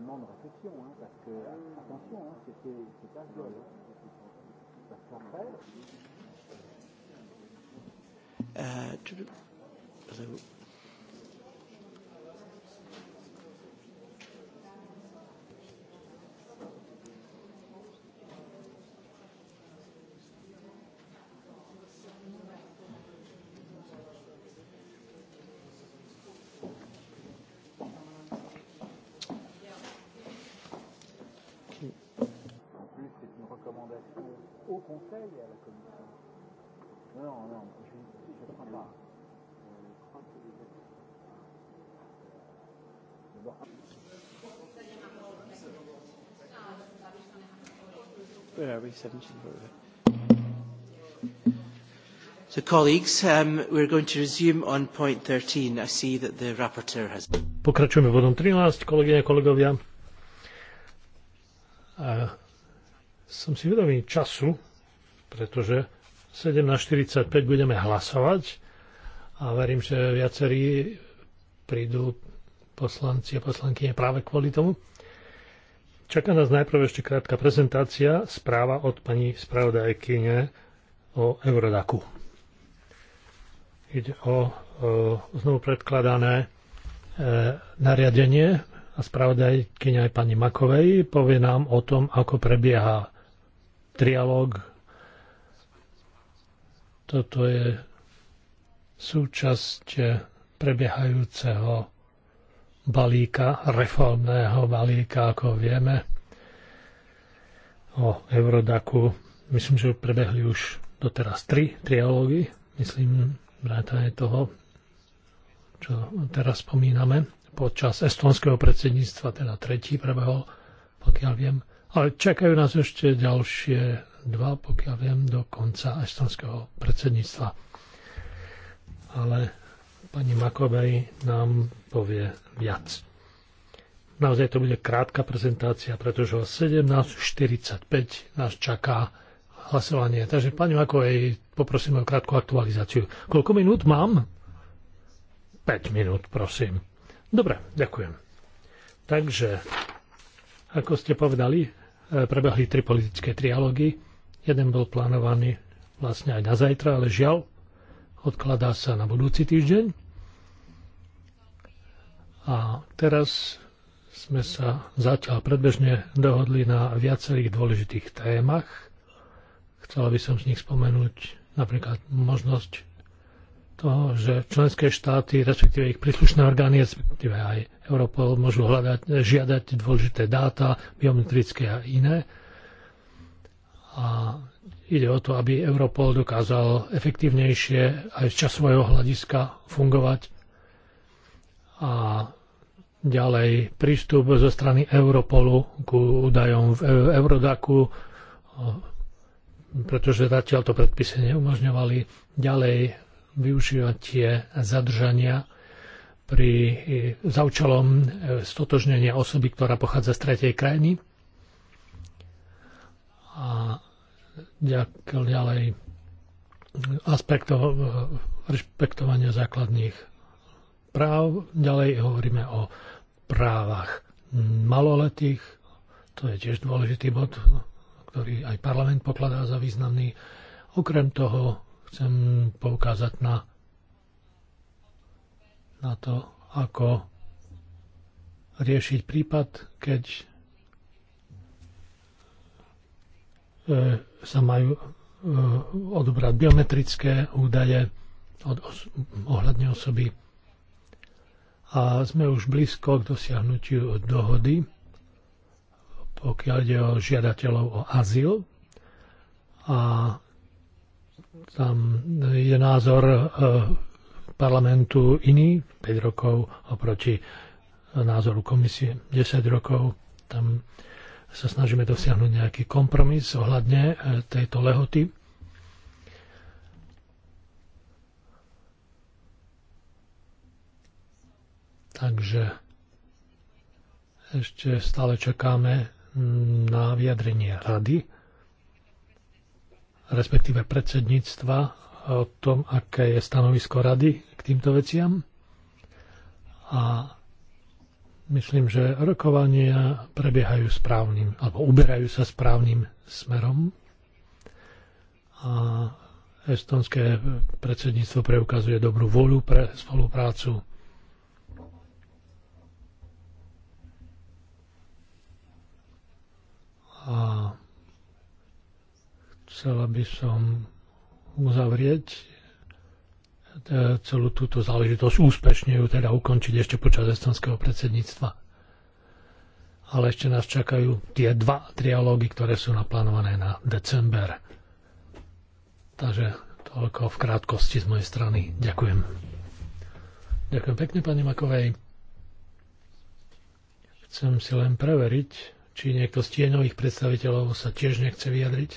certainement une réflexion, hein, parce que, attention, hein, c'était pas viol. Hein, parce qu'après. Euh, tu... au Conseil et à la Commission. Non, non, non, je ne prends pas. Where are we? 17. So, colleagues, um, we're going to resume on point 13. I see that the rapporteur has. Pokračujeme bodom 13, kolegyne, kolegovia. Uh, som si vedomý času, pretože 7 na 45 budeme hlasovať a verím, že viacerí prídu poslanci a poslankyne práve kvôli tomu. Čaká nás najprv ešte krátka prezentácia, správa od pani spravodajkyne o Eurodaku. Ide o, o znovu predkladané e, nariadenie a spravodajkyňa aj pani Makovej povie nám o tom, ako prebieha trialóg toto je súčasť prebiehajúceho balíka, reformného balíka, ako vieme, o Eurodaku. Myslím, že prebehli už doteraz tri trialógy, myslím, vrátane toho, čo teraz spomíname. Počas estonského predsedníctva, teda tretí prebehol, pokiaľ viem. Ale čakajú nás ešte ďalšie pokiaľ viem, do konca estonského predsedníctva. Ale pani Makovej nám povie viac. Naozaj to bude krátka prezentácia, pretože o 17.45 nás čaká hlasovanie. Takže pani Makovej poprosím o krátku aktualizáciu. Koľko minút mám? 5 minút, prosím. Dobre, ďakujem. Takže, ako ste povedali, eh, prebehli tri politické trialógy. Jeden bol plánovaný vlastne aj na zajtra, ale žiaľ, odkladá sa na budúci týždeň. A teraz sme sa zatiaľ predbežne dohodli na viacerých dôležitých témach. Chcela by som z nich spomenúť napríklad možnosť toho, že členské štáty, respektíve ich príslušné orgány, respektíve aj Europol, môžu hľadať, žiadať dôležité dáta, biometrické a iné a ide o to, aby Europol dokázal efektívnejšie aj z časového hľadiska fungovať a ďalej prístup zo strany Europolu ku údajom v e- Eurodaku, pretože zatiaľ to predpisy neumožňovali ďalej využívať tie zadržania pri, e, za účelom e, stotožnenia osoby, ktorá pochádza z tretej krajiny. A ďalej aspektov rešpektovania základných práv. Ďalej hovoríme o právach maloletých. To je tiež dôležitý bod, ktorý aj parlament pokladá za významný. Okrem toho chcem poukázať na, na to, ako riešiť prípad, keď E, sa majú e, odobrať biometrické údaje od os- ohľadne osoby. A sme už blízko k dosiahnutiu dohody, pokiaľ ide o žiadateľov o azyl. A tam je názor e, parlamentu iný, 5 rokov oproti názoru komisie 10 rokov. Tam sa snažíme dosiahnuť nejaký kompromis ohľadne e, tejto lehoty. Takže ešte stále čakáme na vyjadrenie rady, respektíve predsedníctva o tom, aké je stanovisko rady k týmto veciam. A myslím, že rokovania prebiehajú správnym, alebo uberajú sa správnym smerom. A estonské predsedníctvo preukazuje dobrú voľu pre spoluprácu. A chcela by som uzavrieť celú túto záležitosť úspešne ju teda ukončiť ešte počas estonského predsedníctva. Ale ešte nás čakajú tie dva trialógy, ktoré sú naplánované na december. Takže toľko v krátkosti z mojej strany. Ďakujem. Ďakujem pekne pani Makovej. Chcem si len preveriť, či niekto z tieňových predstaviteľov sa tiež nechce vyjadriť.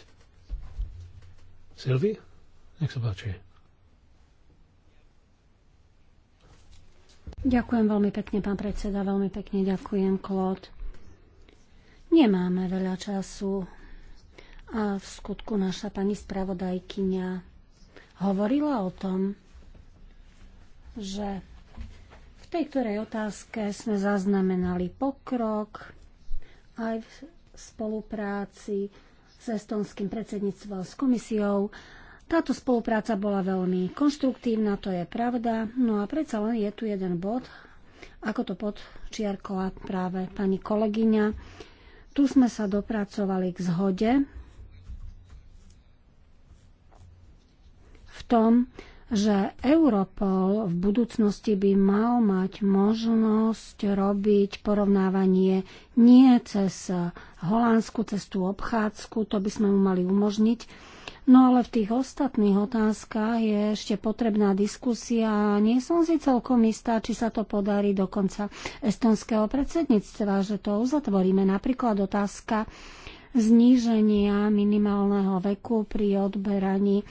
Silvi? Nech sa páči. Ďakujem veľmi pekne, pán predseda, veľmi pekne ďakujem, Klod. Nemáme veľa času a v skutku naša pani spravodajkyňa hovorila o tom, že v tej ktorej otázke sme zaznamenali pokrok aj v spolupráci s estonským predsedníctvom s komisiou táto spolupráca bola veľmi konštruktívna, to je pravda, no a predsa len je tu jeden bod, ako to podčiarkola práve pani kolegyňa. Tu sme sa dopracovali k zhode v tom, že Europol v budúcnosti by mal mať možnosť robiť porovnávanie nie cez holandskú, cez tú obchádzku, to by sme mu mali umožniť, No ale v tých ostatných otázkach je ešte potrebná diskusia. Nie som si celkom istá, či sa to podarí do konca estonského predsedníctva, že to uzatvoríme. Napríklad otázka zníženia minimálneho veku pri odberaní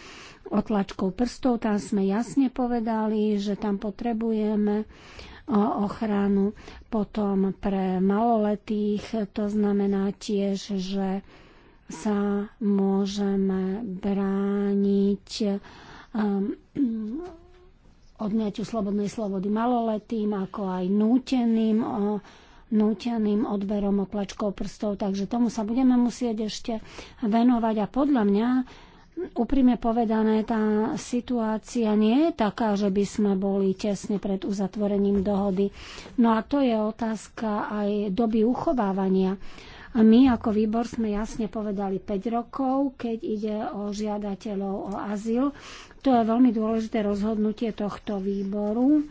otlačkov prstov. Tam sme jasne povedali, že tam potrebujeme ochranu. Potom pre maloletých to znamená tiež, že sa môžeme brániť um, odňaťu slobodnej slobody maloletým, ako aj núteným, núteným odberom oplačkov prstov. Takže tomu sa budeme musieť ešte venovať. A podľa mňa, úprimne povedané, tá situácia nie je taká, že by sme boli tesne pred uzatvorením dohody. No a to je otázka aj doby uchovávania a My ako výbor sme jasne povedali 5 rokov, keď ide o žiadateľov o azyl. To je veľmi dôležité rozhodnutie tohto výboru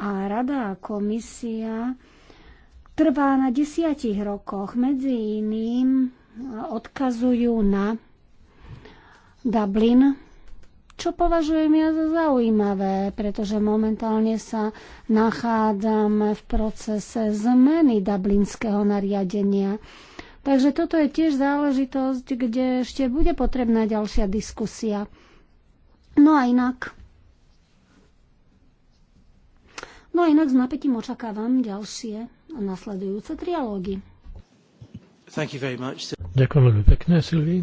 a rada a komisia trvá na desiatich rokoch. Medzi iným e, odkazujú na Dublin, čo považujem ja za zaujímavé, pretože momentálne sa nachádzame v procese zmeny dublinského nariadenia. Takže toto je tiež záležitosť, kde ešte bude potrebná ďalšia diskusia. No a inak. No a inak s napätím očakávam ďalšie a nasledujúce trialógy. Ďakujem veľmi pekne, Silvi.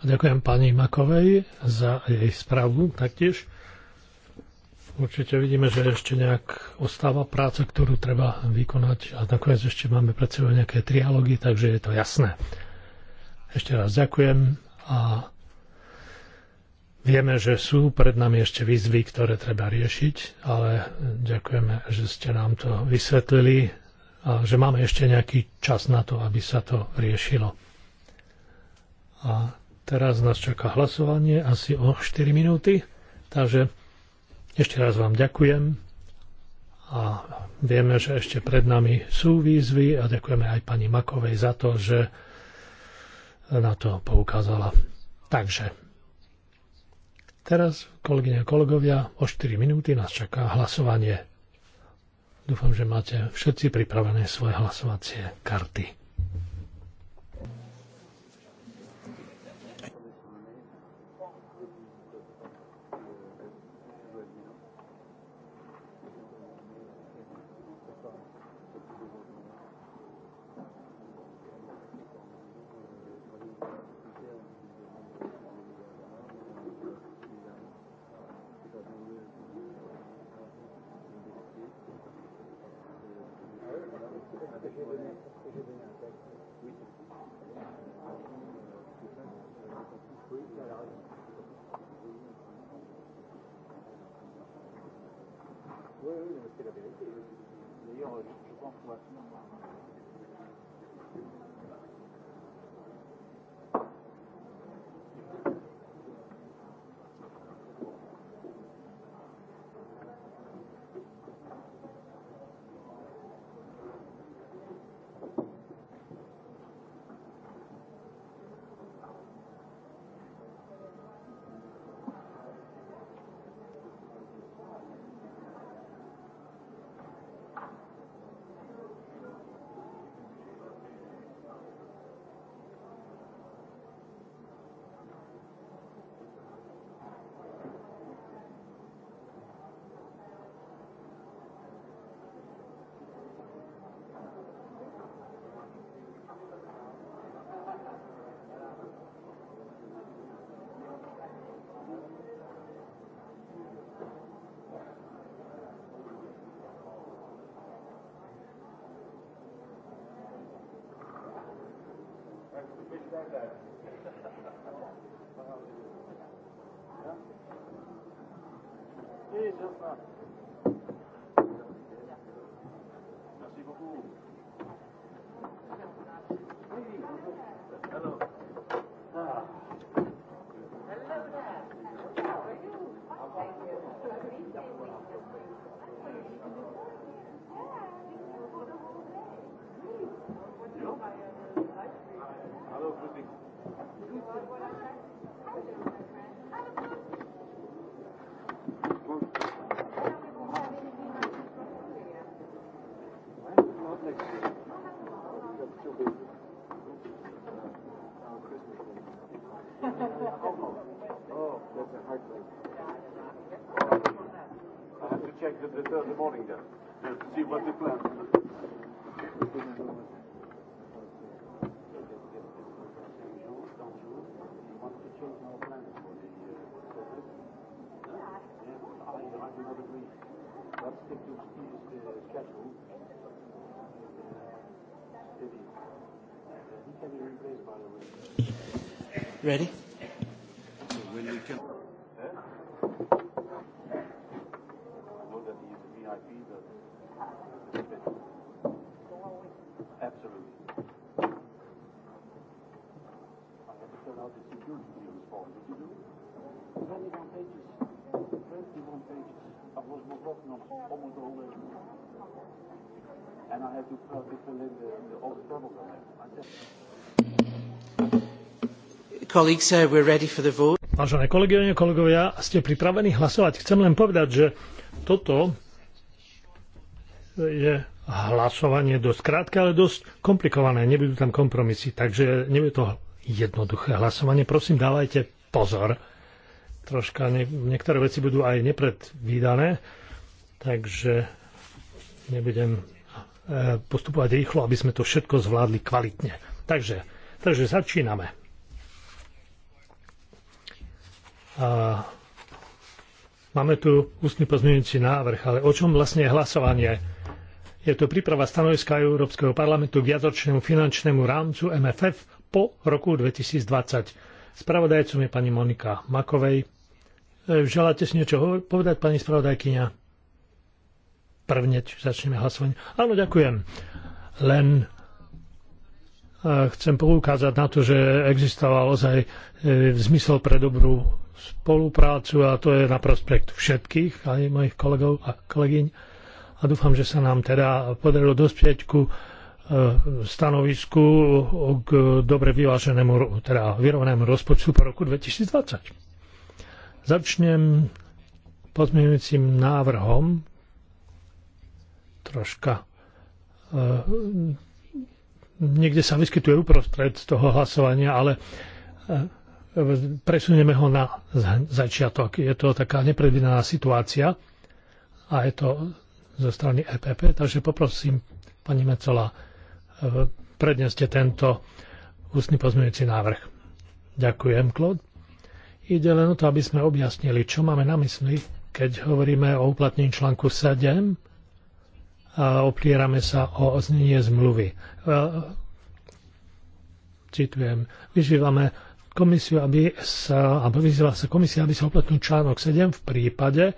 A ďakujem pani Makovej za jej správu taktiež. Určite vidíme, že ešte nejak ostáva práca, ktorú treba vykonať a nakoniec ešte máme pred sebou nejaké trialógy, takže je to jasné. Ešte raz ďakujem a vieme, že sú pred nami ešte výzvy, ktoré treba riešiť, ale ďakujeme, že ste nám to vysvetlili a že máme ešte nejaký čas na to, aby sa to riešilo. A teraz nás čaká hlasovanie asi o 4 minúty, takže ešte raz vám ďakujem a vieme, že ešte pred nami sú výzvy a ďakujeme aj pani Makovej za to, že na to poukázala. Takže, teraz, kolegyne a kolegovia, o 4 minúty nás čaká hlasovanie. Dúfam, že máte všetci pripravené svoje hlasovacie karty. Uh, Vážené kolegyne, kolegovia, ste pripravení hlasovať? Chcem len povedať, že toto je hlasovanie dosť krátke, ale dosť komplikované. Nebudú tam kompromisy, takže nebude to jednoduché hlasovanie. Prosím, dávajte pozor. Troška ne, niektoré veci budú aj nepredvídané, takže nebudem postupovať rýchlo, aby sme to všetko zvládli kvalitne. Takže, takže začíname. A máme tu ústny pozmeňujúci návrh, ale o čom vlastne je hlasovanie? Je to príprava stanoviska Európskeho parlamentu k viacročnému finančnému rámcu MFF po roku 2020. Spravodajcom je pani Monika Makovej. E, želáte si niečo povedať, pani spravodajkyňa? či začneme hlasovanie. Áno, ďakujem. Len e, chcem poukázať na to, že existoval ozaj e, zmysel pre dobrú spoluprácu a to je na prospekt všetkých, aj mojich kolegov a kolegyň. A dúfam, že sa nám teda podarilo dospieť ku e, stanovisku k dobre vyváženému, teda vyrovnanému rozpočtu po roku 2020. Začnem pozmeňujúcim návrhom troška eh, niekde sa vyskytuje uprostred toho hlasovania, ale eh, presunieme ho na začiatok. Je to taká nepredvídaná situácia a je to zo strany EPP, takže poprosím pani Mecola, eh, predneste tento ústny pozmeňujúci návrh. Ďakujem, Klod. Ide len o to, aby sme objasnili, čo máme na mysli, keď hovoríme o uplatnení článku 7 a oplierame sa o znenie zmluvy. Citujem, vyžívame komisiu, aby sa, alebo vyzýva sa komisia, aby sa uplatnil článok 7 v prípade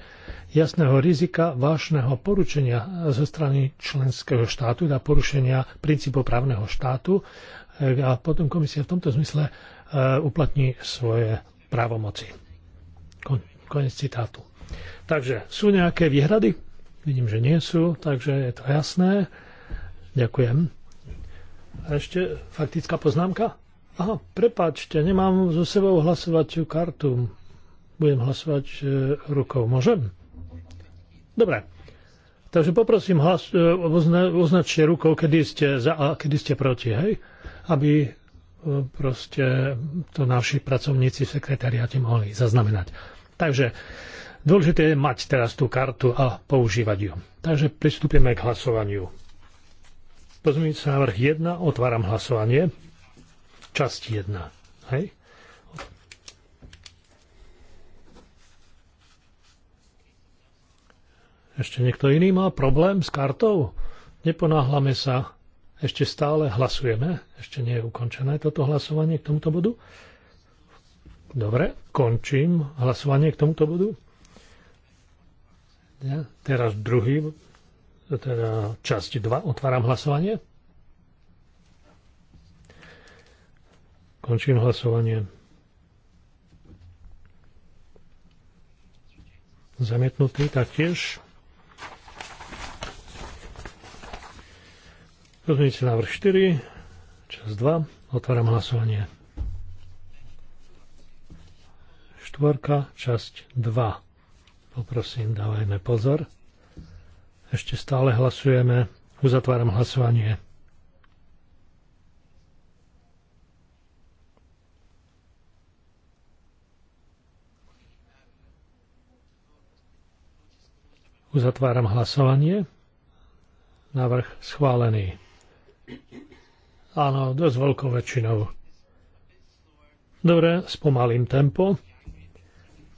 jasného rizika vážneho poručenia zo strany členského štátu, teda porušenia princípov právneho štátu a potom komisia v tomto zmysle e, uplatní svoje právomoci. Konec citátu. Takže sú nejaké výhrady Vidím, že nie sú, takže je to jasné. Ďakujem. A ešte faktická poznámka? Aha, prepáčte, nemám so sebou hlasovaciu kartu. Budem hlasovať e, rukou. Môžem? Dobre. Takže poprosím, hlas, ozna, e, označte rukou, kedy ste za a kedy ste proti, hej? Aby e, proste to naši pracovníci v sekretariáte mohli zaznamenať. Takže Dôležité je mať teraz tú kartu a používať ju. Takže pristúpime k hlasovaniu. Pozmeňujúci návrh 1, otváram hlasovanie. Časť 1. Hej. Ešte niekto iný má problém s kartou? Neponáhlame sa. Ešte stále hlasujeme. Ešte nie je ukončené toto hlasovanie k tomuto bodu. Dobre, končím hlasovanie k tomuto bodu. Ja, teraz druhý, teda časť 2, otváram hlasovanie. Končím hlasovanie. Zamietnutý taktiež. Pozmeňujúci návrh 4, časť 2, otváram hlasovanie. Štvorka, časť 2. Poprosím, dávajme pozor. Ešte stále hlasujeme. Uzatváram hlasovanie. Uzatváram hlasovanie. Návrh schválený. Áno, dosť veľkou väčšinou. Dobre, spomalím tempo.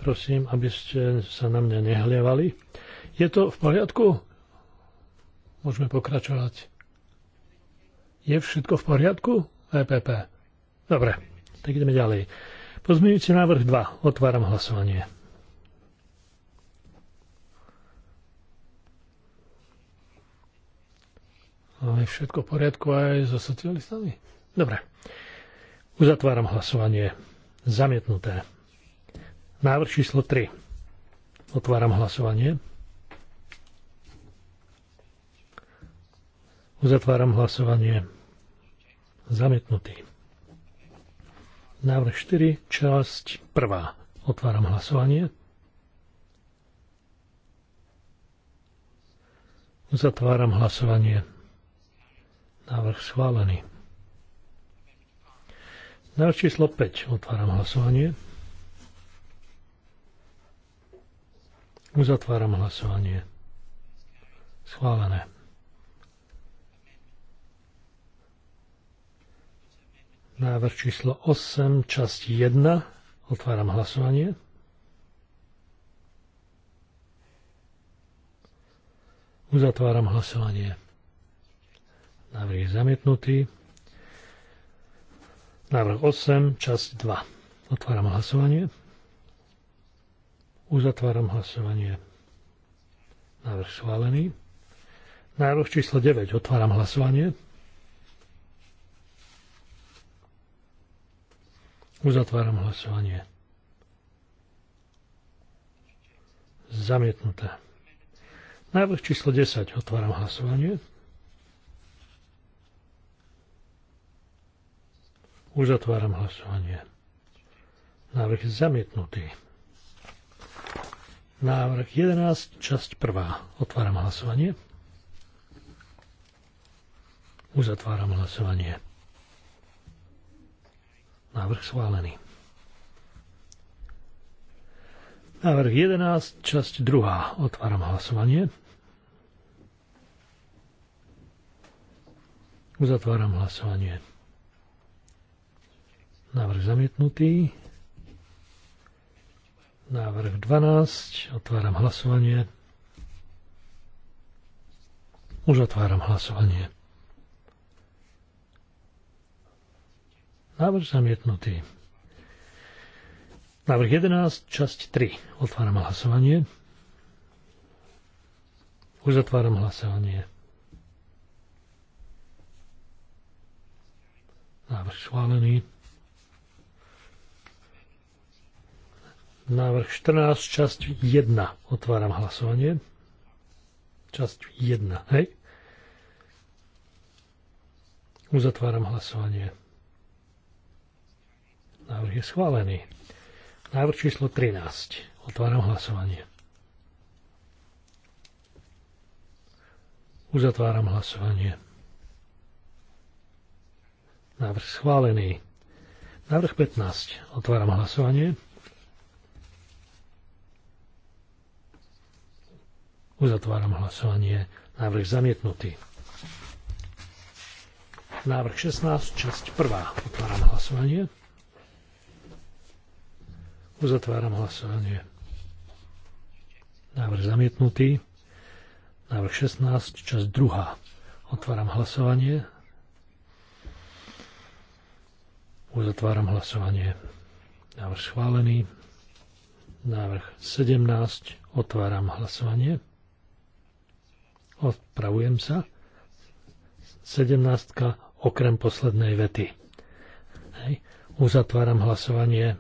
Prosím, aby ste sa na mňa nehlievali. Je to v poriadku? Môžeme pokračovať. Je všetko v poriadku? EPP. Dobre, tak ideme ďalej. Pozmeňujúci návrh 2. Otváram hlasovanie. Je všetko v poriadku aj so socialistami? Dobre. Uzatváram hlasovanie. Zamietnuté. Návrh číslo 3. Otváram hlasovanie. Uzatváram hlasovanie. Zamietnutý. Návrh 4, časť 1. Otváram hlasovanie. Uzatváram hlasovanie. Návrh schválený. Návrh číslo 5. Otváram hlasovanie. Uzatváram hlasovanie. Schválené. Návrh číslo 8, časť 1. Otváram hlasovanie. Uzatváram hlasovanie. Návrh je zamietnutý. Návrh 8, časť 2. Otváram hlasovanie. Uzatváram hlasovanie. Návrh schválený. Návrh číslo 9. Otváram hlasovanie. Uzatváram hlasovanie. Zamietnuté. Návrh číslo 10. Otváram hlasovanie. Uzatváram hlasovanie. Návrh zamietnutý. Návrh 11, časť 1. Otváram hlasovanie. Uzatváram hlasovanie. Návrh schválený. Návrh 11, časť 2. Otváram hlasovanie. Uzatváram hlasovanie. Návrh zamietnutý. Návrh 12. Otváram hlasovanie. Už otváram hlasovanie. Návrh zamietnutý. Návrh 11, časť 3. Otváram hlasovanie. Uzatváram hlasovanie. Návrh schválený. Návrh 14, časť 1. Otváram hlasovanie. Časť 1, hej. Uzatváram hlasovanie. Návrh je schválený. Návrh číslo 13. Otváram hlasovanie. Uzatváram hlasovanie. Návrh schválený. Návrh 15. Otváram hlasovanie. Uzatváram hlasovanie. Návrh zamietnutý. Návrh 16, časť 1. Otváram hlasovanie. Uzatváram hlasovanie. Návrh zamietnutý. Návrh 16, časť 2. Otváram hlasovanie. Uzatváram hlasovanie. Návrh schválený. Návrh 17. Otváram hlasovanie. Odpravujem sa. 17. okrem poslednej vety. Hej. Uzatváram hlasovanie.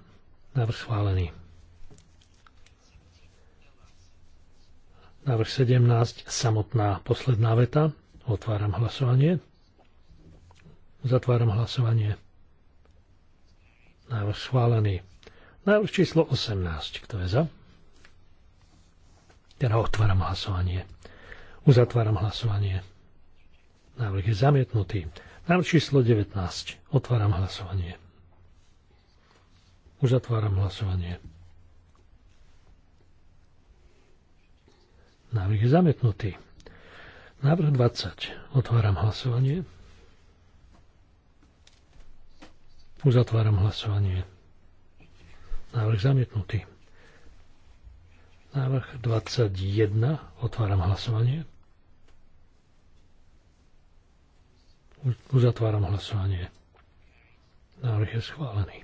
Návrh schválený. Návrh 17. Samotná posledná veta. Otváram hlasovanie. Zatváram hlasovanie. Návrh schválený. Návrh číslo 18. Kto je za? Teda otváram hlasovanie. Uzatváram hlasovanie. Návrh je zamietnutý. Návrh číslo 19. Otváram hlasovanie. Uzatváram hlasovanie. Návrh je zamietnutý. Návrh 20. Otváram hlasovanie. Uzatváram hlasovanie. Návrh zamietnutý. Návrh 21. Otváram hlasovanie. Uzatváram hlasovanie. Návrh je schválený.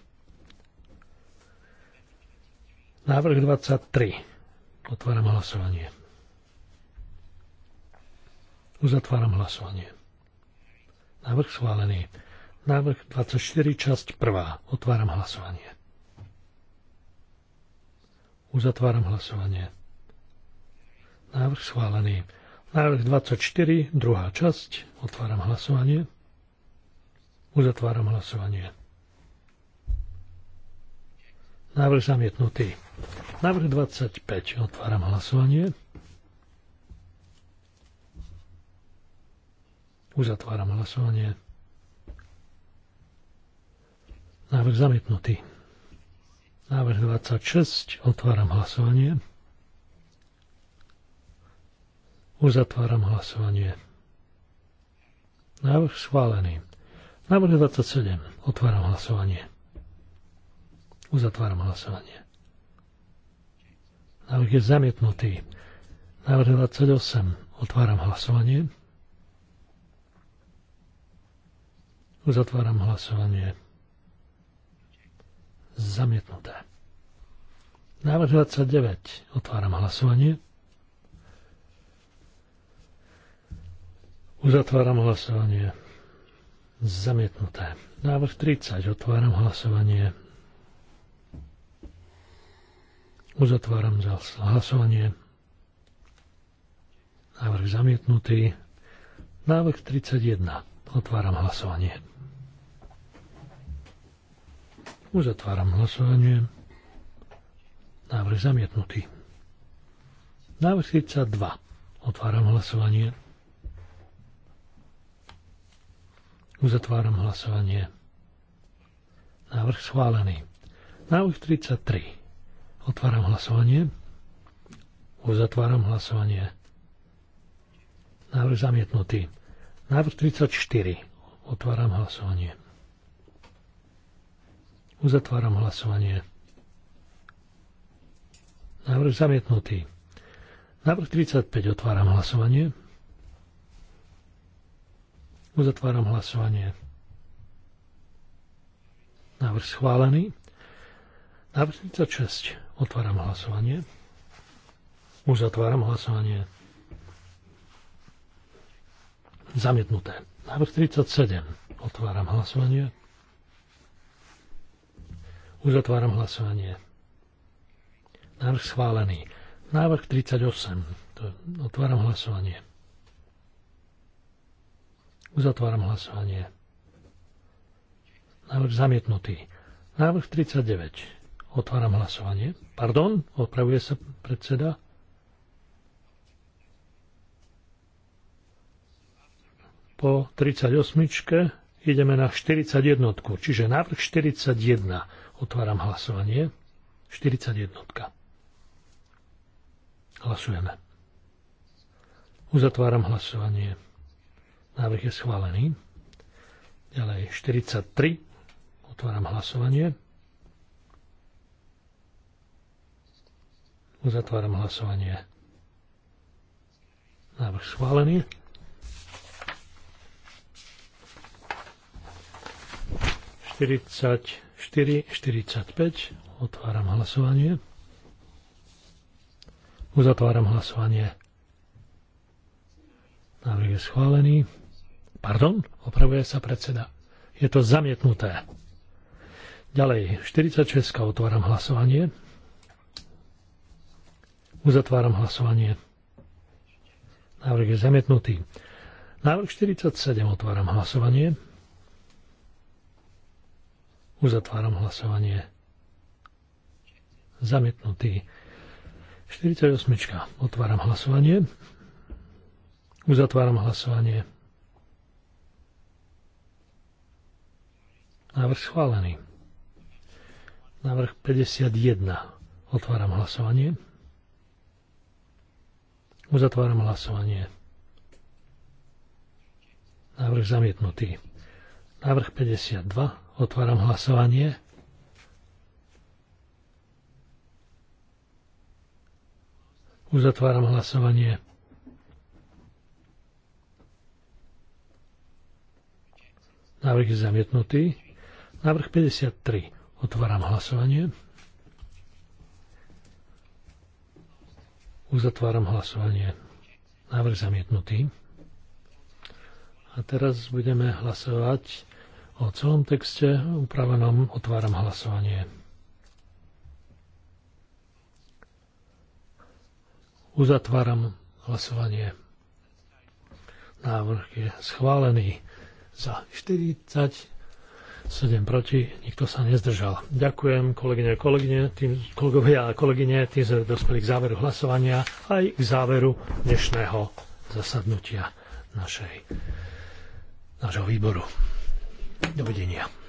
Návrh 23. Otváram hlasovanie. Uzatváram hlasovanie. Návrh schválený. Návrh 24, časť 1. Otváram hlasovanie. Uzatváram hlasovanie. Návrh schválený. Návrh 24, druhá časť. Otváram hlasovanie. Uzatváram hlasovanie. Návrh zamietnutý. Návrh 25. Otváram hlasovanie. Uzatváram hlasovanie. Návrh zamietnutý. Návrh 26. Otváram hlasovanie. Uzatváram hlasovanie. Návrh schválený. Návrh 27. Otváram hlasovanie. Uzatváram hlasovanie. Návrh je zamietnutý. Návrh 28. Otváram hlasovanie. Uzatváram hlasovanie. Zamietnuté. Návrh 29. Otváram hlasovanie. Uzatváram hlasovanie. Zamietnuté. Návrh 30. Otváram hlasovanie. Uzatváram hlasovanie. Návrh zamietnutý. Návrh 31. Otváram hlasovanie. Uzatváram hlasovanie. Návrh zamietnutý. Návrh 32. Otváram hlasovanie. Uzatváram hlasovanie. Návrh schválený. Návrh 33. Otváram hlasovanie. Uzatváram hlasovanie. Návrh zamietnutý. Návrh 34. Otváram hlasovanie. Uzatváram hlasovanie. Návrh zamietnutý. Návrh 35. Otváram hlasovanie. Uzatváram hlasovanie. Návrh schválený. Návrh 36. Otváram hlasovanie. Uzatváram hlasovanie. Zamietnuté. Návrh 37. Otváram hlasovanie. Uzatváram hlasovanie. Návrh schválený. Návrh 38. Otváram hlasovanie. Uzatváram hlasovanie. Návrh zamietnutý. Návrh 39. Otváram hlasovanie. Pardon, opravuje sa predseda. Po 38. ideme na 41. Čiže návrh 41. Otváram hlasovanie. 41. Hlasujeme. Uzatváram hlasovanie. Návrh je schválený. Ďalej 43. Otváram hlasovanie. Uzatváram hlasovanie. Návrh schválený. Štyridsať 45. Otváram hlasovanie. Uzatváram hlasovanie. Návrh je schválený. Pardon, opravuje sa predseda. Je to zamietnuté. Ďalej, 46. otváram hlasovanie. Uzatváram hlasovanie. Návrh je zamietnutý. Návrh 47 otváram hlasovanie. Uzatváram hlasovanie. Zamietnutý. 48. Otváram hlasovanie. Uzatváram hlasovanie. Návrh schválený. Návrh 51. Otváram hlasovanie. Uzatváram hlasovanie. Návrh zamietnutý. Návrh 52. Otváram hlasovanie. Uzatváram hlasovanie. Návrh je zamietnutý. Návrh 53. Otváram hlasovanie. Uzatváram hlasovanie. Návrh zamietnutý. A teraz budeme hlasovať o celom texte upravenom. Otváram hlasovanie. Uzatváram hlasovanie. Návrh je schválený za 40 7 proti, nikto sa nezdržal. Ďakujem kolegyne a kolegyne, tým, kolegovia a kolegyne, tým sme dospeli k záveru hlasovania aj k záveru dnešného zasadnutia našej, nášho výboru. Dovidenia.